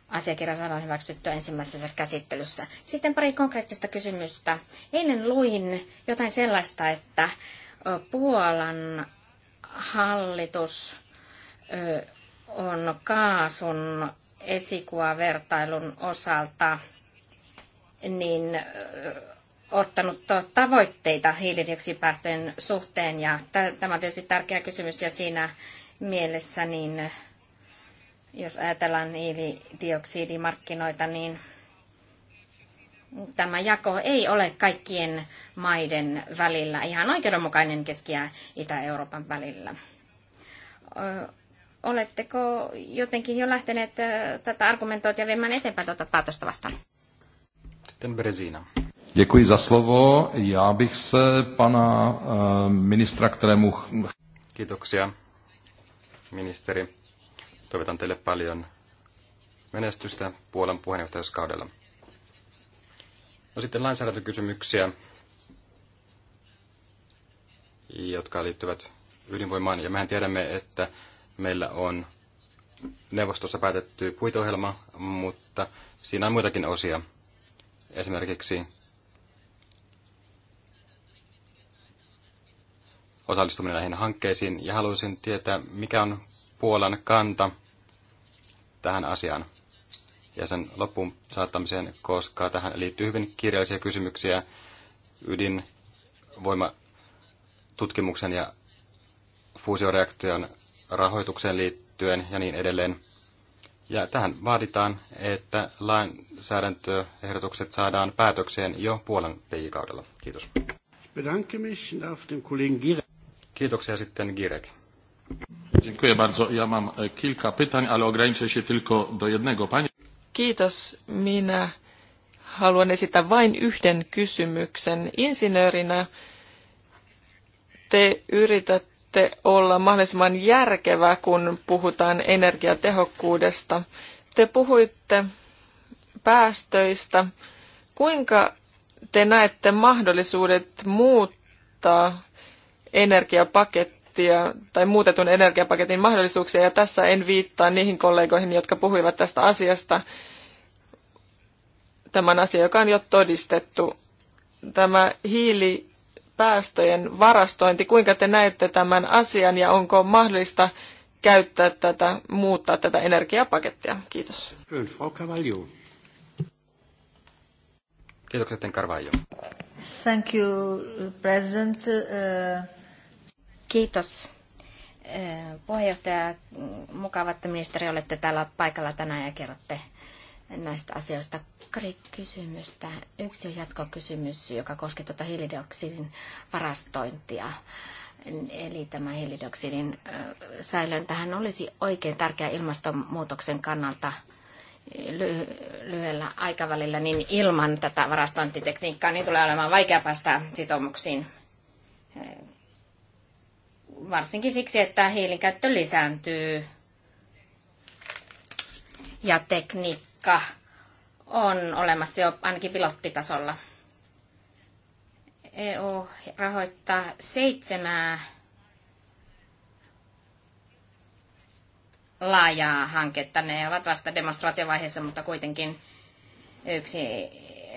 asiakirja saadaan hyväksyttyä ensimmäisessä käsittelyssä. Sitten pari konkreettista kysymystä. Eilen luin jotain sellaista, että Puolan hallitus on kaasun esikuvavertailun osalta niin ottanut tavoitteita hiilidioksidipäästöjen suhteen ja tämä on tietysti tärkeä kysymys ja siinä mielessä niin jos ajatellaan hiilidioksidimarkkinoita, niin tämä jako ei ole kaikkien maiden välillä ihan oikeudenmukainen Keski- ja Itä-Euroopan välillä. Oletteko jotenkin jo lähteneet tätä argumentointia viemään eteenpäin tuota päätöstä vastaan? Sitten Brezina. Děkuji za slovo. Já bych se pana e, ministra, kterému... Kiitoksia, ministeri. Toivotan teille paljon menestystä puolen puheenjohtajuuskaudella. No sitten lainsäädäntökysymyksiä, jotka liittyvät ydinvoimaan. Ja mehän tiedämme, että meillä on neuvostossa päätetty puitohjelma, mutta siinä on muitakin osia. Esimerkiksi osallistuminen näihin hankkeisiin ja haluaisin tietää, mikä on Puolan kanta tähän asiaan ja sen loppuun saattamiseen, koska tähän liittyy hyvin kirjallisia kysymyksiä ydinvoimatutkimuksen ja fuusioreaktion rahoitukseen liittyen ja niin edelleen. Ja tähän vaaditaan, että lainsäädäntöehdotukset saadaan päätökseen jo puolen peijikaudella. Kiitos. Kiitoksia sitten Girek. Dziękuję bardzo. Ja mam e, kilka pytań, ale ograniczę się tylko do jednego. Pani... Kiitos. Minä haluan esittää vain yhden kysymyksen. Insinöörinä te yritätte yritätte olla mahdollisimman järkevä, kun puhutaan energiatehokkuudesta. Te puhuitte päästöistä. Kuinka te näette mahdollisuudet muuttaa energiapakettia tai muutetun energiapaketin mahdollisuuksia? Ja tässä en viittaa niihin kollegoihin, jotka puhuivat tästä asiasta. Tämän asian, joka on jo todistettu. Tämä hiili päästöjen varastointi. Kuinka te näette tämän asian ja onko mahdollista käyttää tätä, muuttaa tätä energiapakettia? Kiitos. Kiitokset, Thank you, President. Eh, kiitos. Eh, puheenjohtaja, mukava, että ministeri olette täällä paikalla tänään ja kerrotte näistä asioista pari kysymystä. Yksi jatkokysymys, joka koski tuota hiilidioksidin varastointia. Eli tämä hiilidioksidin säilöntähän olisi oikein tärkeä ilmastonmuutoksen kannalta lyhyellä aikavälillä, niin ilman tätä varastointitekniikkaa niin tulee olemaan vaikea päästä sitoumuksiin. Varsinkin siksi, että hiilin käyttö lisääntyy ja tekniikka on olemassa jo ainakin pilottitasolla. EU rahoittaa seitsemää laajaa hanketta. Ne ovat vasta demonstraatiovaiheessa, mutta kuitenkin yksi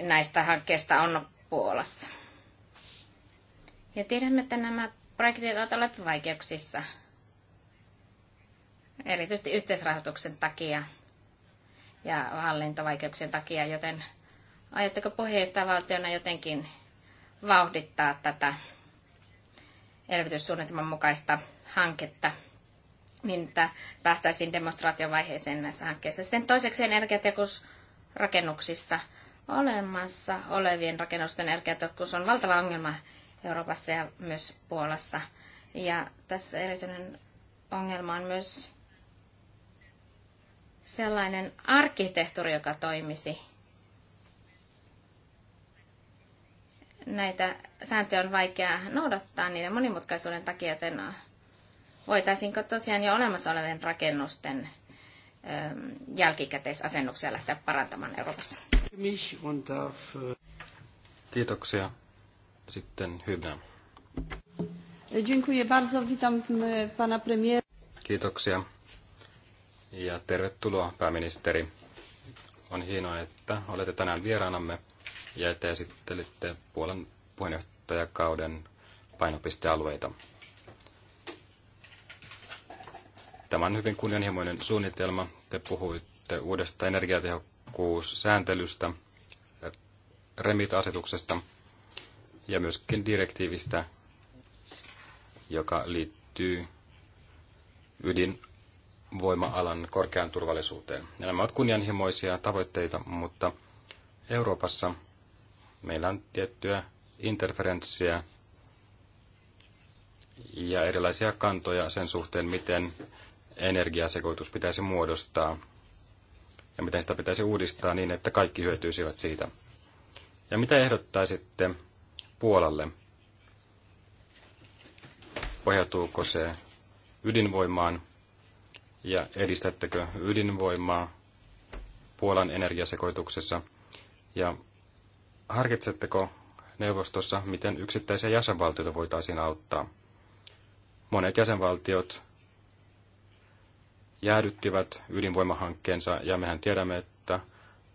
näistä hankkeista on Puolassa. Ja tiedämme, että nämä projektit ovat olleet vaikeuksissa, erityisesti yhteisrahoituksen takia – ja hallintavaikeuksien takia, joten aiotteko valtiona jotenkin vauhdittaa tätä elvytyssuunnitelman mukaista hanketta, niin että päästäisiin demonstraatiovaiheeseen näissä hankkeissa. Sitten toiseksi energiatekus rakennuksissa olemassa olevien rakennusten energiatekus on valtava ongelma Euroopassa ja myös Puolassa. Ja tässä erityinen ongelma on myös sellainen arkkitehtuuri, joka toimisi. Näitä sääntöjä on vaikea noudattaa niiden monimutkaisuuden takia, joten äh, voitaisiinko tosiaan jo olemassa olevien rakennusten ähm, jälkikäteisasennuksia lähteä parantamaan Euroopassa. Kiitoksia. Sitten hyvää. Dziękuję bardzo. Witam pana premiera. Kiitoksia ja tervetuloa pääministeri. On hienoa, että olette tänään vieraanamme ja että esittelitte Puolan puheenjohtajakauden painopistealueita. Tämä on hyvin kunnianhimoinen suunnitelma. Te puhuitte uudesta energiatehokkuussääntelystä, REMIT-asetuksesta ja myöskin direktiivistä, joka liittyy ydin voimaalan alan korkean turvallisuuteen. Ja nämä ovat kunnianhimoisia tavoitteita, mutta Euroopassa meillä on tiettyä interferenssiä ja erilaisia kantoja sen suhteen, miten energiasekoitus pitäisi muodostaa ja miten sitä pitäisi uudistaa niin, että kaikki hyötyisivät siitä. Ja mitä ehdottaisitte Puolalle? Pohjautuuko se ydinvoimaan ja edistättekö ydinvoimaa Puolan energiasekoituksessa ja harkitsetteko neuvostossa, miten yksittäisiä jäsenvaltioita voitaisiin auttaa. Monet jäsenvaltiot jäädyttivät ydinvoimahankkeensa ja mehän tiedämme, että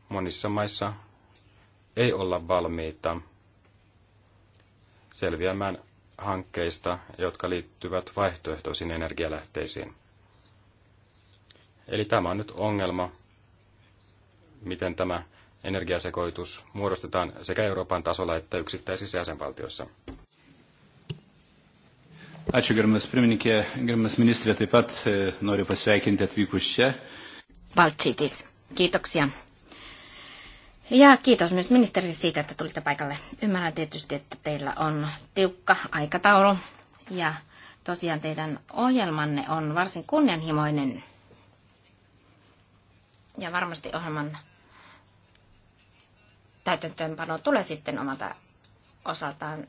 monissa maissa ei olla valmiita selviämään hankkeista, jotka liittyvät vaihtoehtoisiin energialähteisiin. Eli tämä on nyt ongelma, miten tämä energiasekoitus muodostetaan sekä Euroopan tasolla että yksittäisissä jäsenvaltioissa. Ačiū, gerbiamas pirmininkė, gerbiamas ministrė, taip pat e, noriu pasveikinti atvykus čia. kiitoksia. Ja kiitos myös ministerille siitä, että tulitte paikalle. Ymmärrän tietysti, että teillä on tiukka aikataulu ja tosiaan teidän ohjelmanne on varsin kunnianhimoinen ja varmasti ohjelman täytäntöönpano tulee sitten omalta osaltaan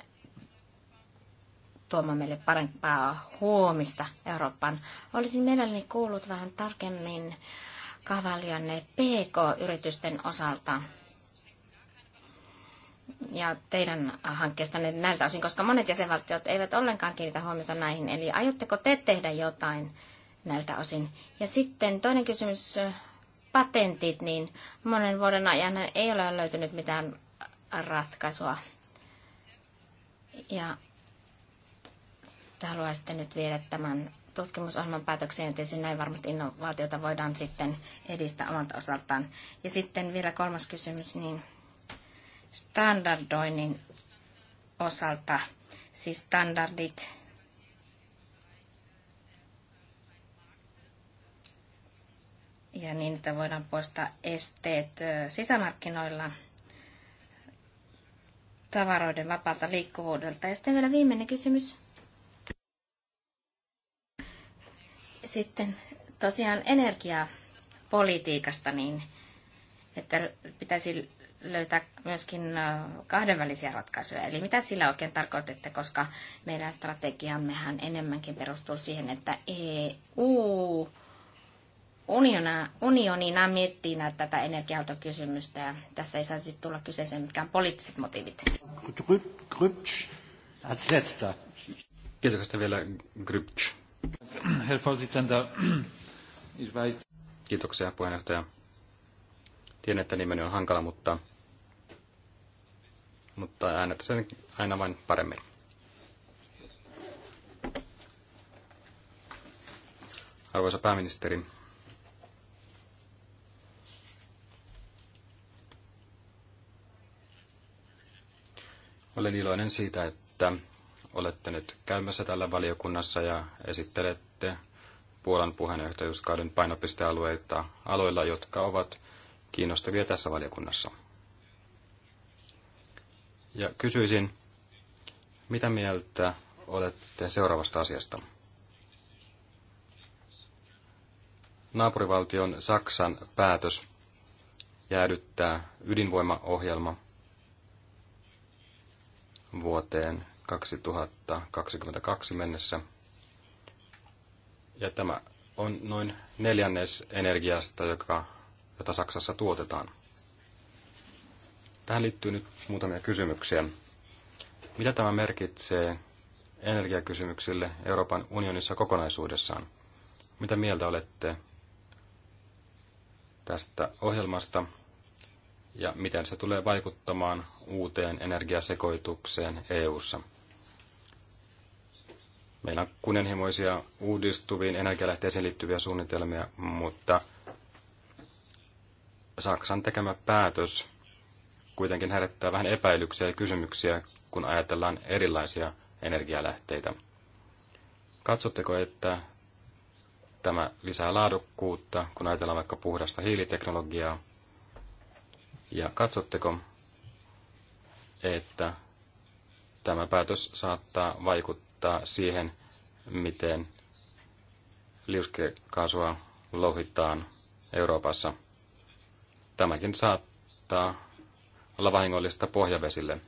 tuomaan meille parempaa huomista Eurooppaan. Olisin mielelläni kuullut vähän tarkemmin kavalionne PK-yritysten osalta ja teidän hankkeestanne näiltä osin, koska monet jäsenvaltiot eivät ollenkaan kiinnitä huomiota näihin. Eli aiotteko te tehdä jotain näiltä osin? Ja sitten toinen kysymys patentit, niin monen vuoden ajan ei ole löytynyt mitään ratkaisua. Ja haluaisitte nyt viedä tämän tutkimusohjelman päätökseen, tietysti näin varmasti innovaatiota voidaan sitten edistää omalta osaltaan. Ja sitten vielä kolmas kysymys, niin standardoinnin osalta, siis standardit, ja niin, että voidaan poistaa esteet sisämarkkinoilla tavaroiden vapaalta liikkuvuudelta. Ja sitten vielä viimeinen kysymys. Sitten tosiaan energiapolitiikasta, niin että pitäisi löytää myöskin kahdenvälisiä ratkaisuja. Eli mitä sillä oikein tarkoitatte, koska meidän strategiammehan enemmänkin perustuu siihen, että EU unionina, unionina miettii tätä energiautokysymystä ja tässä ei saisi tulla kyseeseen mitkään poliittiset motiivit. Kiitoksia vielä Grübsch. Kiitoksia puheenjohtaja. Tiedän, että nimeni on hankala, mutta, mutta äänettä sen aina vain paremmin. Arvoisa pääministeri, Olen iloinen siitä, että olette nyt käymässä tällä valiokunnassa ja esittelette Puolan puheenjohtajuuskauden painopistealueita aloilla, jotka ovat kiinnostavia tässä valiokunnassa. Ja kysyisin, mitä mieltä olette seuraavasta asiasta? Naapurivaltion Saksan päätös jäädyttää ydinvoimaohjelma – vuoteen 2022 mennessä. Ja tämä on noin neljännes energiasta, joka, jota Saksassa tuotetaan. Tähän liittyy nyt muutamia kysymyksiä. Mitä tämä merkitsee energiakysymyksille Euroopan unionissa kokonaisuudessaan? Mitä mieltä olette tästä ohjelmasta ja miten se tulee vaikuttamaan uuteen energiasekoitukseen EU:ssa. Meillä on kunnianhimoisia uudistuviin energialähteisiin liittyviä suunnitelmia, mutta Saksan tekemä päätös kuitenkin herättää vähän epäilyksiä ja kysymyksiä, kun ajatellaan erilaisia energialähteitä. Katsotteko, että tämä lisää laadukkuutta, kun ajatellaan vaikka puhdasta hiiliteknologiaa, ja katsotteko, että tämä päätös saattaa vaikuttaa siihen, miten liuskekaasua louhitaan Euroopassa. Tämäkin saattaa olla vahingollista pohjavesille.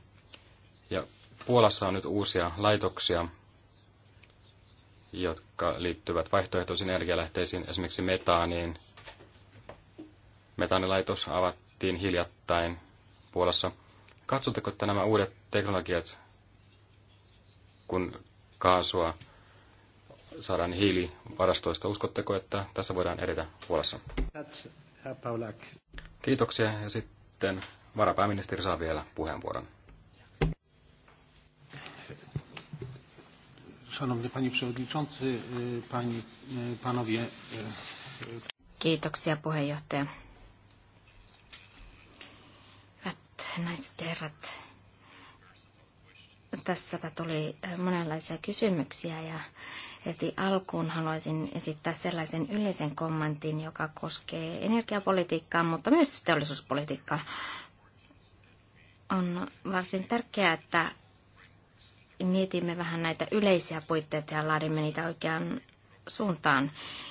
Ja Puolassa on nyt uusia laitoksia, jotka liittyvät vaihtoehtoisiin energialähteisiin, esimerkiksi metaaniin. Metaanilaitos nähtiin hiljattain Puolassa. Katsotteko, että nämä uudet teknologiat, kun kaasua saadaan hiilivarastoista, uskotteko, että tässä voidaan edetä Puolassa? Kiitoksia ja sitten varapääministeri saa vielä puheenvuoron. Szanowny Panie Przewodniczący, Panie, Panowie. E, e, Kiitoksia puheenjohtaja. naiset herrat. Tässäpä tuli äh, monenlaisia kysymyksiä ja heti alkuun haluaisin esittää sellaisen yleisen kommentin, joka koskee energiapolitiikkaa, mutta myös teollisuuspolitiikkaa. On varsin tärkeää, että mietimme vähän näitä yleisiä puitteita ja laadimme niitä oikeaan suuntaan.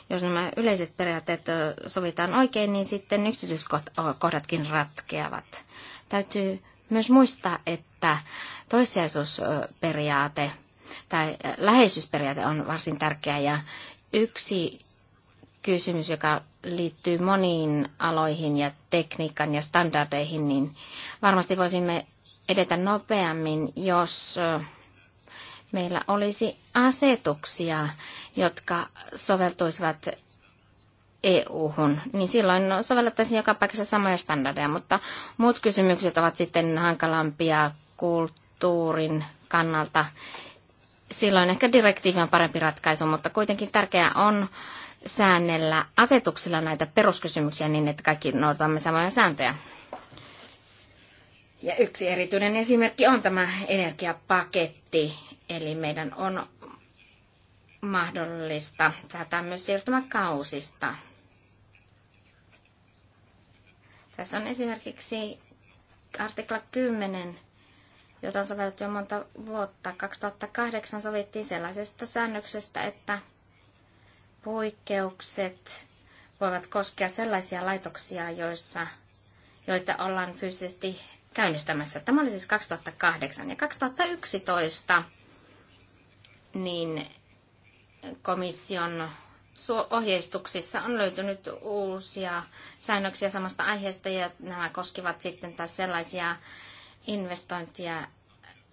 Jos nämä yleiset periaatteet sovitaan oikein, niin sitten yksityiskohdatkin ratkeavat. Täytyy myös muistaa, että toissijaisuusperiaate tai äh, läheisyysperiaate on varsin tärkeä ja yksi kysymys, joka liittyy moniin aloihin ja tekniikan ja standardeihin, niin varmasti voisimme edetä nopeammin, jos äh, meillä olisi asetuksia, jotka soveltuisivat EU-hun, niin silloin sovellettaisiin joka paikassa samoja standardeja, mutta muut kysymykset ovat sitten hankalampia kulttuurin kannalta. Silloin ehkä direktiivi on parempi ratkaisu, mutta kuitenkin tärkeää on säännellä asetuksilla näitä peruskysymyksiä niin, että kaikki noudatamme samoja sääntöjä. Ja yksi erityinen esimerkki on tämä energiapaketti, eli meidän on mahdollista säätää myös siirtymäkausista. Tässä on esimerkiksi artikla 10, jota on sovellettu jo monta vuotta. 2008 sovittiin sellaisesta säännöksestä, että poikkeukset voivat koskea sellaisia laitoksia, joissa, joita ollaan fyysisesti käynnistämässä. Tämä oli siis 2008 ja 2011, niin komission ohjeistuksissa on löytynyt uusia säännöksiä samasta aiheesta ja nämä koskivat sitten taas sellaisia investointia,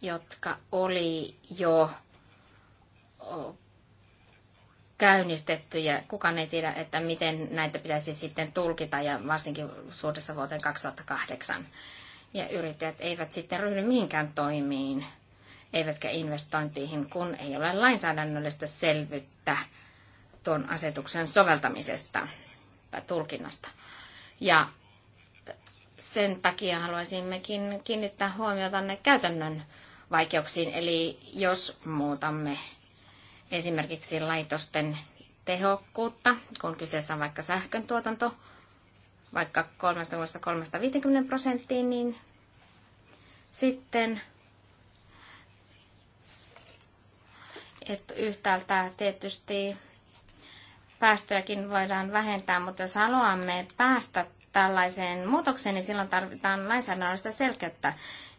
jotka oli jo käynnistetty ja kukaan ei tiedä, että miten näitä pitäisi sitten tulkita ja varsinkin suhteessa vuoteen 2008. Ja yrittäjät eivät sitten ryhdy mihinkään toimiin, eivätkä investointiin, kun ei ole lainsäädännöllistä selvyyttä tuon asetuksen soveltamisesta tai tulkinnasta. Ja sen takia haluaisimmekin kiinnittää huomiota ne käytännön vaikeuksiin. Eli jos muutamme esimerkiksi laitosten tehokkuutta, kun kyseessä on vaikka sähkön tuotanto, vaikka 30-350 prosenttiin, niin sitten että yhtäältä tietysti päästöjäkin voidaan vähentää, mutta jos haluamme päästä tällaiseen muutokseen, niin silloin tarvitaan lainsäädännöllistä selkeyttä.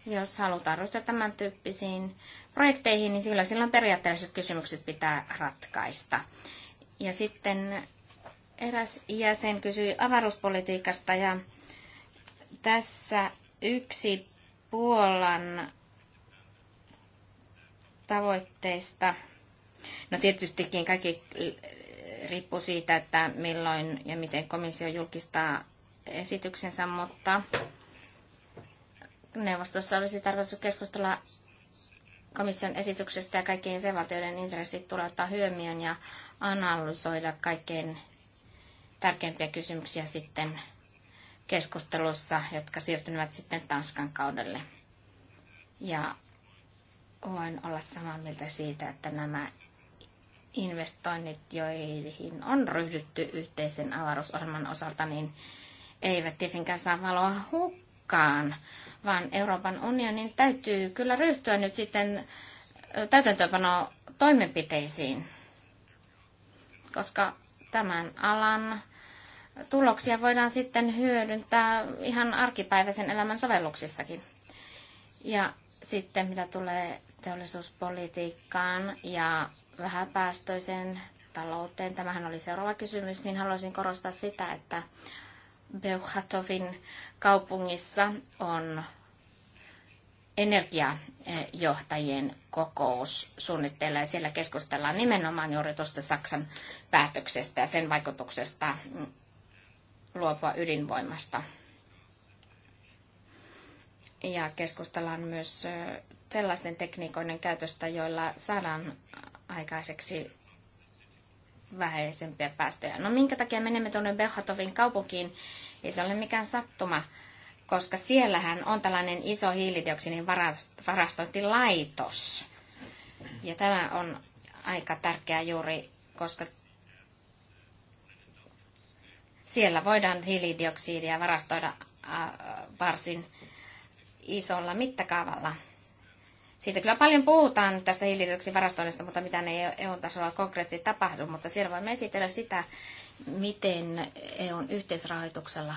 Jos halutaan ryhtyä tämän tyyppisiin projekteihin, niin sillä silloin periaatteelliset kysymykset pitää ratkaista. Ja sitten eräs jäsen kysyi avaruuspolitiikasta ja tässä yksi Puolan tavoitteista. No tietystikin kaikki riippuu siitä, että milloin ja miten komissio julkistaa esityksensä, mutta neuvostossa olisi tarkoitus keskustella komission esityksestä ja kaikkien jäsenvaltioiden intressit tulee ottaa hyömioon ja analysoida kaikkein tärkeimpiä kysymyksiä sitten keskustelussa, jotka siirtyvät sitten Tanskan kaudelle. Ja voin olla samaa mieltä siitä, että nämä investoinnit, joihin on ryhdytty yhteisen avaruusohjelman osalta, niin eivät tietenkään saa valoa hukkaan, vaan Euroopan unionin täytyy kyllä ryhtyä nyt sitten täytäntöönpano toimenpiteisiin, koska tämän alan tuloksia voidaan sitten hyödyntää ihan arkipäiväisen elämän sovelluksissakin. Ja sitten mitä tulee teollisuuspolitiikkaan ja vähäpäästöiseen talouteen, tämähän oli seuraava kysymys, niin haluaisin korostaa sitä, että Beuhatovin kaupungissa on energiajohtajien kokous suunnitteilla ja siellä keskustellaan nimenomaan juuri tuosta Saksan päätöksestä ja sen vaikutuksesta luopua ydinvoimasta. Ja keskustellaan myös sellaisten tekniikoiden käytöstä, joilla saadaan aikaiseksi vähäisempiä päästöjä. No minkä takia menemme tuonne Behatovin kaupunkiin? Niin ei se ole mikään sattuma, koska siellähän on tällainen iso hiilidioksidin varastointilaitos. Ja tämä on aika tärkeää juuri, koska siellä voidaan hiilidioksidia varastoida varsin isolla mittakaavalla. Siitä kyllä paljon puhutaan tästä hiilidioksidivarastoinnista, mutta mitä ei EUn tasolla konkreettisesti tapahdu, mutta siellä voimme esitellä sitä, miten EUn yhteisrahoituksella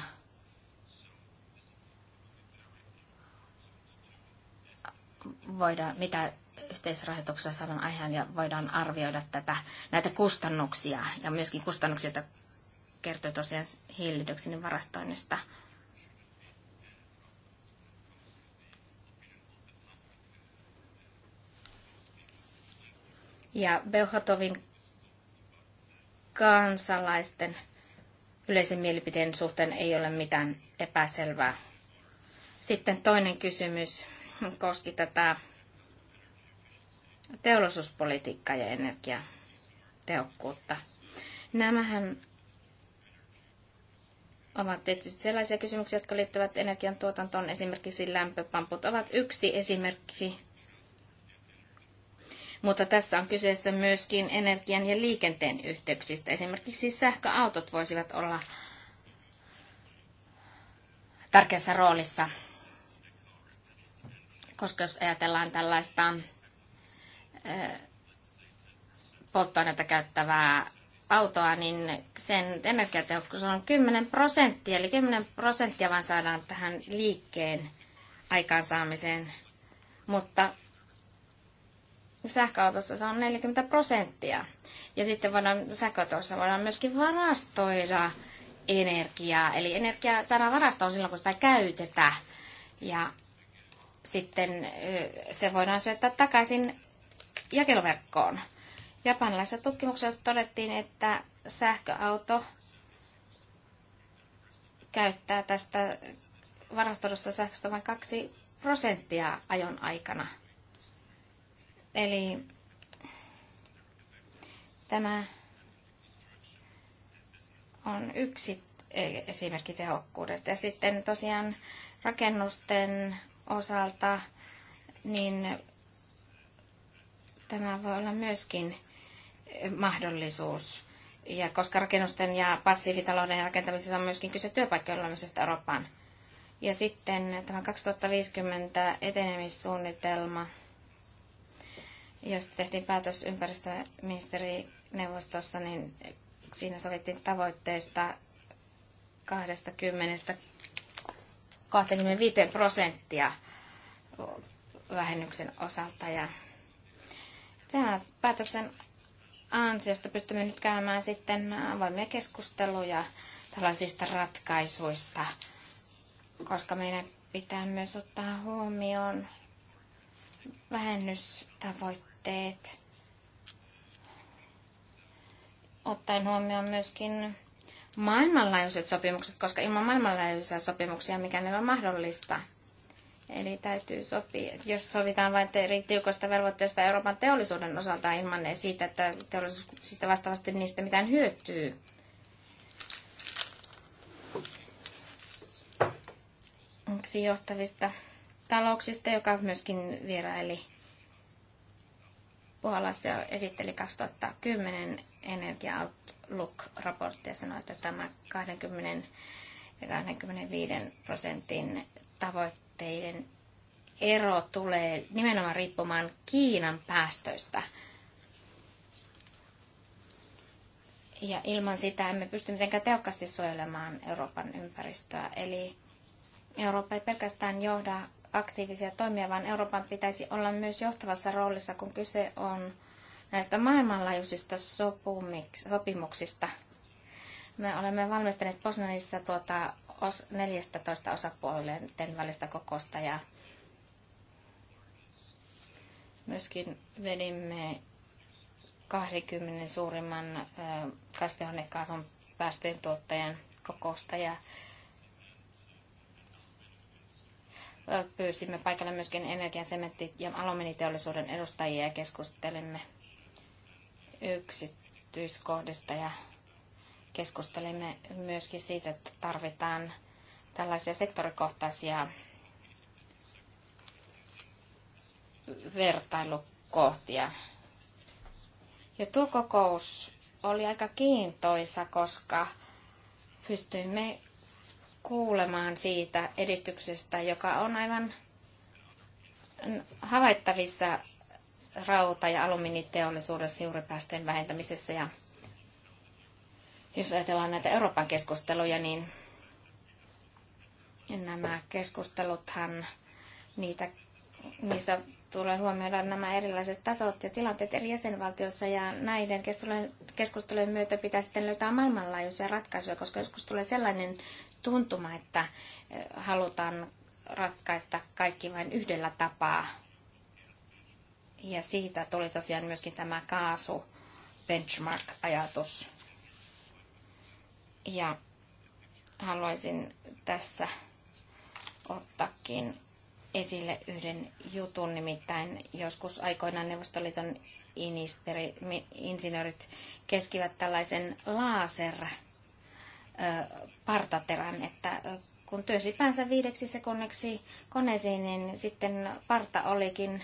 voidaan, mitä yhteisrahoituksessa saadaan aiheen ja voidaan arvioida tätä, näitä kustannuksia ja myöskin kustannuksia, joita kertoo tosiaan hiilidioksidin varastoinnista ja beuhatovin kansalaisten yleisen mielipiteen suhteen ei ole mitään epäselvää. Sitten toinen kysymys koski tätä teollisuuspolitiikkaa ja energiatehokkuutta. Nämähän ovat tietysti sellaisia kysymyksiä, jotka liittyvät energiantuotantoon. Esimerkiksi lämpöpamput ovat yksi esimerkki mutta tässä on kyseessä myöskin energian ja liikenteen yhteyksistä. Esimerkiksi sähköautot voisivat olla tärkeässä roolissa, koska jos ajatellaan tällaista polttoainetta käyttävää autoa, niin sen energiatehokkuus on 10 prosenttia, eli 10 prosenttia vaan saadaan tähän liikkeen aikaansaamiseen. Mutta sähköautossa se on 40 prosenttia. Ja sitten voidaan, sähköautossa voidaan myöskin varastoida energiaa. Eli energia saadaan varastoon silloin, kun sitä käytetään. Ja sitten se voidaan syöttää takaisin jakeluverkkoon. Japanilaisessa tutkimuksessa todettiin, että sähköauto käyttää tästä varastodosta sähköstä vain 2 prosenttia ajon aikana – Eli tämä on yksi esimerkki tehokkuudesta. Ja sitten tosiaan rakennusten osalta, niin tämä voi olla myöskin mahdollisuus. Ja koska rakennusten ja passiivitalouden rakentamisessa on myöskin kyse työpaikkojen luomisesta Eurooppaan. Ja sitten tämä 2050 etenemissuunnitelma – josta tehtiin päätös ympäristöministerineuvostossa, niin siinä sovittiin tavoitteista 20 25 prosenttia vähennyksen osalta. Ja tämän päätöksen ansiosta pystymme nyt käymään sitten avoimia keskusteluja tällaisista ratkaisuista, koska meidän pitää myös ottaa huomioon vähennystavoitteet, ottaen huomioon myöskin maailmanlaajuiset sopimukset, koska ilman maailmanlaajuisia sopimuksia mikään ei ole mahdollista. Eli täytyy sopia, jos sovitaan vain eri tiukoista velvoitteista Euroopan teollisuuden osalta ilman ne siitä, että teollisuus sitten vastaavasti niistä mitään hyötyy. Onko johtavista talouksista, joka myöskin vieraili Puolassa ja esitteli 2010 Energia Outlook-raporttia ja sanoi, että tämä 20 ja 25 prosentin tavoitteiden ero tulee nimenomaan riippumaan Kiinan päästöistä. Ja ilman sitä emme pysty mitenkään tehokkaasti suojelemaan Euroopan ympäristöä. Eli Eurooppa ei pelkästään johda aktiivisia toimia, vaan Euroopan pitäisi olla myös johtavassa roolissa, kun kyse on näistä maailmanlaajuisista sopimuksista. Me olemme valmistaneet Posnanissa tuota 14 osapuolten välistä kokosta ja myöskin vedimme 20 suurimman kasvihuonekaasun päästöjen tuottajan kokousta ja pyysimme paikalle myöskin energian, sementti- ja alumiiniteollisuuden edustajia ja keskustelimme yksityiskohdista ja keskustelimme myöskin siitä, että tarvitaan tällaisia sektorikohtaisia vertailukohtia. Ja tuo kokous oli aika kiintoisa, koska pystyimme kuulemaan siitä edistyksestä, joka on aivan havaittavissa rauta- ja alumiiniteollisuudessa juuripäästöjen vähentämisessä. Ja jos ajatellaan näitä Euroopan keskusteluja, niin nämä keskusteluthan, niitä, niissä tulee huomioida nämä erilaiset tasot ja tilanteet eri jäsenvaltioissa ja näiden keskustelujen myötä pitää sitten löytää maailmanlaajuisia ratkaisuja, koska joskus tulee sellainen tuntuma, että halutaan ratkaista kaikki vain yhdellä tapaa. Ja siitä tuli tosiaan myöskin tämä kaasu benchmark-ajatus. Ja haluaisin tässä ottaakin esille yhden jutun, nimittäin joskus aikoinaan Neuvostoliiton insinöörit keskivät tällaisen laser partaterän, että Kun työsi päänsä viideksi sekunneksi koneeseen, niin sitten parta olikin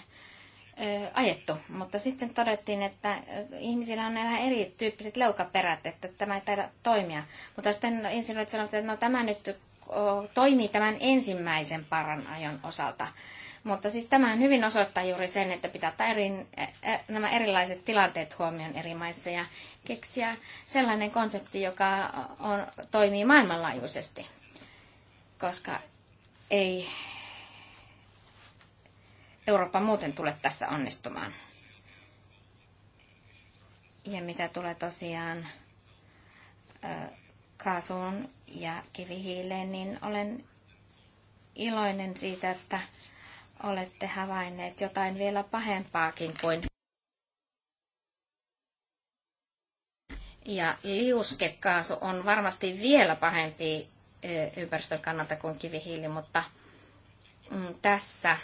ajettu, mutta sitten todettiin, että ihmisillä on vähän erityyppiset leukaperät, että tämä ei taida toimia. Mutta sitten insinöörit sanoivat, että no tämä nyt toimii tämän ensimmäisen ajon osalta. Mutta siis tämä hyvin osoittaa juuri sen, että pitää ottaa eri, nämä erilaiset tilanteet huomioon eri maissa ja keksiä sellainen konsepti, joka on, toimii maailmanlaajuisesti. Koska ei Eurooppa muuten tule tässä onnistumaan. Ja mitä tulee tosiaan kaasuun ja kivihiileen, niin olen iloinen siitä, että olette havainneet jotain vielä pahempaakin kuin Ja liuskekaasu on varmasti vielä pahempi ympäristön kannalta kuin kivihiili, mutta mm, tässä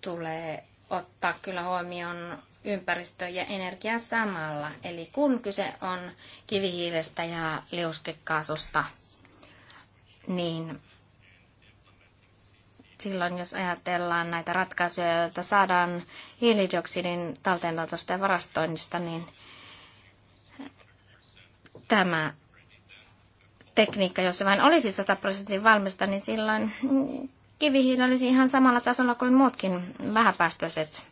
tulee ottaa kyllä huomioon ympäristö ja energia samalla. Eli kun kyse on kivihiilestä ja liuskekaasusta, niin silloin, jos ajatellaan näitä ratkaisuja, joita saadaan hiilidioksidin talteenotosta ja varastoinnista, niin tämä tekniikka, jos se vain olisi 100 prosentin valmista, niin silloin kivihiili olisi ihan samalla tasolla kuin muutkin vähäpäästöiset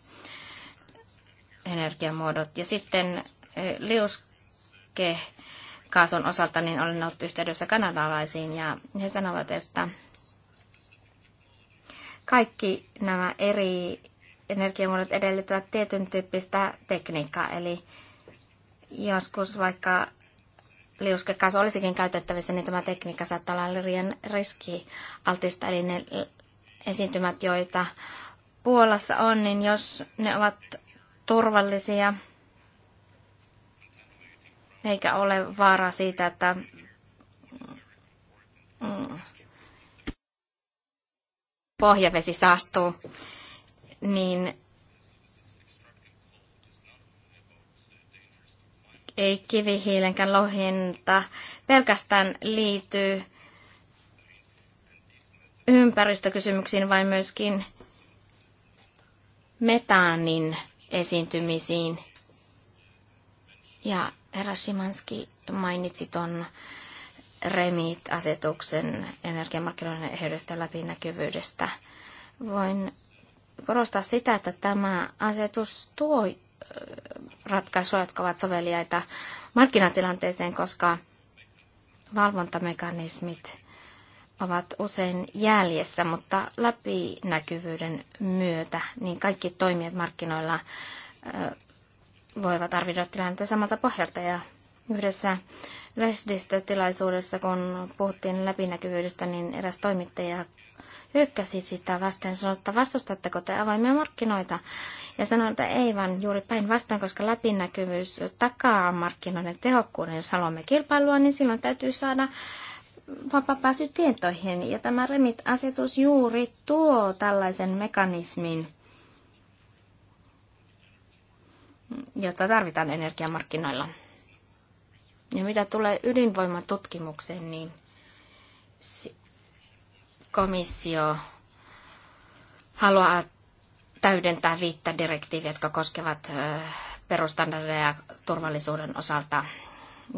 energiamuodot. Ja sitten eh, liuskekaasun osalta niin olen ollut yhteydessä kanadalaisiin ja he sanovat, että kaikki nämä eri energiamuodot edellyttävät tietyn tyyppistä tekniikkaa, eli joskus vaikka liuskekaasu olisikin käytettävissä, niin tämä tekniikka saattaa olla liian riskialtista, eli ne esiintymät, joita Puolassa on, niin jos ne ovat turvallisia, eikä ole vaaraa siitä, että mm, pohjavesi saastuu, niin ei kivihiilenkään lohinta pelkästään liity ympäristökysymyksiin, vaan myöskin metaanin esiintymisiin. Ja herra Shimanski mainitsi tuon REMIT-asetuksen energiamarkkinoiden eheydestä ja läpinäkyvyydestä. Voin korostaa sitä, että tämä asetus tuo ratkaisuja, jotka ovat soveliaita markkinatilanteeseen, koska valvontamekanismit ovat usein jäljessä, mutta läpinäkyvyyden myötä niin kaikki toimijat markkinoilla voivat arvioida tilannetta samalta pohjalta ja yhdessä tilaisuudessa, kun puhuttiin läpinäkyvyydestä, niin eräs toimittaja hyökkäsi sitä vasten sanoi, että vastustatteko te avoimia markkinoita? Ja sanoin, että ei vaan juuri vastaan, koska läpinäkyvyys takaa markkinoiden tehokkuuden. Jos haluamme kilpailua, niin silloin täytyy saada vapaa pääsy tietoihin. Ja tämä REMIT-asetus juuri tuo tällaisen mekanismin, jota tarvitaan energiamarkkinoilla. Ja mitä tulee ydinvoimatutkimukseen, niin komissio haluaa täydentää viittä direktiiviä, jotka koskevat perustandardeja turvallisuuden osalta.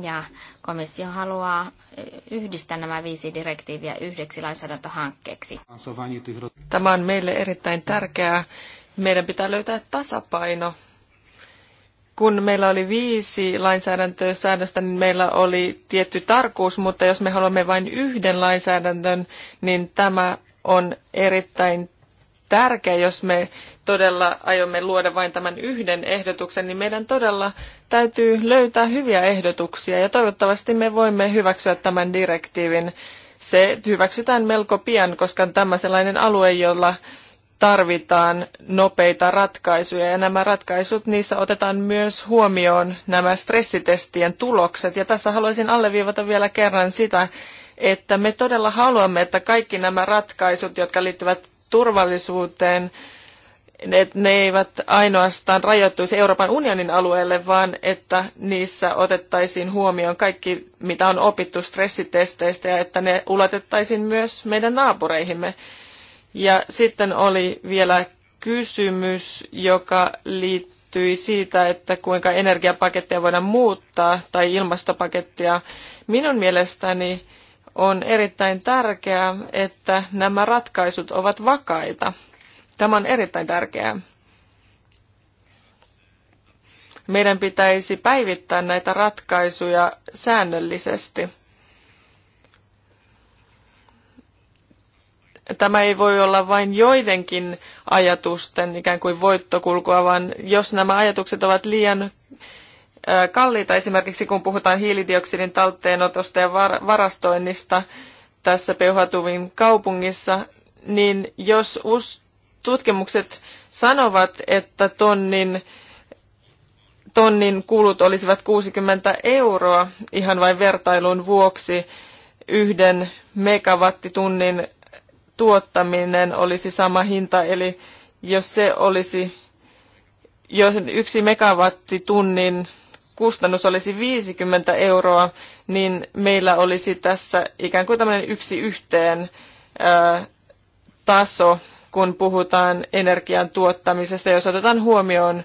Ja komissio haluaa yhdistää nämä viisi direktiiviä yhdeksi lainsäädäntöhankkeeksi. Tämä on meille erittäin tärkeää. Meidän pitää löytää tasapaino kun meillä oli viisi lainsäädäntösäädöstä, niin meillä oli tietty tarkkuus, mutta jos me haluamme vain yhden lainsäädännön, niin tämä on erittäin tärkeä, jos me todella aiomme luoda vain tämän yhden ehdotuksen, niin meidän todella täytyy löytää hyviä ehdotuksia ja toivottavasti me voimme hyväksyä tämän direktiivin. Se hyväksytään melko pian, koska tämä sellainen alue, jolla tarvitaan nopeita ratkaisuja ja nämä ratkaisut, niissä otetaan myös huomioon nämä stressitestien tulokset. Ja tässä haluaisin alleviivata vielä kerran sitä, että me todella haluamme, että kaikki nämä ratkaisut, jotka liittyvät turvallisuuteen, että ne eivät ainoastaan rajoittuisi Euroopan unionin alueelle, vaan että niissä otettaisiin huomioon kaikki, mitä on opittu stressitesteistä ja että ne ulotettaisiin myös meidän naapureihimme. Ja sitten oli vielä kysymys, joka liittyi siitä, että kuinka energiapakettia voidaan muuttaa tai ilmastopakettia. Minun mielestäni on erittäin tärkeää, että nämä ratkaisut ovat vakaita. Tämä on erittäin tärkeää. Meidän pitäisi päivittää näitä ratkaisuja säännöllisesti. tämä ei voi olla vain joidenkin ajatusten ikään kuin voittokulkua, vaan jos nämä ajatukset ovat liian kalliita, esimerkiksi kun puhutaan hiilidioksidin talteenotosta ja varastoinnista tässä Peuhatuvin kaupungissa, niin jos tutkimukset sanovat, että tonnin, tonnin kulut olisivat 60 euroa ihan vain vertailun vuoksi yhden megawattitunnin tuottaminen olisi sama hinta, eli jos se olisi, jos yksi megawattitunnin kustannus olisi 50 euroa, niin meillä olisi tässä ikään kuin tämmöinen yksi yhteen ää, taso, kun puhutaan energian tuottamisesta, jos otetaan huomioon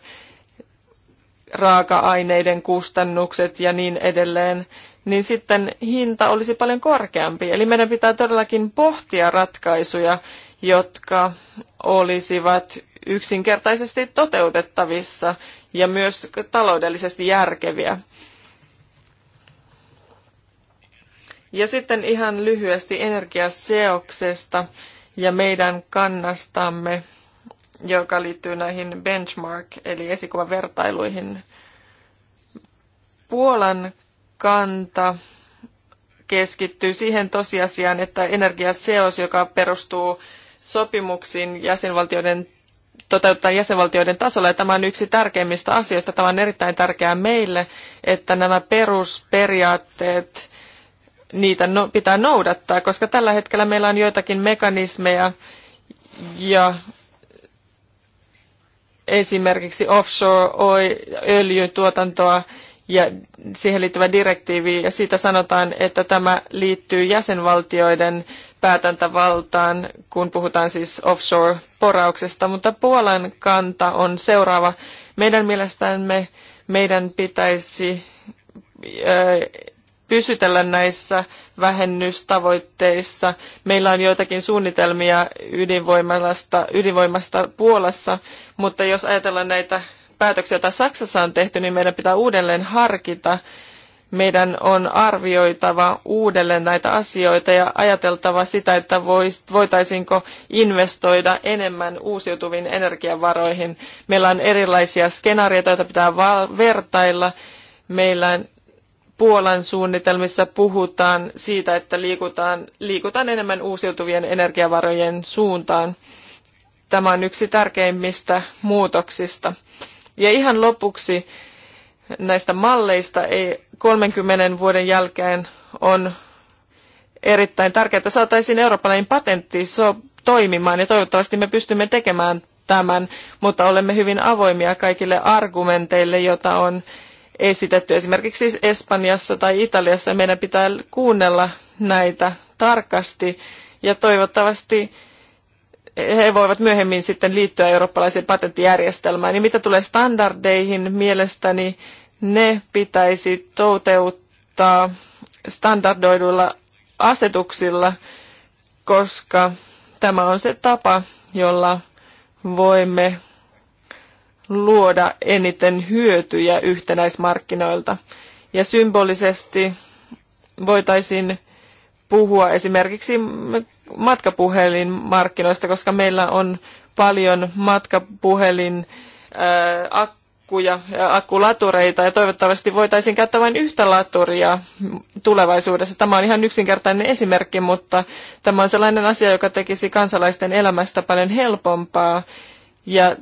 raaka-aineiden kustannukset ja niin edelleen niin sitten hinta olisi paljon korkeampi. Eli meidän pitää todellakin pohtia ratkaisuja, jotka olisivat yksinkertaisesti toteutettavissa ja myös taloudellisesti järkeviä. Ja sitten ihan lyhyesti energiaseoksesta ja meidän kannastamme, joka liittyy näihin benchmark- eli esikuvavertailuihin. Puolan kanta keskittyy siihen tosiasiaan, että energiaseos, joka perustuu sopimuksiin jäsenvaltioiden toteuttaa jäsenvaltioiden tasolla. Ja tämä on yksi tärkeimmistä asioista. Tämä on erittäin tärkeää meille, että nämä perusperiaatteet, niitä no, pitää noudattaa, koska tällä hetkellä meillä on joitakin mekanismeja ja esimerkiksi offshore-öljytuotantoa, oil, ja siihen liittyvä direktiivi, ja siitä sanotaan, että tämä liittyy jäsenvaltioiden päätäntävaltaan, kun puhutaan siis offshore-porauksesta, mutta Puolan kanta on seuraava. Meidän mielestämme meidän pitäisi pysytellä näissä vähennystavoitteissa. Meillä on joitakin suunnitelmia ydinvoimasta, ydinvoimasta Puolassa, mutta jos ajatellaan näitä päätöksiä, joita Saksassa on tehty, niin meidän pitää uudelleen harkita. Meidän on arvioitava uudelleen näitä asioita ja ajateltava sitä, että voitaisiinko investoida enemmän uusiutuviin energiavaroihin. Meillä on erilaisia skenaarioita, joita pitää vertailla. Meillä Puolan suunnitelmissa puhutaan siitä, että liikutaan, liikutaan enemmän uusiutuvien energiavarojen suuntaan. Tämä on yksi tärkeimmistä muutoksista. Ja ihan lopuksi näistä malleista ei 30 vuoden jälkeen on erittäin tärkeää, että saataisiin eurooppalainen patentti so toimimaan ja toivottavasti me pystymme tekemään tämän, mutta olemme hyvin avoimia kaikille argumenteille, joita on esitetty esimerkiksi Espanjassa tai Italiassa. Meidän pitää kuunnella näitä tarkasti ja toivottavasti he voivat myöhemmin sitten liittyä eurooppalaiseen patenttijärjestelmään. Niin mitä tulee standardeihin, mielestäni ne pitäisi toteuttaa standardoiduilla asetuksilla, koska tämä on se tapa, jolla voimme luoda eniten hyötyjä yhtenäismarkkinoilta. Ja symbolisesti voitaisiin puhua esimerkiksi matkapuhelinmarkkinoista, koska meillä on paljon matkapuhelin ää, akkuja, akkulatureita ja toivottavasti voitaisiin käyttää vain yhtä laturia tulevaisuudessa. Tämä on ihan yksinkertainen esimerkki, mutta tämä on sellainen asia, joka tekisi kansalaisten elämästä paljon helpompaa ja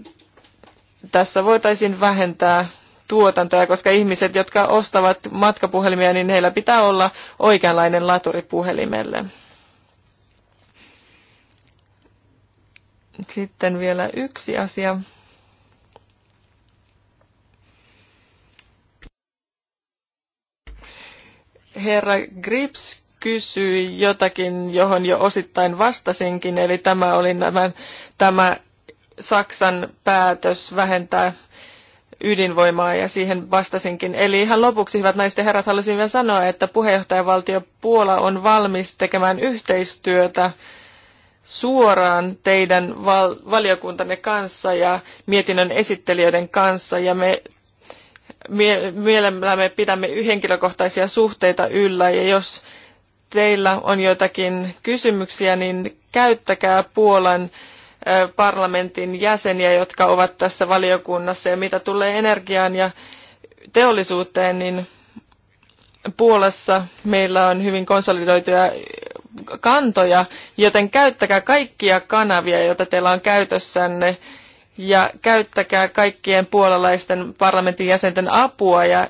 tässä voitaisiin vähentää tuotantoja, koska ihmiset, jotka ostavat matkapuhelimia, niin heillä pitää olla oikeanlainen laturi puhelimelle. Sitten vielä yksi asia. Herra Grips kysyi jotakin, johon jo osittain vastasinkin, eli tämä oli nämä, tämä Saksan päätös vähentää ydinvoimaa ja siihen vastasinkin. Eli ihan lopuksi, hyvät naiset ja herrat, haluaisin vielä sanoa, että puheenjohtajavaltio Puola on valmis tekemään yhteistyötä suoraan teidän val- valiokuntanne kanssa ja mietinnön esittelijöiden kanssa ja me mie- mielellämme pidämme henkilökohtaisia suhteita yllä ja jos teillä on joitakin kysymyksiä, niin käyttäkää Puolan parlamentin jäseniä, jotka ovat tässä valiokunnassa ja mitä tulee energiaan ja teollisuuteen, niin Puolassa meillä on hyvin konsolidoituja kantoja, joten käyttäkää kaikkia kanavia, joita teillä on käytössänne, ja käyttäkää kaikkien puolalaisten parlamentin jäsenten apua, ja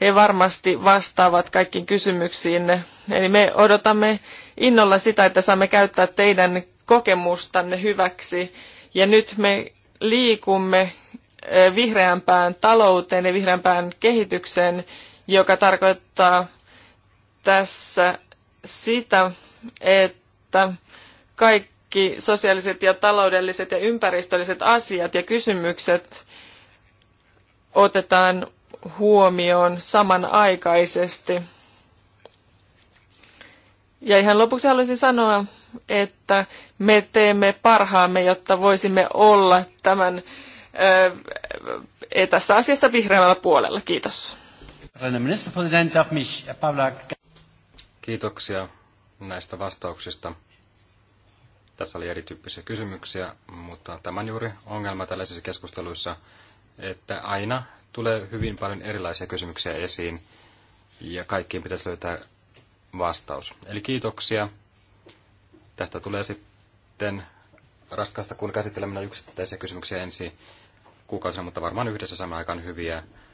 he varmasti vastaavat kaikkiin kysymyksiinne. Eli me odotamme innolla sitä, että saamme käyttää teidän kokemustanne hyväksi, ja nyt me liikumme vihreämpään talouteen ja vihreämpään kehitykseen, joka tarkoittaa tässä sitä, että kaikki sosiaaliset ja taloudelliset ja ympäristölliset asiat ja kysymykset otetaan huomioon samanaikaisesti. Ja ihan lopuksi haluaisin sanoa, että me teemme parhaamme, jotta voisimme olla tämän ää, e, tässä asiassa vihreällä puolella. Kiitos. Kiitoksia näistä vastauksista. Tässä oli erityyppisiä kysymyksiä, mutta tämä on juuri ongelma tällaisissa keskusteluissa, että aina tulee hyvin paljon erilaisia kysymyksiä esiin ja kaikkiin pitäisi löytää vastaus. Eli kiitoksia. Tästä tulee sitten raskasta, kun käsittelemme yksittäisiä kysymyksiä ensi kuukausina, mutta varmaan yhdessä samaan aikaan hyviä